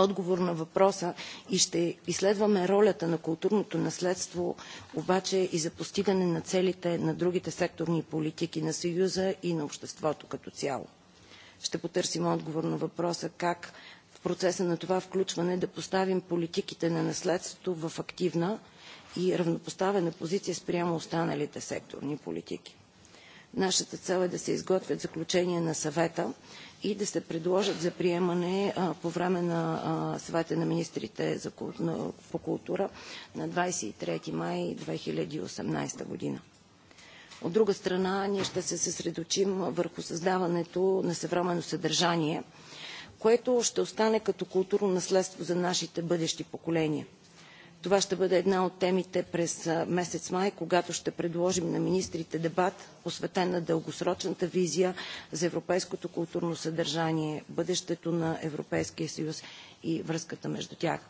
отговор на въпроса и ще изследваме ролята на културното наследство обаче и за постигане на целите на другите секторни политики на Съюза и на обществото като цяло. Ще потърсим отговор на въпроса как в процеса на това включване да поставим политиките на наследството в активна и равнопоставена позиция спрямо останалите секторни политики. Нашата цел е да се изготвят заключения на съвета и да се предложат за приемане а, по време на а, съвета на министрите за, на, по култура на 23 май 2018 година. От друга страна, ние ще се съсредочим върху създаването на съвременно съдържание, което ще остане като културно наследство за нашите бъдещи поколения – Това ще бъде една от темите през месец май, когато ще предложим на министрите дебат, посветен на дългосрочната визия за европейското културно съдържание, бъдещето на Европейския съюз и връзката между тях.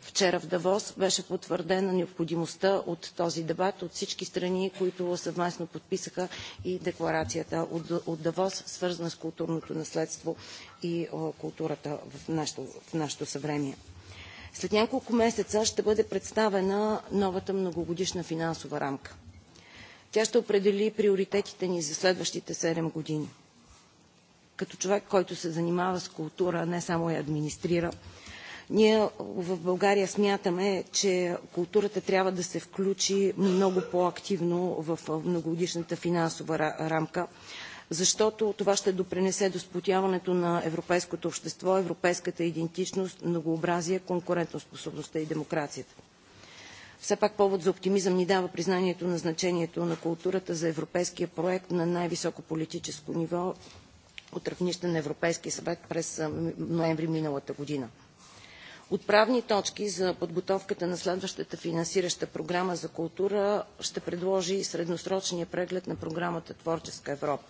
Вчера в Давос беше потвърдена необходимостта от този дебат от всички страни, които съвместно подписаха и декларацията от, Давос, свързана с културното наследство и културата в нашето съвремие. След няколко месеца ще бъде представена новата многогодишна финансова рамка. Тя ще определи приоритетите ни за следващите 7 години. Като човек, който се занимава с култура, не само я администрира, ние в България смятаме, че културата трябва да се включи много по-активно в многогодишната финансова рамка, защото това ще допринесе до сплотяването на европейското общество, европейската идентичност, многообразие, конкурентоспособността и демокрацията. Все пак повод за оптимизъм ни дава признанието на значението на културата за европейския проект на най-високо политическо ниво от равнище на Европейския съвет през ноември миналата година. Отправни точки за подготовката на следващата финансираща програма за култура ще предложи средносрочния преглед на програмата Творческа Европа.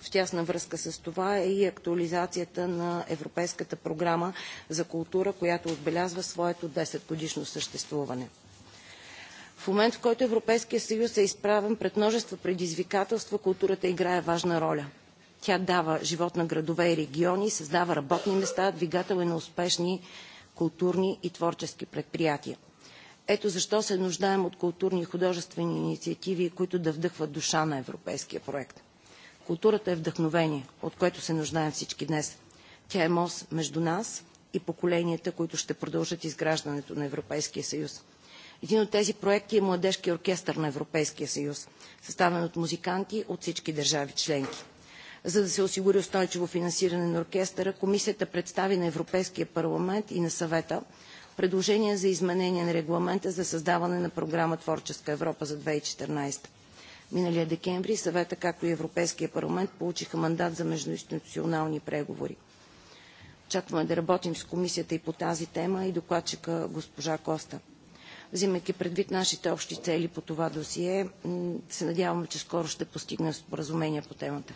В, тясна връзка с това е и актуализацията на Европейската програма за култура, която отбелязва своето 10-годишно съществуване. В момент, в който Европейския съюз е изправен пред множество предизвикателства, културата играе важна роля. Тя дава живот на градове и региони, създава работни места, двигател е на успешни културни и творчески предприятия. Ето защо се нуждаем от културни и художествени инициативи, които да вдъхват душа на европейския проект. Културата е вдъхновение, от което се нуждаем всички днес. Тя е мост между нас и поколенията, които ще продължат изграждането на Европейския съюз. Един от тези проекти е Младежки оркестър на Европейския съюз, съставен от музиканти от всички държави членки. За да се осигури устойчиво финансиране на оркестъра, комисията представи на Европейския парламент и на съвета предложение за изменение на регламента за създаване на програма Творческа Европа за 2014 миналия декември, съвета както и Европейския парламент получиха мандат за междуинституционални преговори. Очакваме да работим с комисията и по тази тема и докладчика госпожа Коста. Взимайки предвид нашите общи цели по това досие, се надяваме, че скоро ще постигнем споразумение по темата.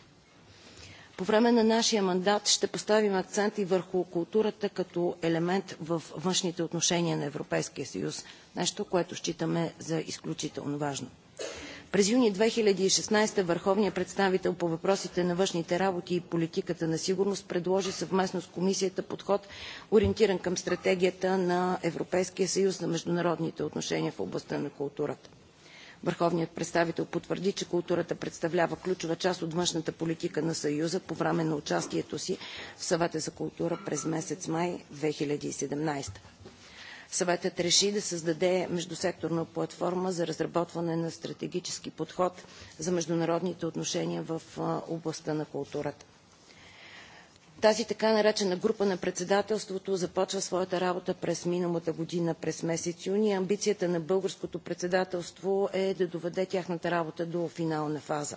По време на нашия мандат ще поставим акцент и върху културата като елемент в външните отношения на Европейския съюз, нещо, което считаме за изключително важно. През юни 2016 върховният представител по въпросите на външните работи и политиката на сигурност предложи съвместно с комисията подход, ориентиран към стратегията на Европейския съюз на международните отношения в областта на културата. Върховният представител потвърди, че културата представлява ключова част от външната политика на Съюза по време на участието си в съвета за култура през месец май 2017. Съветът реши да създаде междусекторна платформа за разработване на стратегически подход за международните отношения в областта на културата. Тази така наречена група на председателството започва своята работа през миналата година, през месец юни. Амбицията на българското председателство е да доведе тяхната работа до финална фаза.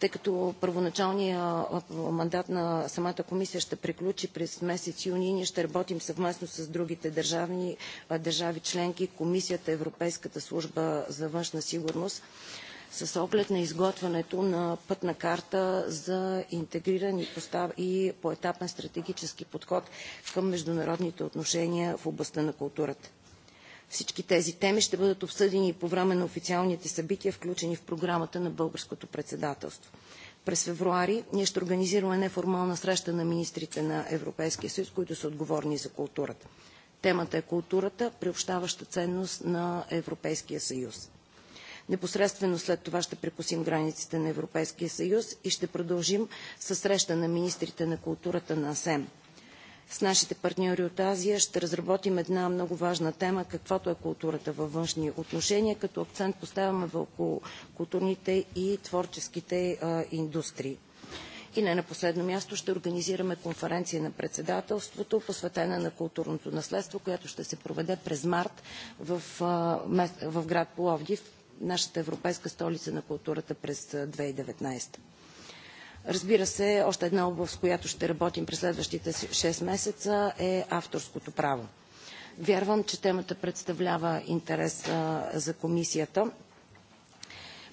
Тъй като първоначалният мандат на самата комисия ще приключи през месец юни, ние ще работим съвместно с другите държавни, държави членки, Комисията, Европейската служба за външна сигурност с оглед на изготвянето на пътна карта за интегриран и, постав... и поетапен стратегически подход към международните отношения в областта на културата. Всички тези теми ще бъдат обсъдени и по време на официалните събития, включени в програмата на българското председателство. През февруари ние ще организираме неформална среща на министрите на Европейския съюз, които са отговорни за културата. Темата е културата, приобщаваща ценност на Европейския съюз. Непосредствено след това ще прекусим границите на Европейския съюз и ще продължим със среща на министрите на културата на СЕМ – с нашите партньори от Азия ще разработим една много важна тема, каквато е културата във външни отношения, като акцент поставяме върху културните и творческите а, индустрии. И не на последно място ще организираме конференция на председателството, посветена на културното наследство, която ще се проведе през март в, в град Пловдив, нашата европейска столица на културата през 2019. Разбира се, още една област, в която ще работим през следващите 6 месеца е авторското право. Вярвам, че темата представлява интерес за комисията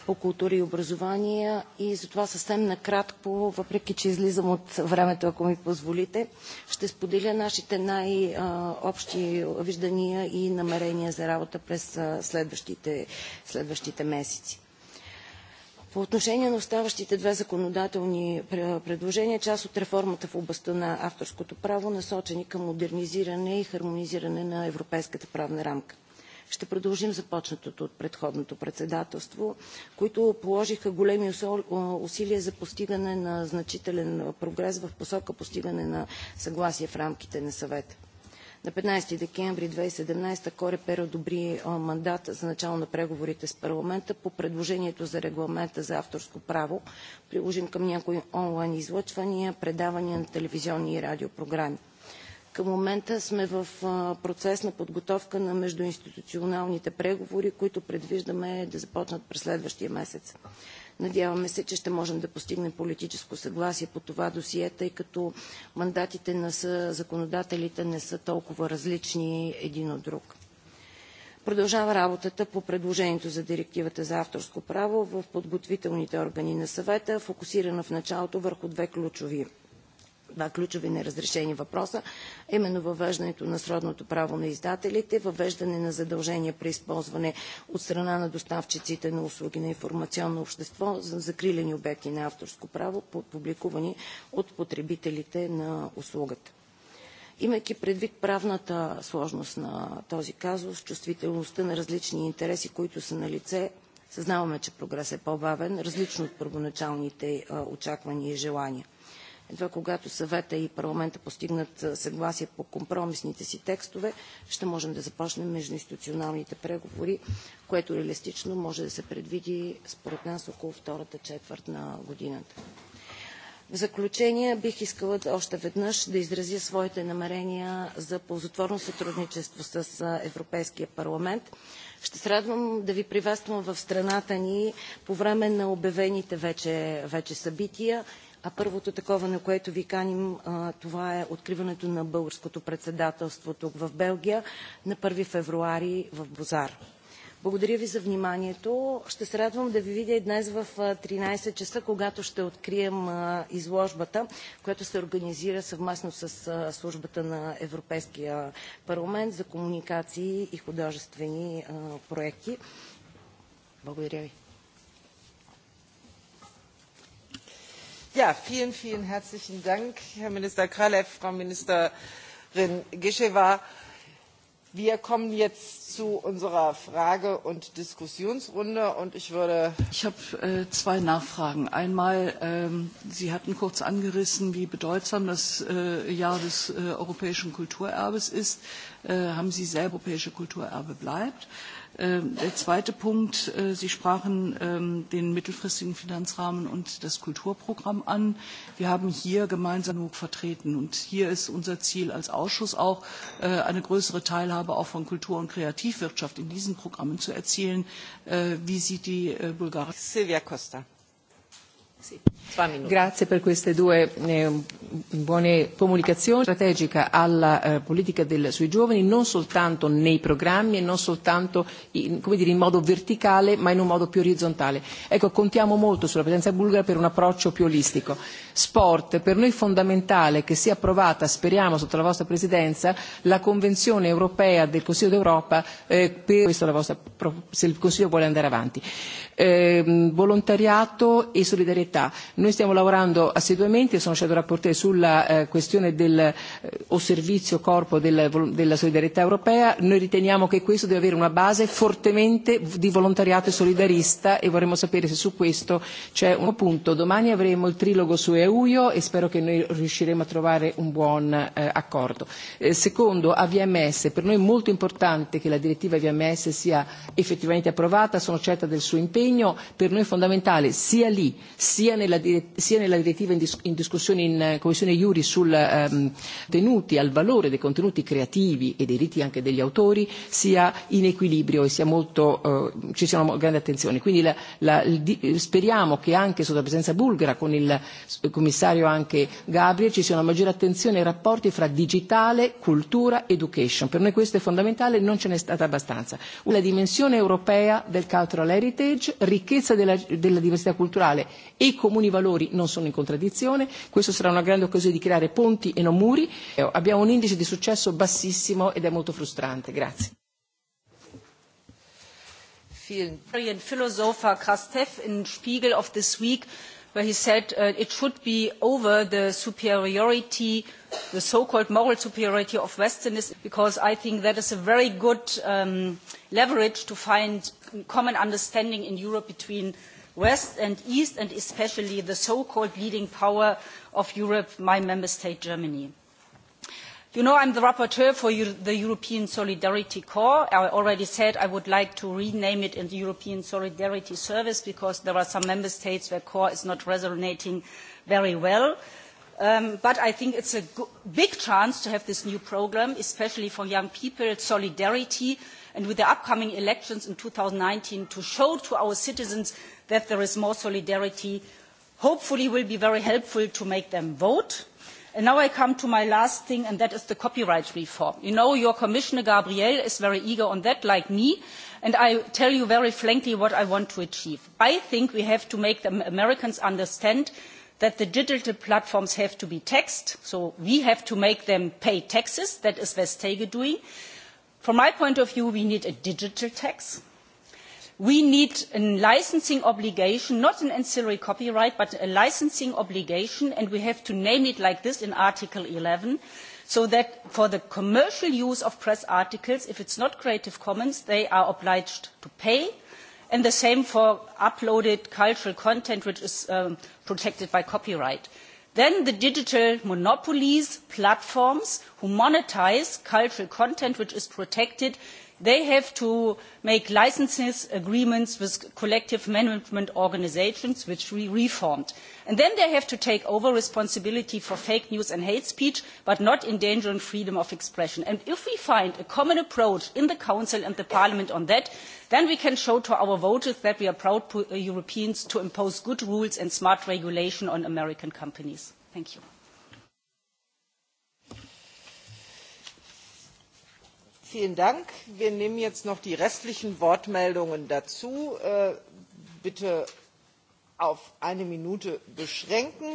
по култура и образование и затова съвсем накратко, въпреки че излизам от времето, ако ми позволите, ще споделя нашите най-общи виждания и намерения за работа през следващите, следващите месеци. По отношение на оставащите две законодателни предложения, част от реформата в областта на авторското право, насочени към модернизиране и хармонизиране на европейската правна рамка. Ще продължим започнатото от предходното председателство, които положиха големи усилия за постигане на значителен прогрес в посока постигане на съгласие в рамките на съвета. На 15 декември 2017 Корепер одобри мандат за начало на преговорите с парламента по предложението за регламента за авторско право, приложим към някои онлайн излъчвания, предавания на телевизионни и радиопрограми. Към момента сме в процес на подготовка на междуинституционалните преговори, които предвиждаме да започнат през следващия месец. Надяваме се, че ще можем да постигнем политическо съгласие по това досие, тъй като мандатите на законодателите не са толкова различни един от друг. Продължава работата по предложението за директивата за авторско право в подготвителните органи на съвета, фокусирана в началото върху две ключови два ключови неразрешени въпроса, именно въвеждането на сродното право на издателите, въвеждане на задължения при използване от страна на доставчиците на услуги на информационно общество за закрилени обекти на авторско право, публикувани от потребителите на услугата. Имайки предвид правната сложност на този казус, чувствителността на различни интереси, които са на лице, съзнаваме, че прогрес е по-бавен, различно от първоначалните очаквания и желания. Едва когато съвета и парламента постигнат съгласие по компромисните си текстове, ще можем да започнем междуинституционалните преговори, което реалистично може да се предвиди според нас около втората четвърт на годината. В заключение бих искала още веднъж да изразя своите намерения за ползотворно сътрудничество с Европейския парламент. Ще се радвам да ви приветствам в страната ни по време на обявените вече, вече събития А първото такова, на което ви каним, това е откриването на българското председателство тук в Белгия на 1 февруари в Бозар. Благодаря ви за вниманието. Ще се радвам да ви видя и днес в 13 часа, когато ще открием изложбата, която се организира съвместно с службата на Европейския парламент за комуникации и художествени проекти. Благодаря ви. Ja, vielen, vielen herzlichen Dank, Herr Minister Kralev, Frau Ministerin Gischewa. Wir kommen jetzt zu unserer Frage- und Diskussionsrunde und ich würde. Ich habe äh, zwei Nachfragen. Einmal, ähm, Sie hatten kurz angerissen, wie bedeutsam das äh, Jahr des äh, europäischen Kulturerbes ist. Äh, haben Sie selber europäische Kulturerbe bleibt? Äh, Ähm, der zweite Punkt, äh, Sie sprachen ähm, den mittelfristigen Finanzrahmen und das Kulturprogramm an. Wir haben hier gemeinsam genug vertreten. Und hier ist unser Ziel als Ausschuss auch, äh, eine größere Teilhabe auch von Kultur- und Kreativwirtschaft in diesen Programmen zu erzielen. Äh, wie sieht die Bulgarische? Silvia Costa. Grazie per queste due eh, buone comunicazioni strategica alla eh, politica del, sui giovani non soltanto nei programmi e non soltanto in, come dire, in modo verticale ma in un modo più orizzontale. Ecco, contiamo molto sulla presenza bulgara per un approccio più olistico. Sport, per noi è fondamentale che sia approvata, speriamo sotto la vostra presidenza, la Convenzione europea del Consiglio d'Europa eh, per questo la vostra, se il Consiglio vuole andare avanti. Eh, volontariato e solidarietà verità. Noi stiamo lavorando assiduamente, sono stato rapportore sulla eh, questione del eh, o servizio corpo del, della solidarietà europea, noi riteniamo che questo deve avere una base fortemente di volontariato e solidarista e vorremmo sapere se su questo c'è un punto. Domani avremo il trilogo su EUIO e spero che noi riusciremo a trovare un buon eh, accordo. Eh, secondo, AVMS, per noi è molto importante che la direttiva AVMS sia effettivamente approvata, sono certa del suo impegno, per noi è fondamentale sia lì sia sia nella, sia nella direttiva in, dis, in discussione in eh, Commissione Iuri sul ehm, tenuti al valore dei contenuti creativi e dei diritti anche degli autori sia in equilibrio e sia molto, eh, ci sia una grande attenzione. Quindi la, la, il, speriamo che anche sotto la presenza bulgara con il commissario anche Gabriel ci sia una maggiore attenzione ai rapporti fra digitale, cultura, education. Per noi questo è fondamentale, e non ce n'è stata abbastanza. La dimensione europea del cultural heritage, ricchezza della, della diversità culturale e i comuni valori non sono in contraddizione, questo sarà una grande occasione di creare ponti e non muri. Eh, abbiamo un indice di successo bassissimo ed è molto frustrante. Grazie. Vielen philosopher Krastev in Spiegel of this week where he said uh, it should be over the superiority, the so-called moral superiority of Westernness, because I think that is a very good um, leverage to find common understanding in Europe between west and east and especially the so-called leading power of Europe, my member state Germany. You know, I'm the rapporteur for the European Solidarity Corps. I already said I would like to rename it in the European Solidarity Service because there are some member states where Corps is not resonating very well. Um, but I think it's a big chance to have this new program, especially for young people, solidarity, and with the upcoming elections in 2019 to show to our citizens that there is more solidarity hopefully will be very helpful to make them vote. And now I come to my last thing, and that is the copyright reform. You know, your Commissioner Gabriel is very eager on that, like me, and I tell you very frankly what I want to achieve. I think we have to make the Americans understand that the digital platforms have to be taxed, so we have to make them pay taxes. That is Vestager doing. From my point of view, we need a digital tax we need a licensing obligation not an ancillary copyright but a licensing obligation and we have to name it like this in article eleven so that for the commercial use of press articles if it's not creative commons they are obliged to pay and the same for uploaded cultural content which is um, protected by copyright then the digital monopolies platforms who monetise cultural content which is protected they have to make licenses agreements with collective management organisations which we reformed and then they have to take over responsibility for fake news and hate speech but not endangering freedom of expression and if we find a common approach in the council and the parliament on that then we can show to our voters that we are proud uh, europeans to impose good rules and smart regulation on american companies. thank you. vielen dank. wir nehmen jetzt noch die restlichen wortmeldungen dazu äh, bitte auf eine minute beschränken.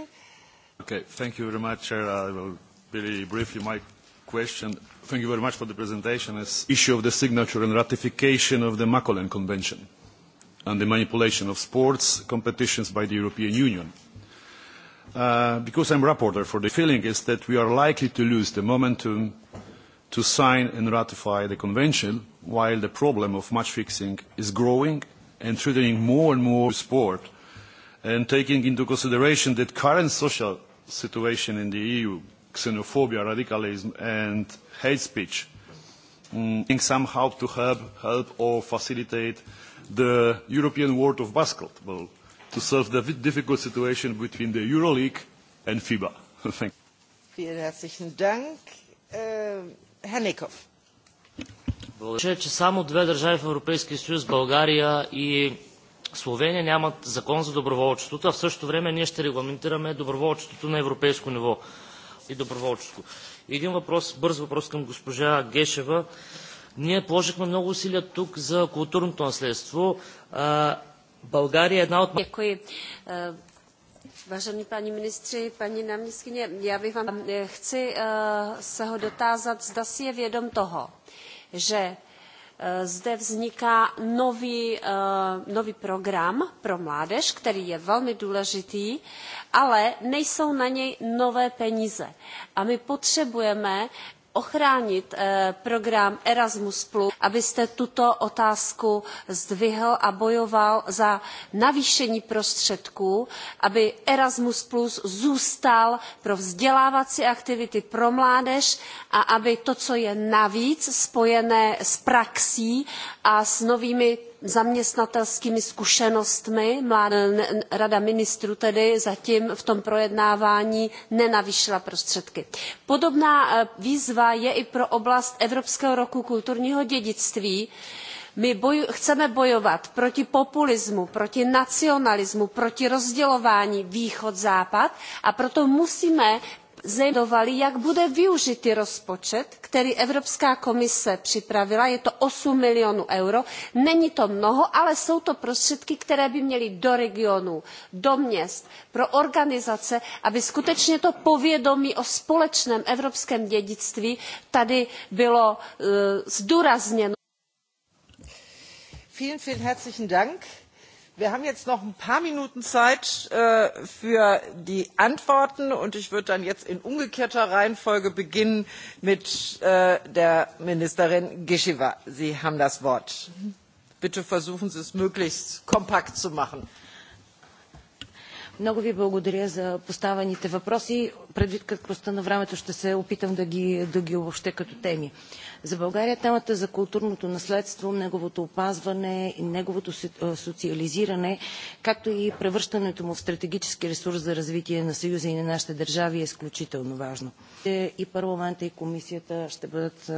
Okay, thank you very much, Chair. I will really briefly my question. Thank you very much for the presentation. This issue of the signature and ratification of the Macolin Convention and the manipulation of sports competitions by the European Union. Uh, because I'm for the feeling is that we are likely to lose the momentum to sign and ratify the convention, while the problem of match fixing is growing and threatening more and more sport, and taking into consideration that current social situation in the EU, xenophobia, radicalism, and hate speech, think mm, somehow to help, help or facilitate the European World of Basketball to solve the difficult situation between the Euroleague and FIBA. [laughs] Thank you. Vielen herzlichen Dank. Äh, Хенеков. че само две държави в Европейския съюз, България и Словения нямат закон за доброволчеството, а в същото време ние ще регламентираме доброволчеството на европейско ниво и доброволчество. Един въпрос, бърз въпрос към госпожа Гешева. Ние положихме много усилия тук за културното наследство. България е една от... Vážený páni ministři, paní náměstkyně, já bych vám eh, chci eh, se ho dotázat, zda si je vědom toho, že eh, zde vzniká nový, nový program pro mládež, který je velmi důležitý, ale nejsou na něj nové peníze. A my potřebujeme ochránit eh, program Erasmus+, abyste tuto otázku zdvihl a bojoval za navýšení prostředků, aby Erasmus+, zůstal pro vzdělávací aktivity pro mládež a aby to, co je navíc spojené s praxí a s novými zaměstnatelskými zkušenostmi rada ministrů tedy zatím v tom projednávání nenavýšila prostředky. podobná eh, výzva je i pro oblast evropského roku kulturního dědictví my chceme bojovat proti populismu proti nacionalismu proti rozdělování východ západ a proto musíme zdecydowali jak bude využity rozpočet který evropská komise připravila je to eight milionů eur není to mnoho ale jsou to prostředky které by měly do regionů do měst pro organizace aby skutečně to povědomí o společném evropském dědictví tady bylo eh, zdůrazněno wir haben jetzt noch ein paar minuten zeit äh, für die antworten und ich würde dann jetzt in umgekehrter reihenfolge beginnen mit äh, der ministerin gischewa. sie haben das wort. bitte versuchen sie es möglichst kompakt zu machen. Много ви благодаря за поставените въпроси. Предвид краткостта на времето ще се опитам да ги, да ги обобщя като теми. За България темата за културното наследство, неговото опазване и неговото социализиране, както и превръщането му в стратегически ресурс за развитие на Съюза и на нашите държави е изключително важно. И парламента, и комисията ще бъдат,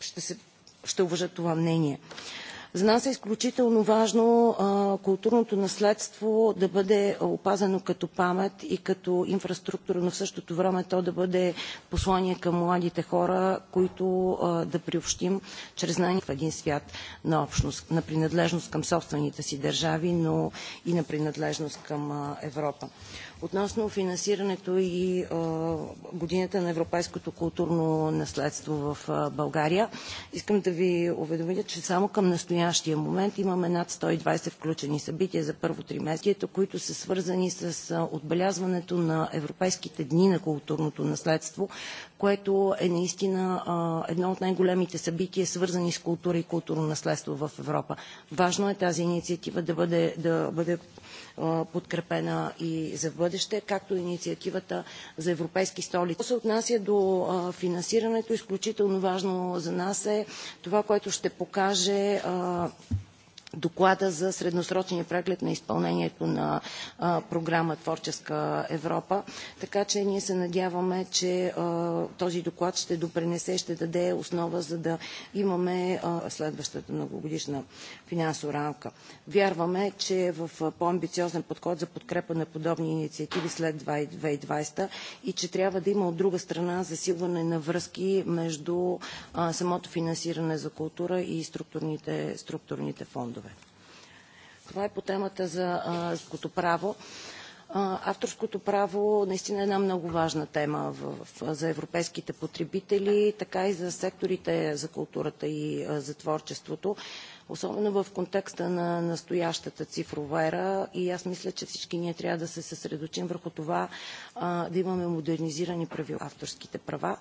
ще, се, ще уважат това мнение. За нас е изключително важно а, културното наследство да бъде опазено като памет и като инфраструктура, но в същото време то да бъде послание към младите хора, които а, да приобщим чрез знание в един свят на общност, на принадлежност към собствените си държави, но и на принадлежност към а, Европа относно финансирането и годината на европейското културно наследство в България. Искам да ви уведомя, че само към настоящия момент имаме над 120 включени събития за първо тримесечието, които са свързани с отбелязването на Европейските дни на културното наследство, което е наистина едно от най-големите събития, свързани с култура и културно наследство в Европа. Важно е тази инициатива да бъде, да бъде подкрепена и за бъдеще, както инициативата за европейски столици. Що се отнася до финансирането, изключително важно за нас е това, което ще покаже доклада за средносрочния преглед на изпълнението на програма Творческа Европа. Така че ние се надяваме, че този доклад ще допренесе, ще даде основа, за да имаме следващата многогодишна финансова рамка. Вярваме, че в по-амбициозен подход за подкрепа на подобни инициативи след 2020 и че трябва да има от друга страна засилване на връзки между самото финансиране за култура и структурните, структурните фондове. Това е по темата за авторското право. Авторското право наистина е една много важна тема в, в, за европейските потребители, така и за секторите за културата и а, за творчеството особено в контекста на настоящата цифрова ера и аз мисля, че всички ние трябва да се съсредочим върху това а, да имаме модернизирани правила авторските права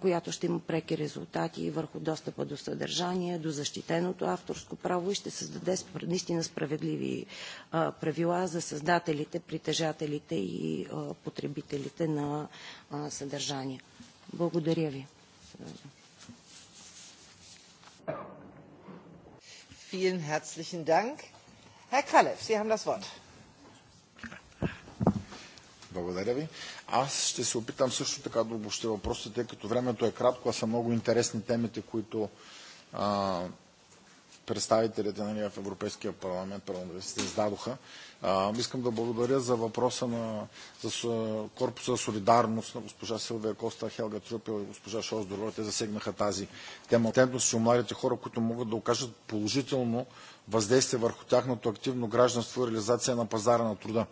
която ще има преки резултати върху достъпа до съдържание, до защитеното авторско право и ще създаде наистина справедливи а, правила за създателите, притежателите и а, потребителите на а, съдържание. Благодаря ви. Vielen herzlichen Dank. Herr Kralev, Sie haben das Wort. Благодаря ви. Аз ще се опитам също така да обобщя въпросите, тъй като времето е кратко, а са много интересни темите, които а, представителите нали, в Европейския парламент, парламент зададоха. А, искам да благодаря за въпроса на за корпуса Солидарност на госпожа Силвия Коста, Хелга Трюпел и госпожа Шоз Дорова. Те засегнаха тази тема. Тендо си младите хора, които могат да окажат положително въздействие върху тяхното активно гражданство и реализация на пазара на труда.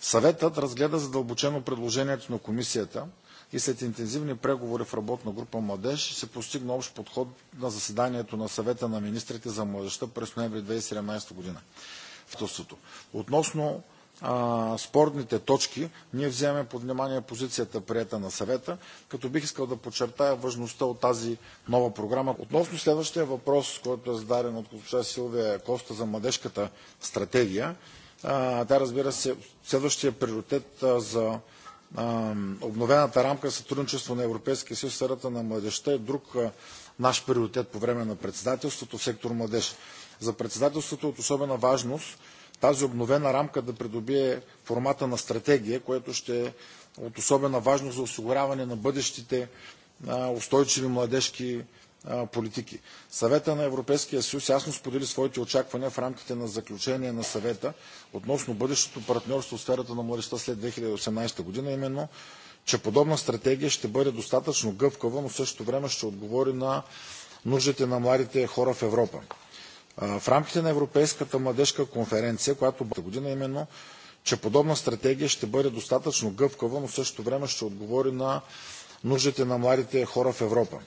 Съветът разгледа задълбочено предложението на комисията и след интензивни преговори в работна група Младеж се постигна общ подход на заседанието на съвета на министрите за младеща през ноември 2017 година правителството. Относно а, спорните точки, ние вземем под внимание позицията прията на съвета, като бих искал да подчертая важността от тази нова програма. Относно следващия въпрос, който е зададен от госпожа Силвия Коста за младежката стратегия, а, тя разбира се, следващия приоритет а, за а, обновената рамка за сътрудничество на Европейския съюз сферата на младежта е друг а, наш приоритет по време на председателството в сектор младеж. За председателството от особена важност тази обновена рамка да придобие формата на стратегия, което ще е от особена важност за осигуряване на бъдещите устойчиви младежки политики. Съвета на Европейския съюз ясно сподели своите очаквания в рамките на заключение на съвета относно бъдещото партньорство в сферата на младеща след 2018 година, именно, че подобна стратегия ще бъде достатъчно гъвкава, но в същото време ще отговори на нуждите на младите хора в Европа в рамките на Европейската младежка конференция, която година именно, че подобна стратегия ще бъде достатъчно гъвкава, но в същото време ще отговори на нуждите на младите хора в Европа.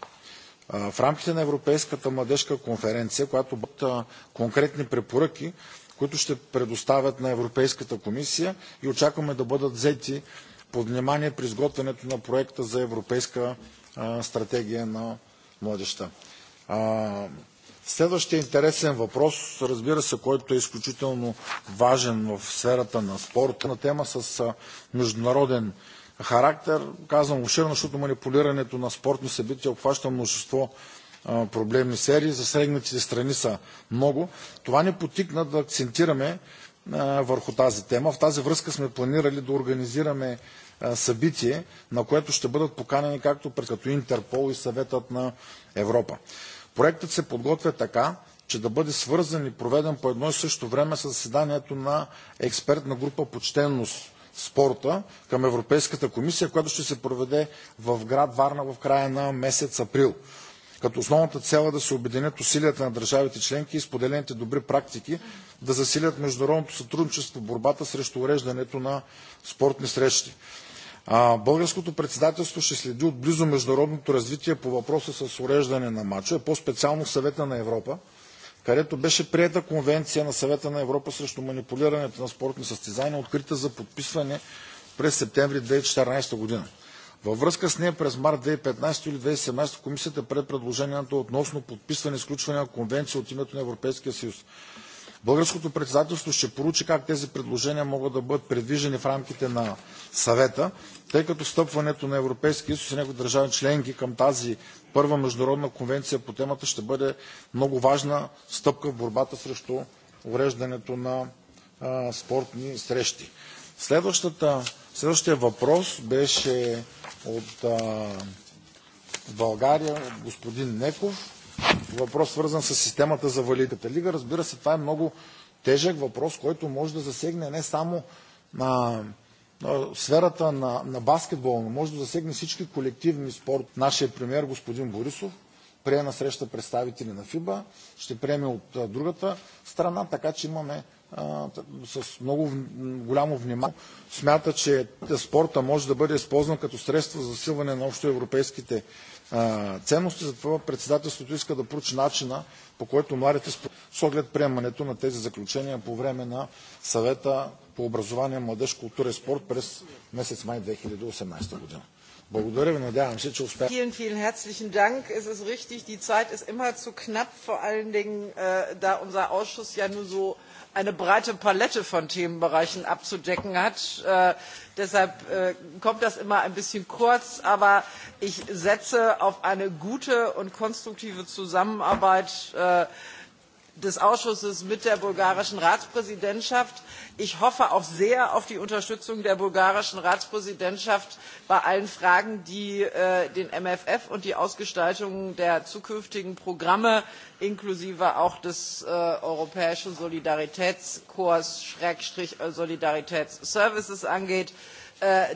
В рамките на Европейската младежка конференция, която бъдат конкретни препоръки, които ще предоставят на Европейската комисия и очакваме да бъдат взети под внимание при изготвянето на проекта за Европейска стратегия на младеща. Следващия интересен въпрос, разбира се, който е изключително важен в сферата на спорта, на тема с международен характер. Казвам обширно, защото манипулирането на спортни събития обхваща множество проблемни серии. Засегнатите страни са много. Това ни потикна да акцентираме върху тази тема. В тази връзка сме планирали да организираме събитие, на което ще бъдат поканени както пред като Интерпол и съветът на Европа. Проектът се подготвя така, че да бъде свързан и проведен по едно и също време с заседанието на експертна група почтенност спорта към Европейската комисия, която ще се проведе в град Варна в края на месец април. Като основната цел е да се обединят усилията на държавите членки и споделените добри практики да засилят международното сътрудничество в борбата срещу уреждането на спортни срещи. Българското председателство ще следи отблизо международното развитие по въпроса с уреждане на мачове, по-специално в Съвета на Европа, където беше приета конвенция на Съвета на Европа срещу манипулирането на спортни състезания, открита за подписване през септември 2014 година. Във връзка с нея през март 2015 или 2017 комисията пред предложението относно подписване и сключване на конвенция от името на Европейския съюз. Българското председателство ще поручи как тези предложения могат да бъдат предвижени в рамките на съвета, тъй като стъпването на Европейски съюз и някои държави членки към тази първа международна конвенция по темата ще бъде много важна стъпка в борбата срещу уреждането на а, спортни срещи. Следващата, следващия въпрос беше от а, България господин Неков въпрос, свързан с системата за валидата лига. Разбира се, това е много тежък въпрос, който може да засегне не само на сферата на, на баскетбол, но може да засегне всички колективни спорт. Нашия премьер господин Борисов прие на среща представители на ФИБА, ще приеме от другата страна, така че имаме а, с много голямо внимание. Смята, че спорта може да бъде използван като средство за засилване на общоевропейските европейските ценности. Затова председателството иска да проучи начина, по който младите с оглед приемането на тези заключения по време на съвета по образование, младеж, култура и спорт през месец май 2018 година. Благодаря ви, надявам се, че успях. Vielen, vielen herzlichen Dank. Es ist richtig, die Zeit ist immer zu knapp, vor allen Dingen, äh, da unser Ausschuss ja nur so eine breite palette von themenbereichen abzudecken hat. Äh, deshalb äh, kommt das immer ein bisschen kurz aber ich setze auf eine gute und konstruktive zusammenarbeit äh, des ausschusses mit der bulgarischen ratspräsidentschaft. ich hoffe auch sehr auf die unterstützung der bulgarischen ratspräsidentschaft bei allen fragen die äh, den mfr und die ausgestaltung der zukünftigen programme inklusive auch des äh, europäischen solidaritätskorps äh, solidaritätsservices angeht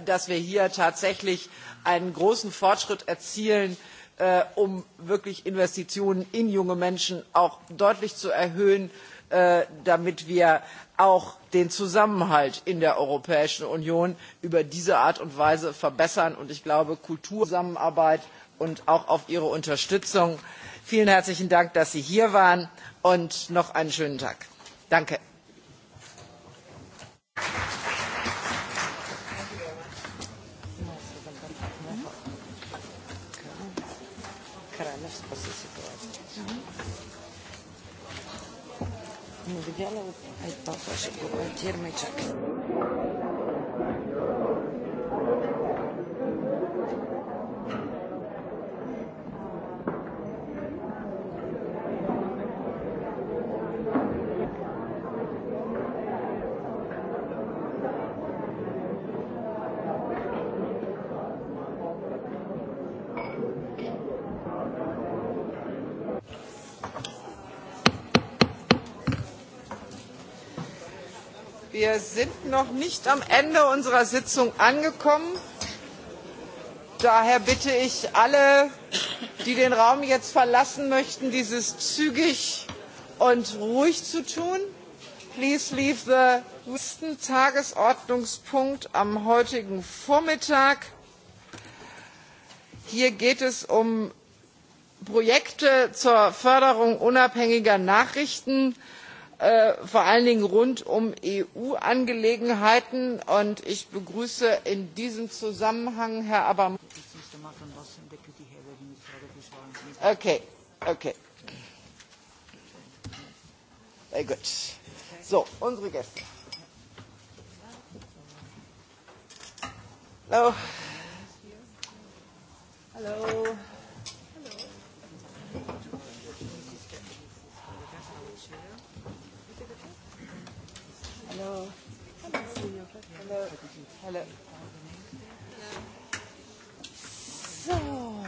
dass wir hier tatsächlich einen großen fortschritt erzielen Äh, um wirklich investitionen in junge menschen auch deutlich zu erhöhen äh, damit wir auch den zusammenhalt in der europäischen union über diese art und weise verbessern und ich glaube kulturzusammenarbeit und auch auf ihre unterstützung. vielen herzlichen dank dass sie hier waren und noch einen schönen tag. danke! yellow, I thought I should sind noch nicht am Ende unserer Sitzung angekommen. Daher bitte ich alle, die den Raum jetzt verlassen möchten, dies zügig und ruhig zu tun. Please leave the letzten Tagesordnungspunkt am heutigen Vormittag. Hier geht es um Projekte zur Förderung unabhängiger Nachrichten Äh, vor allen dingen rund um eu angelegenheiten und ich begrüße in diesem zusammenhang herr avramopoulos okay, okay. Very So, unsere Gäste. Hello. Hello. Hello. Hello. Hello. So.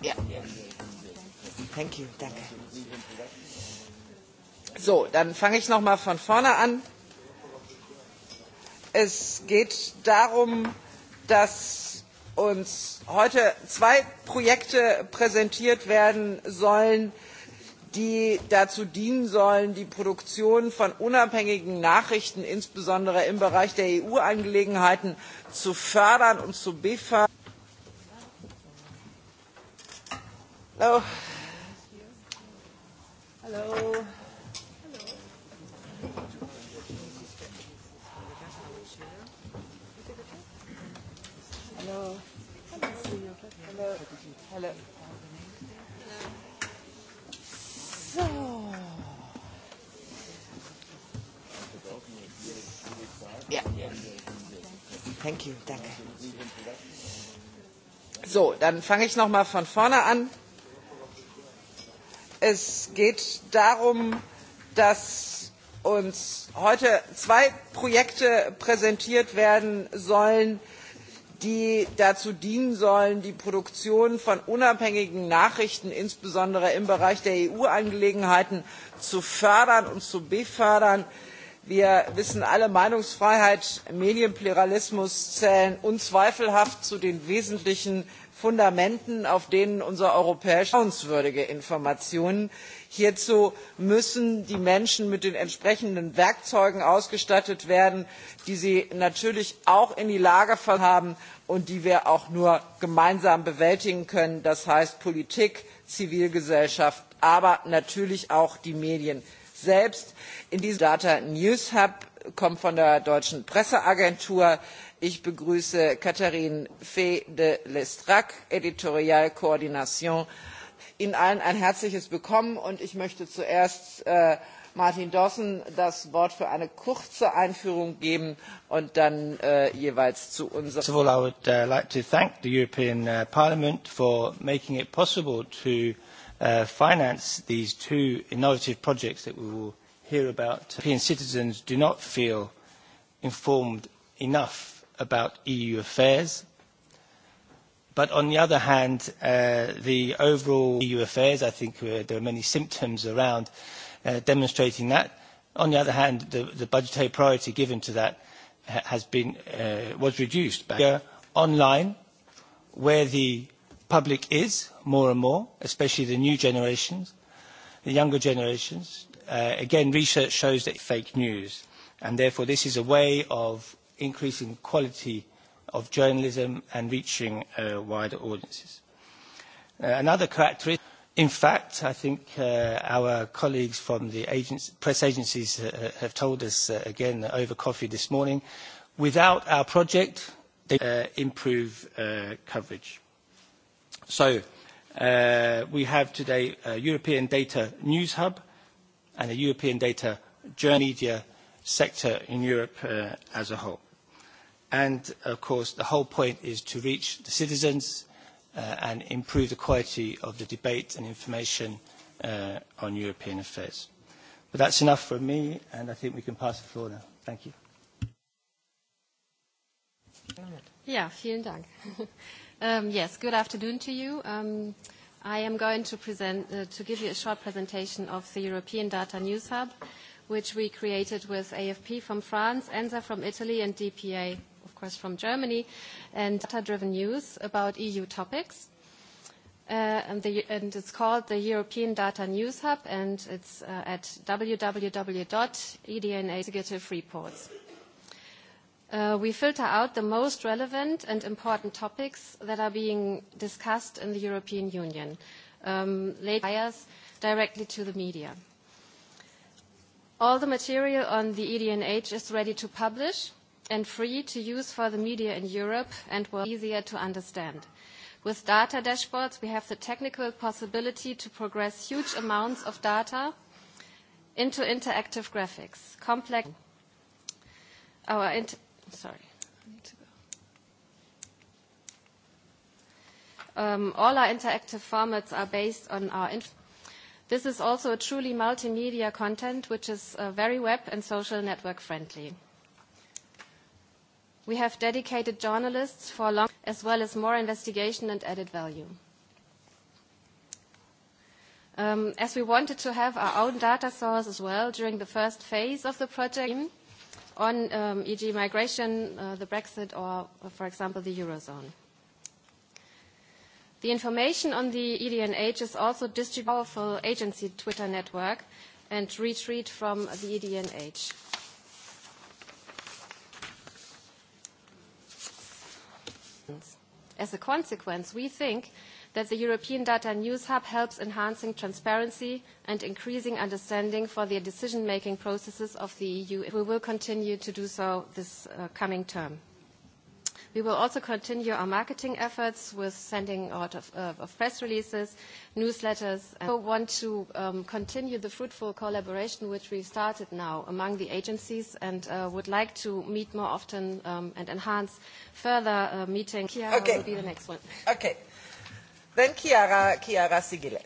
Ja. Thank you. Danke. So, dann fange ich noch mal von vorne an. Es geht darum, dass uns heute zwei Projekte präsentiert werden sollen, äh, die dazu dienen sollen die produktion von unabhängigen nachrichten insbesondere im bereich der eu angelegenheiten zu fördern und zu befördern. So, dann fange ich noch mal von vorne an. Es geht darum, dass uns heute zwei Projekte präsentiert werden sollen, die dazu dienen sollen, die Produktion von unabhängigen Nachrichten, insbesondere im Bereich der EU-Angelegenheiten, zu fördern und zu befördern. Wir wissen alle, Meinungsfreiheit, Medienpluralismus zählen unzweifelhaft zu den wesentlichen fundamenten auf denen unsere europäische vertrauenswürdige informationen hierzu müssen die menschen mit den entsprechenden werkzeugen ausgestattet werden die sie natürlich auch in die lage versetzt haben und die wir auch nur gemeinsam bewältigen können das heißt politik zivilgesellschaft aber natürlich auch die medien selbst. in diesem zusammenhang ist der data news hub kommt von der deutschen presseagentur ich begrüße catherine fay de lestrac editorialkoordination ihnen allen ein herzliches willkommen und ich möchte zuerst äh, martin dawson das wort für eine kurze einführung geben und dann äh, jeweils zu unserem. first of all i would uh, like to thank the european uh, parliament for making it possible to uh, finance these two innovative projects that we will hear about. european citizens do not feel informed enough about EU affairs. But on the other hand, uh, the overall EU affairs, I think uh, there are many symptoms around uh, demonstrating that. On the other hand, the, the budgetary priority given to that has been, uh, was reduced. Back online, where the public is more and more, especially the new generations, the younger generations, uh, again, research shows that fake news. And therefore, this is a way of increasing quality of journalism and reaching uh, wider audiences. Uh, another characteristic, in fact, I think uh, our colleagues from the agency, press agencies uh, uh, have told us uh, again over coffee this morning, without our project, they uh, improve uh, coverage. So uh, we have today a European Data News Hub and a European Data Journal Media sector in Europe uh, as a whole. And of course, the whole point is to reach the citizens uh, and improve the quality of the debate and information uh, on European affairs. But that's enough from me, and I think we can pass the floor now. Thank you. Yeah, vielen Dank. [laughs] um, yes, good afternoon to you. Um, I am going to present, uh, to give you a short presentation of the European Data News Hub, which we created with AFP from France, ENSA from Italy, and DPA course, from Germany, and data-driven news about EU topics. Uh, and, the, and it's called the European Data News Hub, and it's uh, at www.edna executive reports. Uh, we filter out the most relevant and important topics that are being discussed in the European Union, um, laid bias directly to the media. All the material on the EDNH is ready to publish, and free to use for the media in Europe and were easier to understand. With data dashboards, we have the technical possibility to progress huge amounts of data into interactive graphics. Complex. Our inter, sorry. Um, all our interactive formats are based on our. Inf- this is also a truly multimedia content, which is uh, very web and social network friendly. We have dedicated journalists for long, as well as more investigation and added value. Um, as we wanted to have our own data source as well during the first phase of the project on um, e.g. migration, uh, the Brexit, or, uh, for example, the Eurozone. The information on the EDNH is also distributed to powerful agency Twitter network and retreat from the EDNH. As a consequence, we think that the European Data News Hub helps enhancing transparency and increasing understanding for the decision-making processes of the EU. We will continue to do so this uh, coming term. We will also continue our marketing efforts with sending out of, uh, of press releases, newsletters. And we want to um, continue the fruitful collaboration which we started now among the agencies and uh, would like to meet more often um, and enhance further uh, meeting. Chiara okay. will be the next one. Okay. Then Chiara, Chiara Sigile.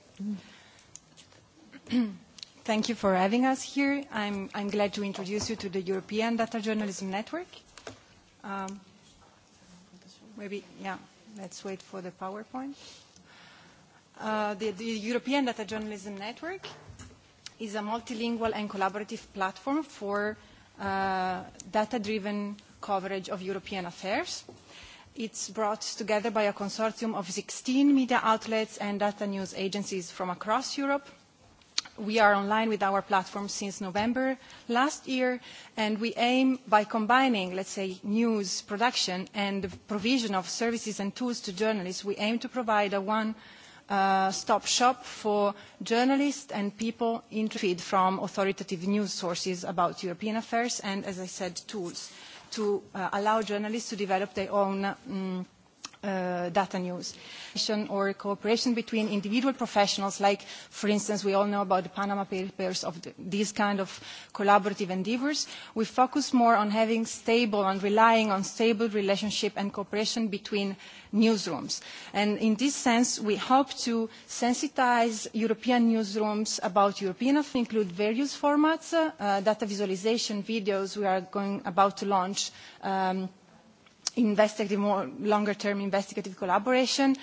[clears throat] Thank you for having us here. I'm, I'm glad to introduce you to the European Data Journalism Network. Um, maybe, yeah, let's wait for the PowerPoint. Uh, the, the European Data Journalism Network is a multilingual and collaborative platform for uh, data-driven coverage of European affairs. It's brought together by a consortium of 16 media outlets and data news agencies from across Europe we are online with our platform since November last year, and we aim by combining, let's say, news production and the provision of services and tools to journalists, we aim to provide a one uh, stop shop for journalists and people interested from authoritative news sources about European affairs and, as I said, tools to uh, allow journalists to develop their own um, uh, data news. Or cooperation between individual professionals, like, for instance, we all know about the Panama Papers of the, these kind of collaborative endeavors. We focus more on having stable, and relying on stable relationship and cooperation between newsrooms. And in this sense, we hope to sensitize European newsrooms about European affairs, include various formats, uh, data visualization videos we are going about to launch um, investigative, more longer-term investigative collaboration.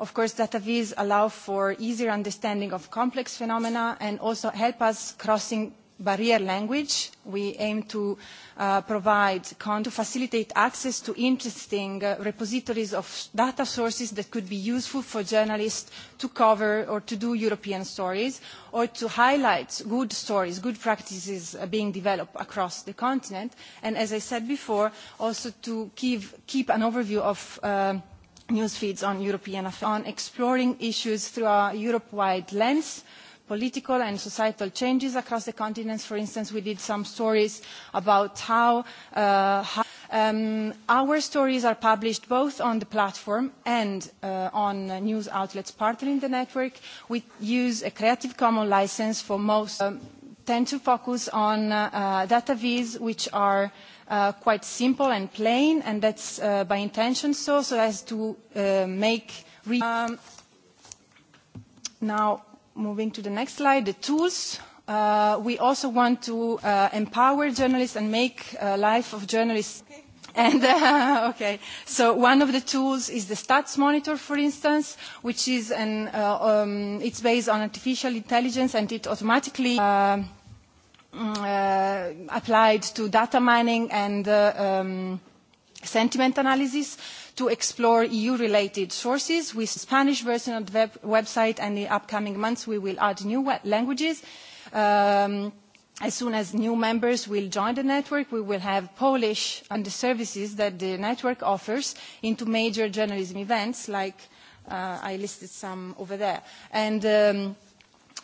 Of course, data viz allow for easier understanding of complex phenomena and also help us crossing barrier language. We aim to uh, provide, to facilitate access to interesting uh, repositories of data sources that could be useful for journalists to cover or to do European stories or to highlight good stories, good practices uh, being developed across the continent. And as I said before, also to give, keep an overview of uh, news feeds on European affairs, on exploring issues through a Europe-wide lens, political and societal changes across the continents. For instance, we did some stories about how, uh, how um, our stories are published both on the platform and uh, on news outlets partnering the network. We use a Creative Commons license for most, um, tend to focus on uh, uh data viz, which are Uh, quite simple and plain, and that's uh, by intention so, so as to uh, make... Re- Um, now, moving to the next slide, the tools. Uh, we also want to uh, empower journalists and make uh, life of journalists. Okay. And [laughs] uh, okay, so one of the tools is the Stats Monitor, for instance, which is an uh, um, it's based on artificial intelligence and it automatically. Uh, mm, uh, applied to data mining and uh, um, sentiment analysis. Uh, to explore EU-related sources with Spanish version of the web website, and in the upcoming months we will add new languages. Um, as soon as new members will join the network, we will have Polish and the services that the network offers into major journalism events, like uh, I listed some over there. And um,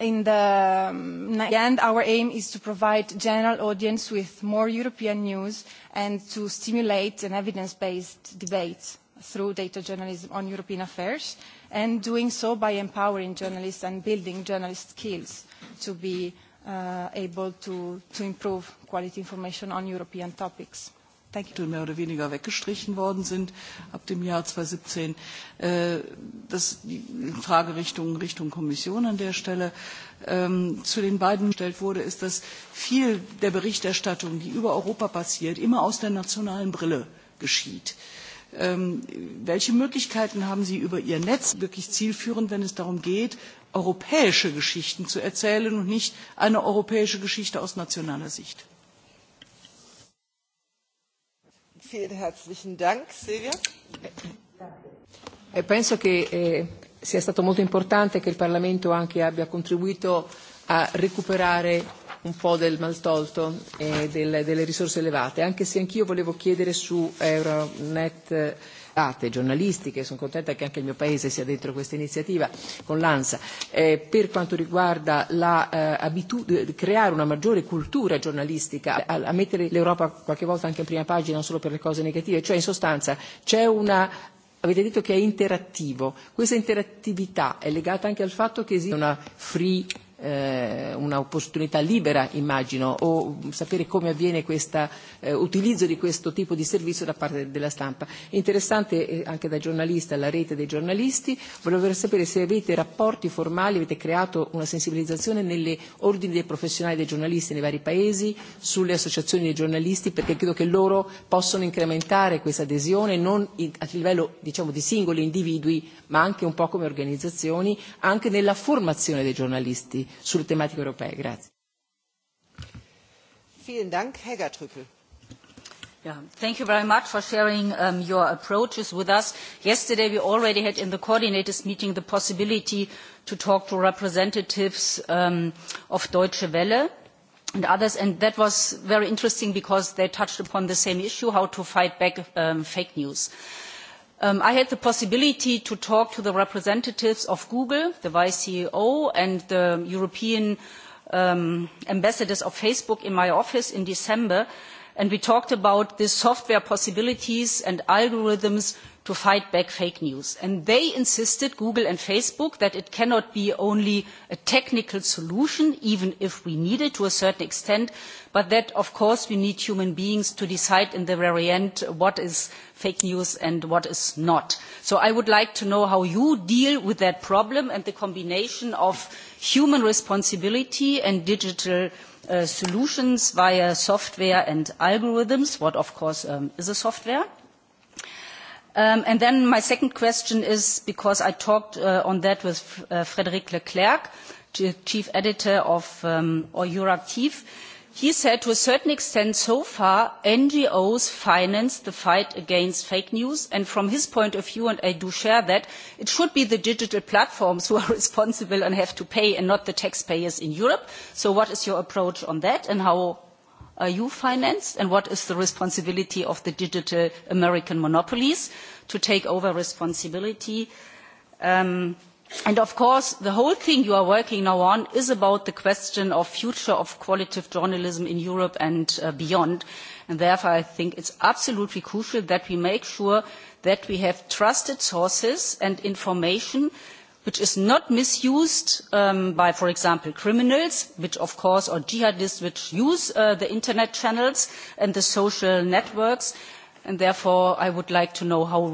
in the um, end, our aim is to provide general audience with more European news and to stimulate an evidence-based debate through data journalism on European affairs, and doing so by empowering journalists and building journalist skills to be uh, able to, to improve quality information on European topics. Thank you. mehr oder weniger weggestrichen worden sind ab dem Jahr 2017. Äh, das die Frage Richtung, Richtung Kommission an der Stelle ähm, zu den beiden gestellt wurde, ist, dass viel der Berichterstattung, die über Europa passiert, immer aus der nationalen Brille geschieht. Äh, Ähm, welche Möglichkeiten haben Sie über Ihr Netz wirklich zielführend, wenn es darum geht, europäische Geschichten zu erzählen und nicht eine europäische Geschichte aus nationaler Sicht? Vielen herzlichen Dank, Silvia. E penso che eh, sia stato molto importante che il Parlamento anche abbia contribuito a recuperare un po' del mal tolto e delle, delle risorse elevate, anche se anch'io volevo chiedere su Euronet date giornalistiche, sono contenta che anche il mio paese sia dentro questa iniziativa con l'ANSA, eh, per quanto riguarda la, eh, abitudine, creare una maggiore cultura giornalistica, a, a mettere l'Europa qualche volta anche in prima pagina non solo per le cose negative, cioè in sostanza c'è una Avete detto che è interattivo. Questa interattività è legata anche al fatto che esiste una free eh, un'opportunità libera, immagino, o mm, sapere come avviene questo eh, utilizzo di questo tipo di servizio da parte della stampa. Interessante eh, anche da giornalista la rete dei giornalisti, volevo sapere se avete rapporti formali, avete creato una sensibilizzazione nelle ordini dei professionali dei giornalisti nei vari paesi, sulle associazioni dei giornalisti, perché credo che loro possono incrementare questa adesione non in, a livello diciamo, di singoli individui, ma anche un po' come organizzazioni, anche nella formazione dei giornalisti sulle tematiche europee. Grazie. Vielen Dank, Helga Yeah, thank you very much for sharing um, your approaches with us. Yesterday we already had in the coordinators meeting the possibility to talk to representatives um, of Deutsche Welle and others, and that was very interesting because they touched upon the same issue, how to fight back um, fake news. Uh, Um, I had the possibility to talk to the representatives of Google, the vice CEO, and the European um, ambassadors of Facebook in my office in December, and we talked about the software possibilities and algorithms to fight back fake news. And they insisted, Google and Facebook, that it cannot be only a technical solution, even if we need it to a certain extent, but that, of course, we need human beings to decide in the very end what is fake news and what is not. So I would like to know how you deal with that problem and the combination of human responsibility and digital uh, solutions via software and algorithms, what of course um, is a software. Um, and then my second question is, because I talked uh, on that with uh, Frédéric Leclerc, Chief Editor of um, Euractiv, he said to a certain extent so far ngos finance the fight against fake news and from his point of view and i do share that it should be the digital platforms who are [laughs] responsible and have to pay and not the taxpayers in europe. so what is your approach on that and how are you financed and what is the responsibility of the digital american monopolies to take over responsibility? Um, and of course the whole thing you are working now on is about the question of future of qualitative journalism in europe and uh, beyond and therefore i think it's absolutely crucial that we make sure that we have trusted sources and information which is not misused um, by for example criminals which of course or jihadists which use uh, the internet channels and the social networks and therefore i would like to know how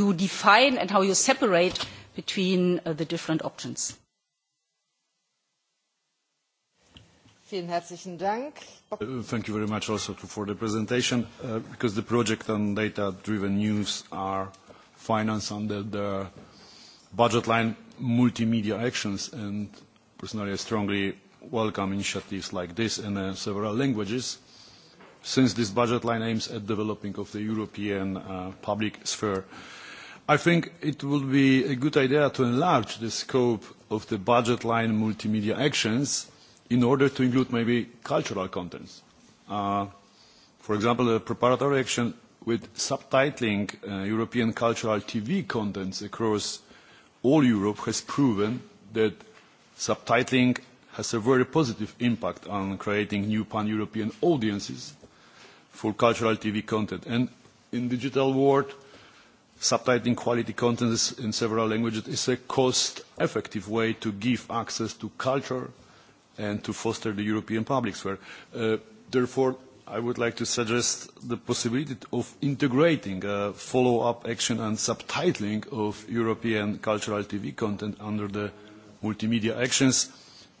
you define and how you separate between uh, the different options. Uh, thank you very much also to, for the presentation, uh, because the project on data-driven news are financed under the budget line multimedia actions, and personally I strongly welcome initiatives like this in uh, several languages, since this budget line aims at developing of the European uh, public sphere. I think it would be a good idea to enlarge the scope of the budget line multimedia actions in order to include maybe cultural contents. Uh, for example, the preparatory action with subtitling uh, European cultural TV contents across all Europe has proven that subtitling has a very positive impact on creating new pan-European audiences for cultural TV content. And in digital world, Subtitling quality content in several languages is a cost-effective way to give access to culture and to foster the European public sphere. Uh, therefore, I would like to suggest the possibility of integrating a uh, follow-up action and subtitling of European cultural TV content under the multimedia actions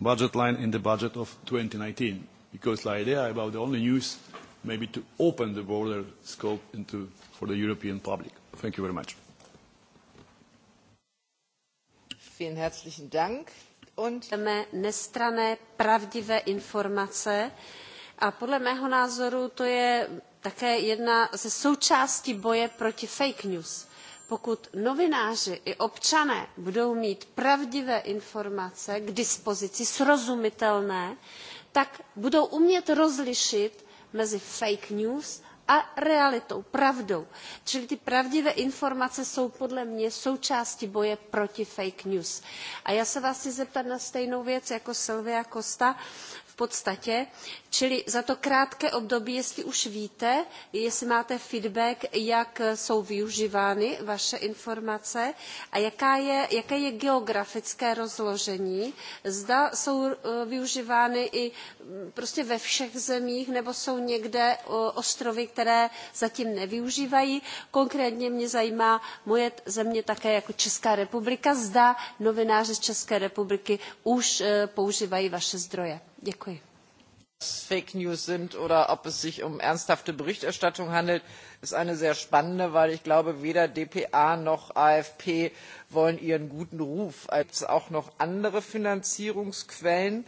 budget line in the budget of 2019, because the idea about the only news may be to open the broader scope into, for the European public. Thank you very much. Vielen herzlichen Dank. Und nestrané, pravdivé informace. A podle mého názoru to je také jedna ze součástí boje proti fake news. Pokud novináři i občané budou mít pravdivé informace k dispozici, srozumitelné, tak budou umět rozlišit mezi fake news a realitou pravdou čili ty pravdivé informace jsou podle mě součástí boje proti fake news. a já se vás chci zeptat na stejnou věc jako silvia costa podstatě čili za to krátké období jestli už víte jestli máte feedback jak jsou využívány vaše informace a jaká je, jaké je geografické rozložení zda jsou eh, využívány i mm, prostě ve všech zemích nebo jsou někde ostrovy které zatím nevyužívají. konkrétně mě zajímá moje země také jako česká republika zda novináři z české republiky už eh, používají vaše zdroje. Děkuji. Fake News sind oder ob es sich um ernsthafte Berichterstattung handelt, ist eine sehr spannende, weil ich glaube, weder DPA noch AFP wollen ihren guten Ruf. Es gibt auch noch andere Finanzierungsquellen.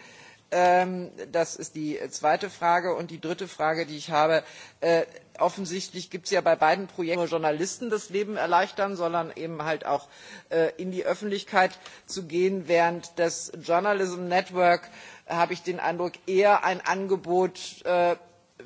Ähm, das ist die zweite Frage. Und die dritte Frage, die ich habe, äh, offensichtlich gibt es ja bei beiden Projekten nicht nur Journalisten das Leben erleichtern, sondern eben halt auch äh, in die Öffentlichkeit zu gehen, während das Journalism Network habe ich den eindruck eher ein angebot äh,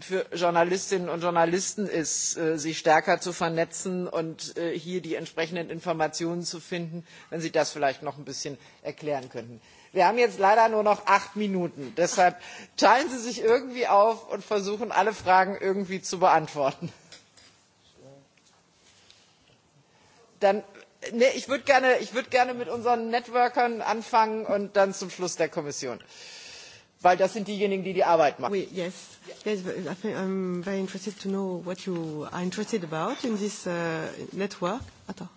für journalistinnen und journalisten ist äh, sich stärker zu vernetzen und äh, hier die entsprechenden informationen zu finden wenn sie das vielleicht noch ein bisschen erklären könnten. wir haben jetzt leider nur noch acht minuten deshalb teilen sie sich irgendwie auf und versuchen alle fragen irgendwie zu beantworten. Dann, nee, ich würde gerne, würd gerne mit unseren networkern anfangen und dann zum schluss der kommission weil das sind diejenigen, die die Arbeit machen. Oui, yes. Yes, I think I'm very interested to know what you are interested about in this uh, network. Attends.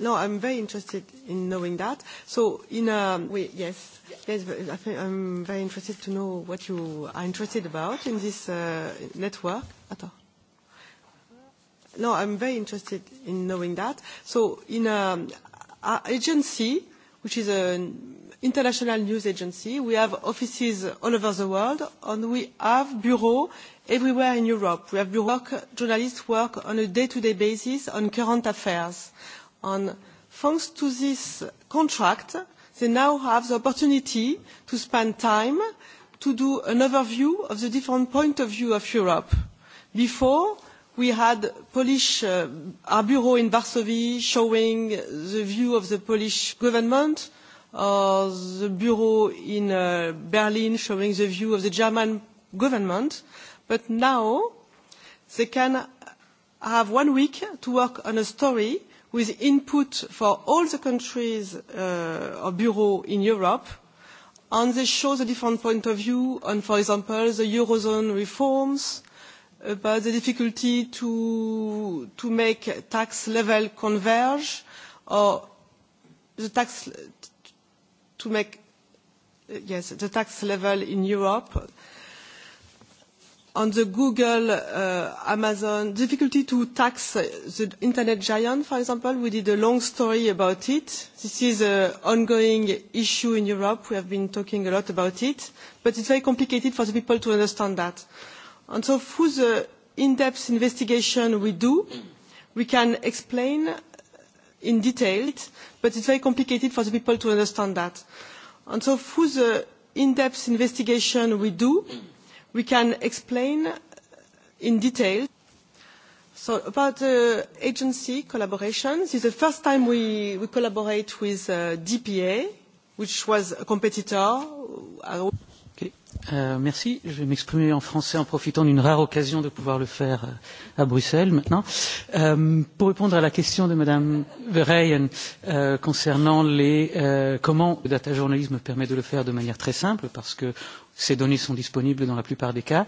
No, I'm very interested in knowing that. So, in um, a, oui, yes, yes, I think I'm very interested to know what you are interested about in this uh, network. Attends. No, I'm very interested in knowing that. So, in a, um, a agency, which is a international news agency. We have offices all over the world, and we have bureaux everywhere in Europe. We have bureaux, journalists work on a day-to-day -day basis on current affairs. And thanks to this contract, they now have the opportunity to spend time to do an overview of the different point of view of Europe. Before, we had Polish, uh, our bureau in Varsovie showing the view of the Polish government, uh, the bureau in uh, Berlin showing the view of the German government, but now they can have one week to work on a story with input for all the countries uh, or bureau in Europe, and they show the different point of view on, for example, the Eurozone reforms, about the difficulty to, to make tax level converge, or the tax to make uh, yes, the tax level in Europe. On the Google, uh, Amazon, difficulty to tax the internet giant, for example, we did a long story about it. This is an ongoing issue in Europe. We have been talking a lot about it, but it's very complicated for the people to understand that. And so through the in-depth investigation we do, we can explain in detail but it's very complicated for the people to understand that. And so through the in-depth investigation we do, we can explain uh, in detail. So about the agency collaboration, this is the first time we, we collaborate with uh, DPA, which was a competitor. Uh, Euh, merci. Je vais m'exprimer en français en profitant d'une rare occasion de pouvoir le faire euh, à Bruxelles maintenant. Euh, pour répondre à la question de Madame Verheyen euh, concernant les euh, comment le data journalisme permet de le faire de manière très simple parce que ces données sont disponibles dans la plupart des cas.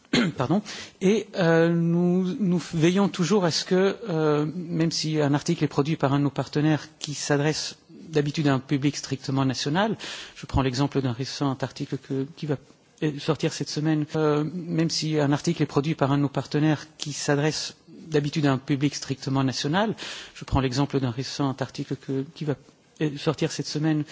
[coughs] Pardon. Et euh, nous, nous veillons toujours à ce que, euh, même si un article est produit par un de nos partenaires qui s'adresse d'habitude un public strictement national. Je prends l'exemple d'un récent article que, qui va euh, sortir cette semaine, euh, même si un article est produit par un de nos partenaires qui s'adresse d'habitude à un public strictement national. Je prends l'exemple d'un récent article que, qui va euh, sortir cette semaine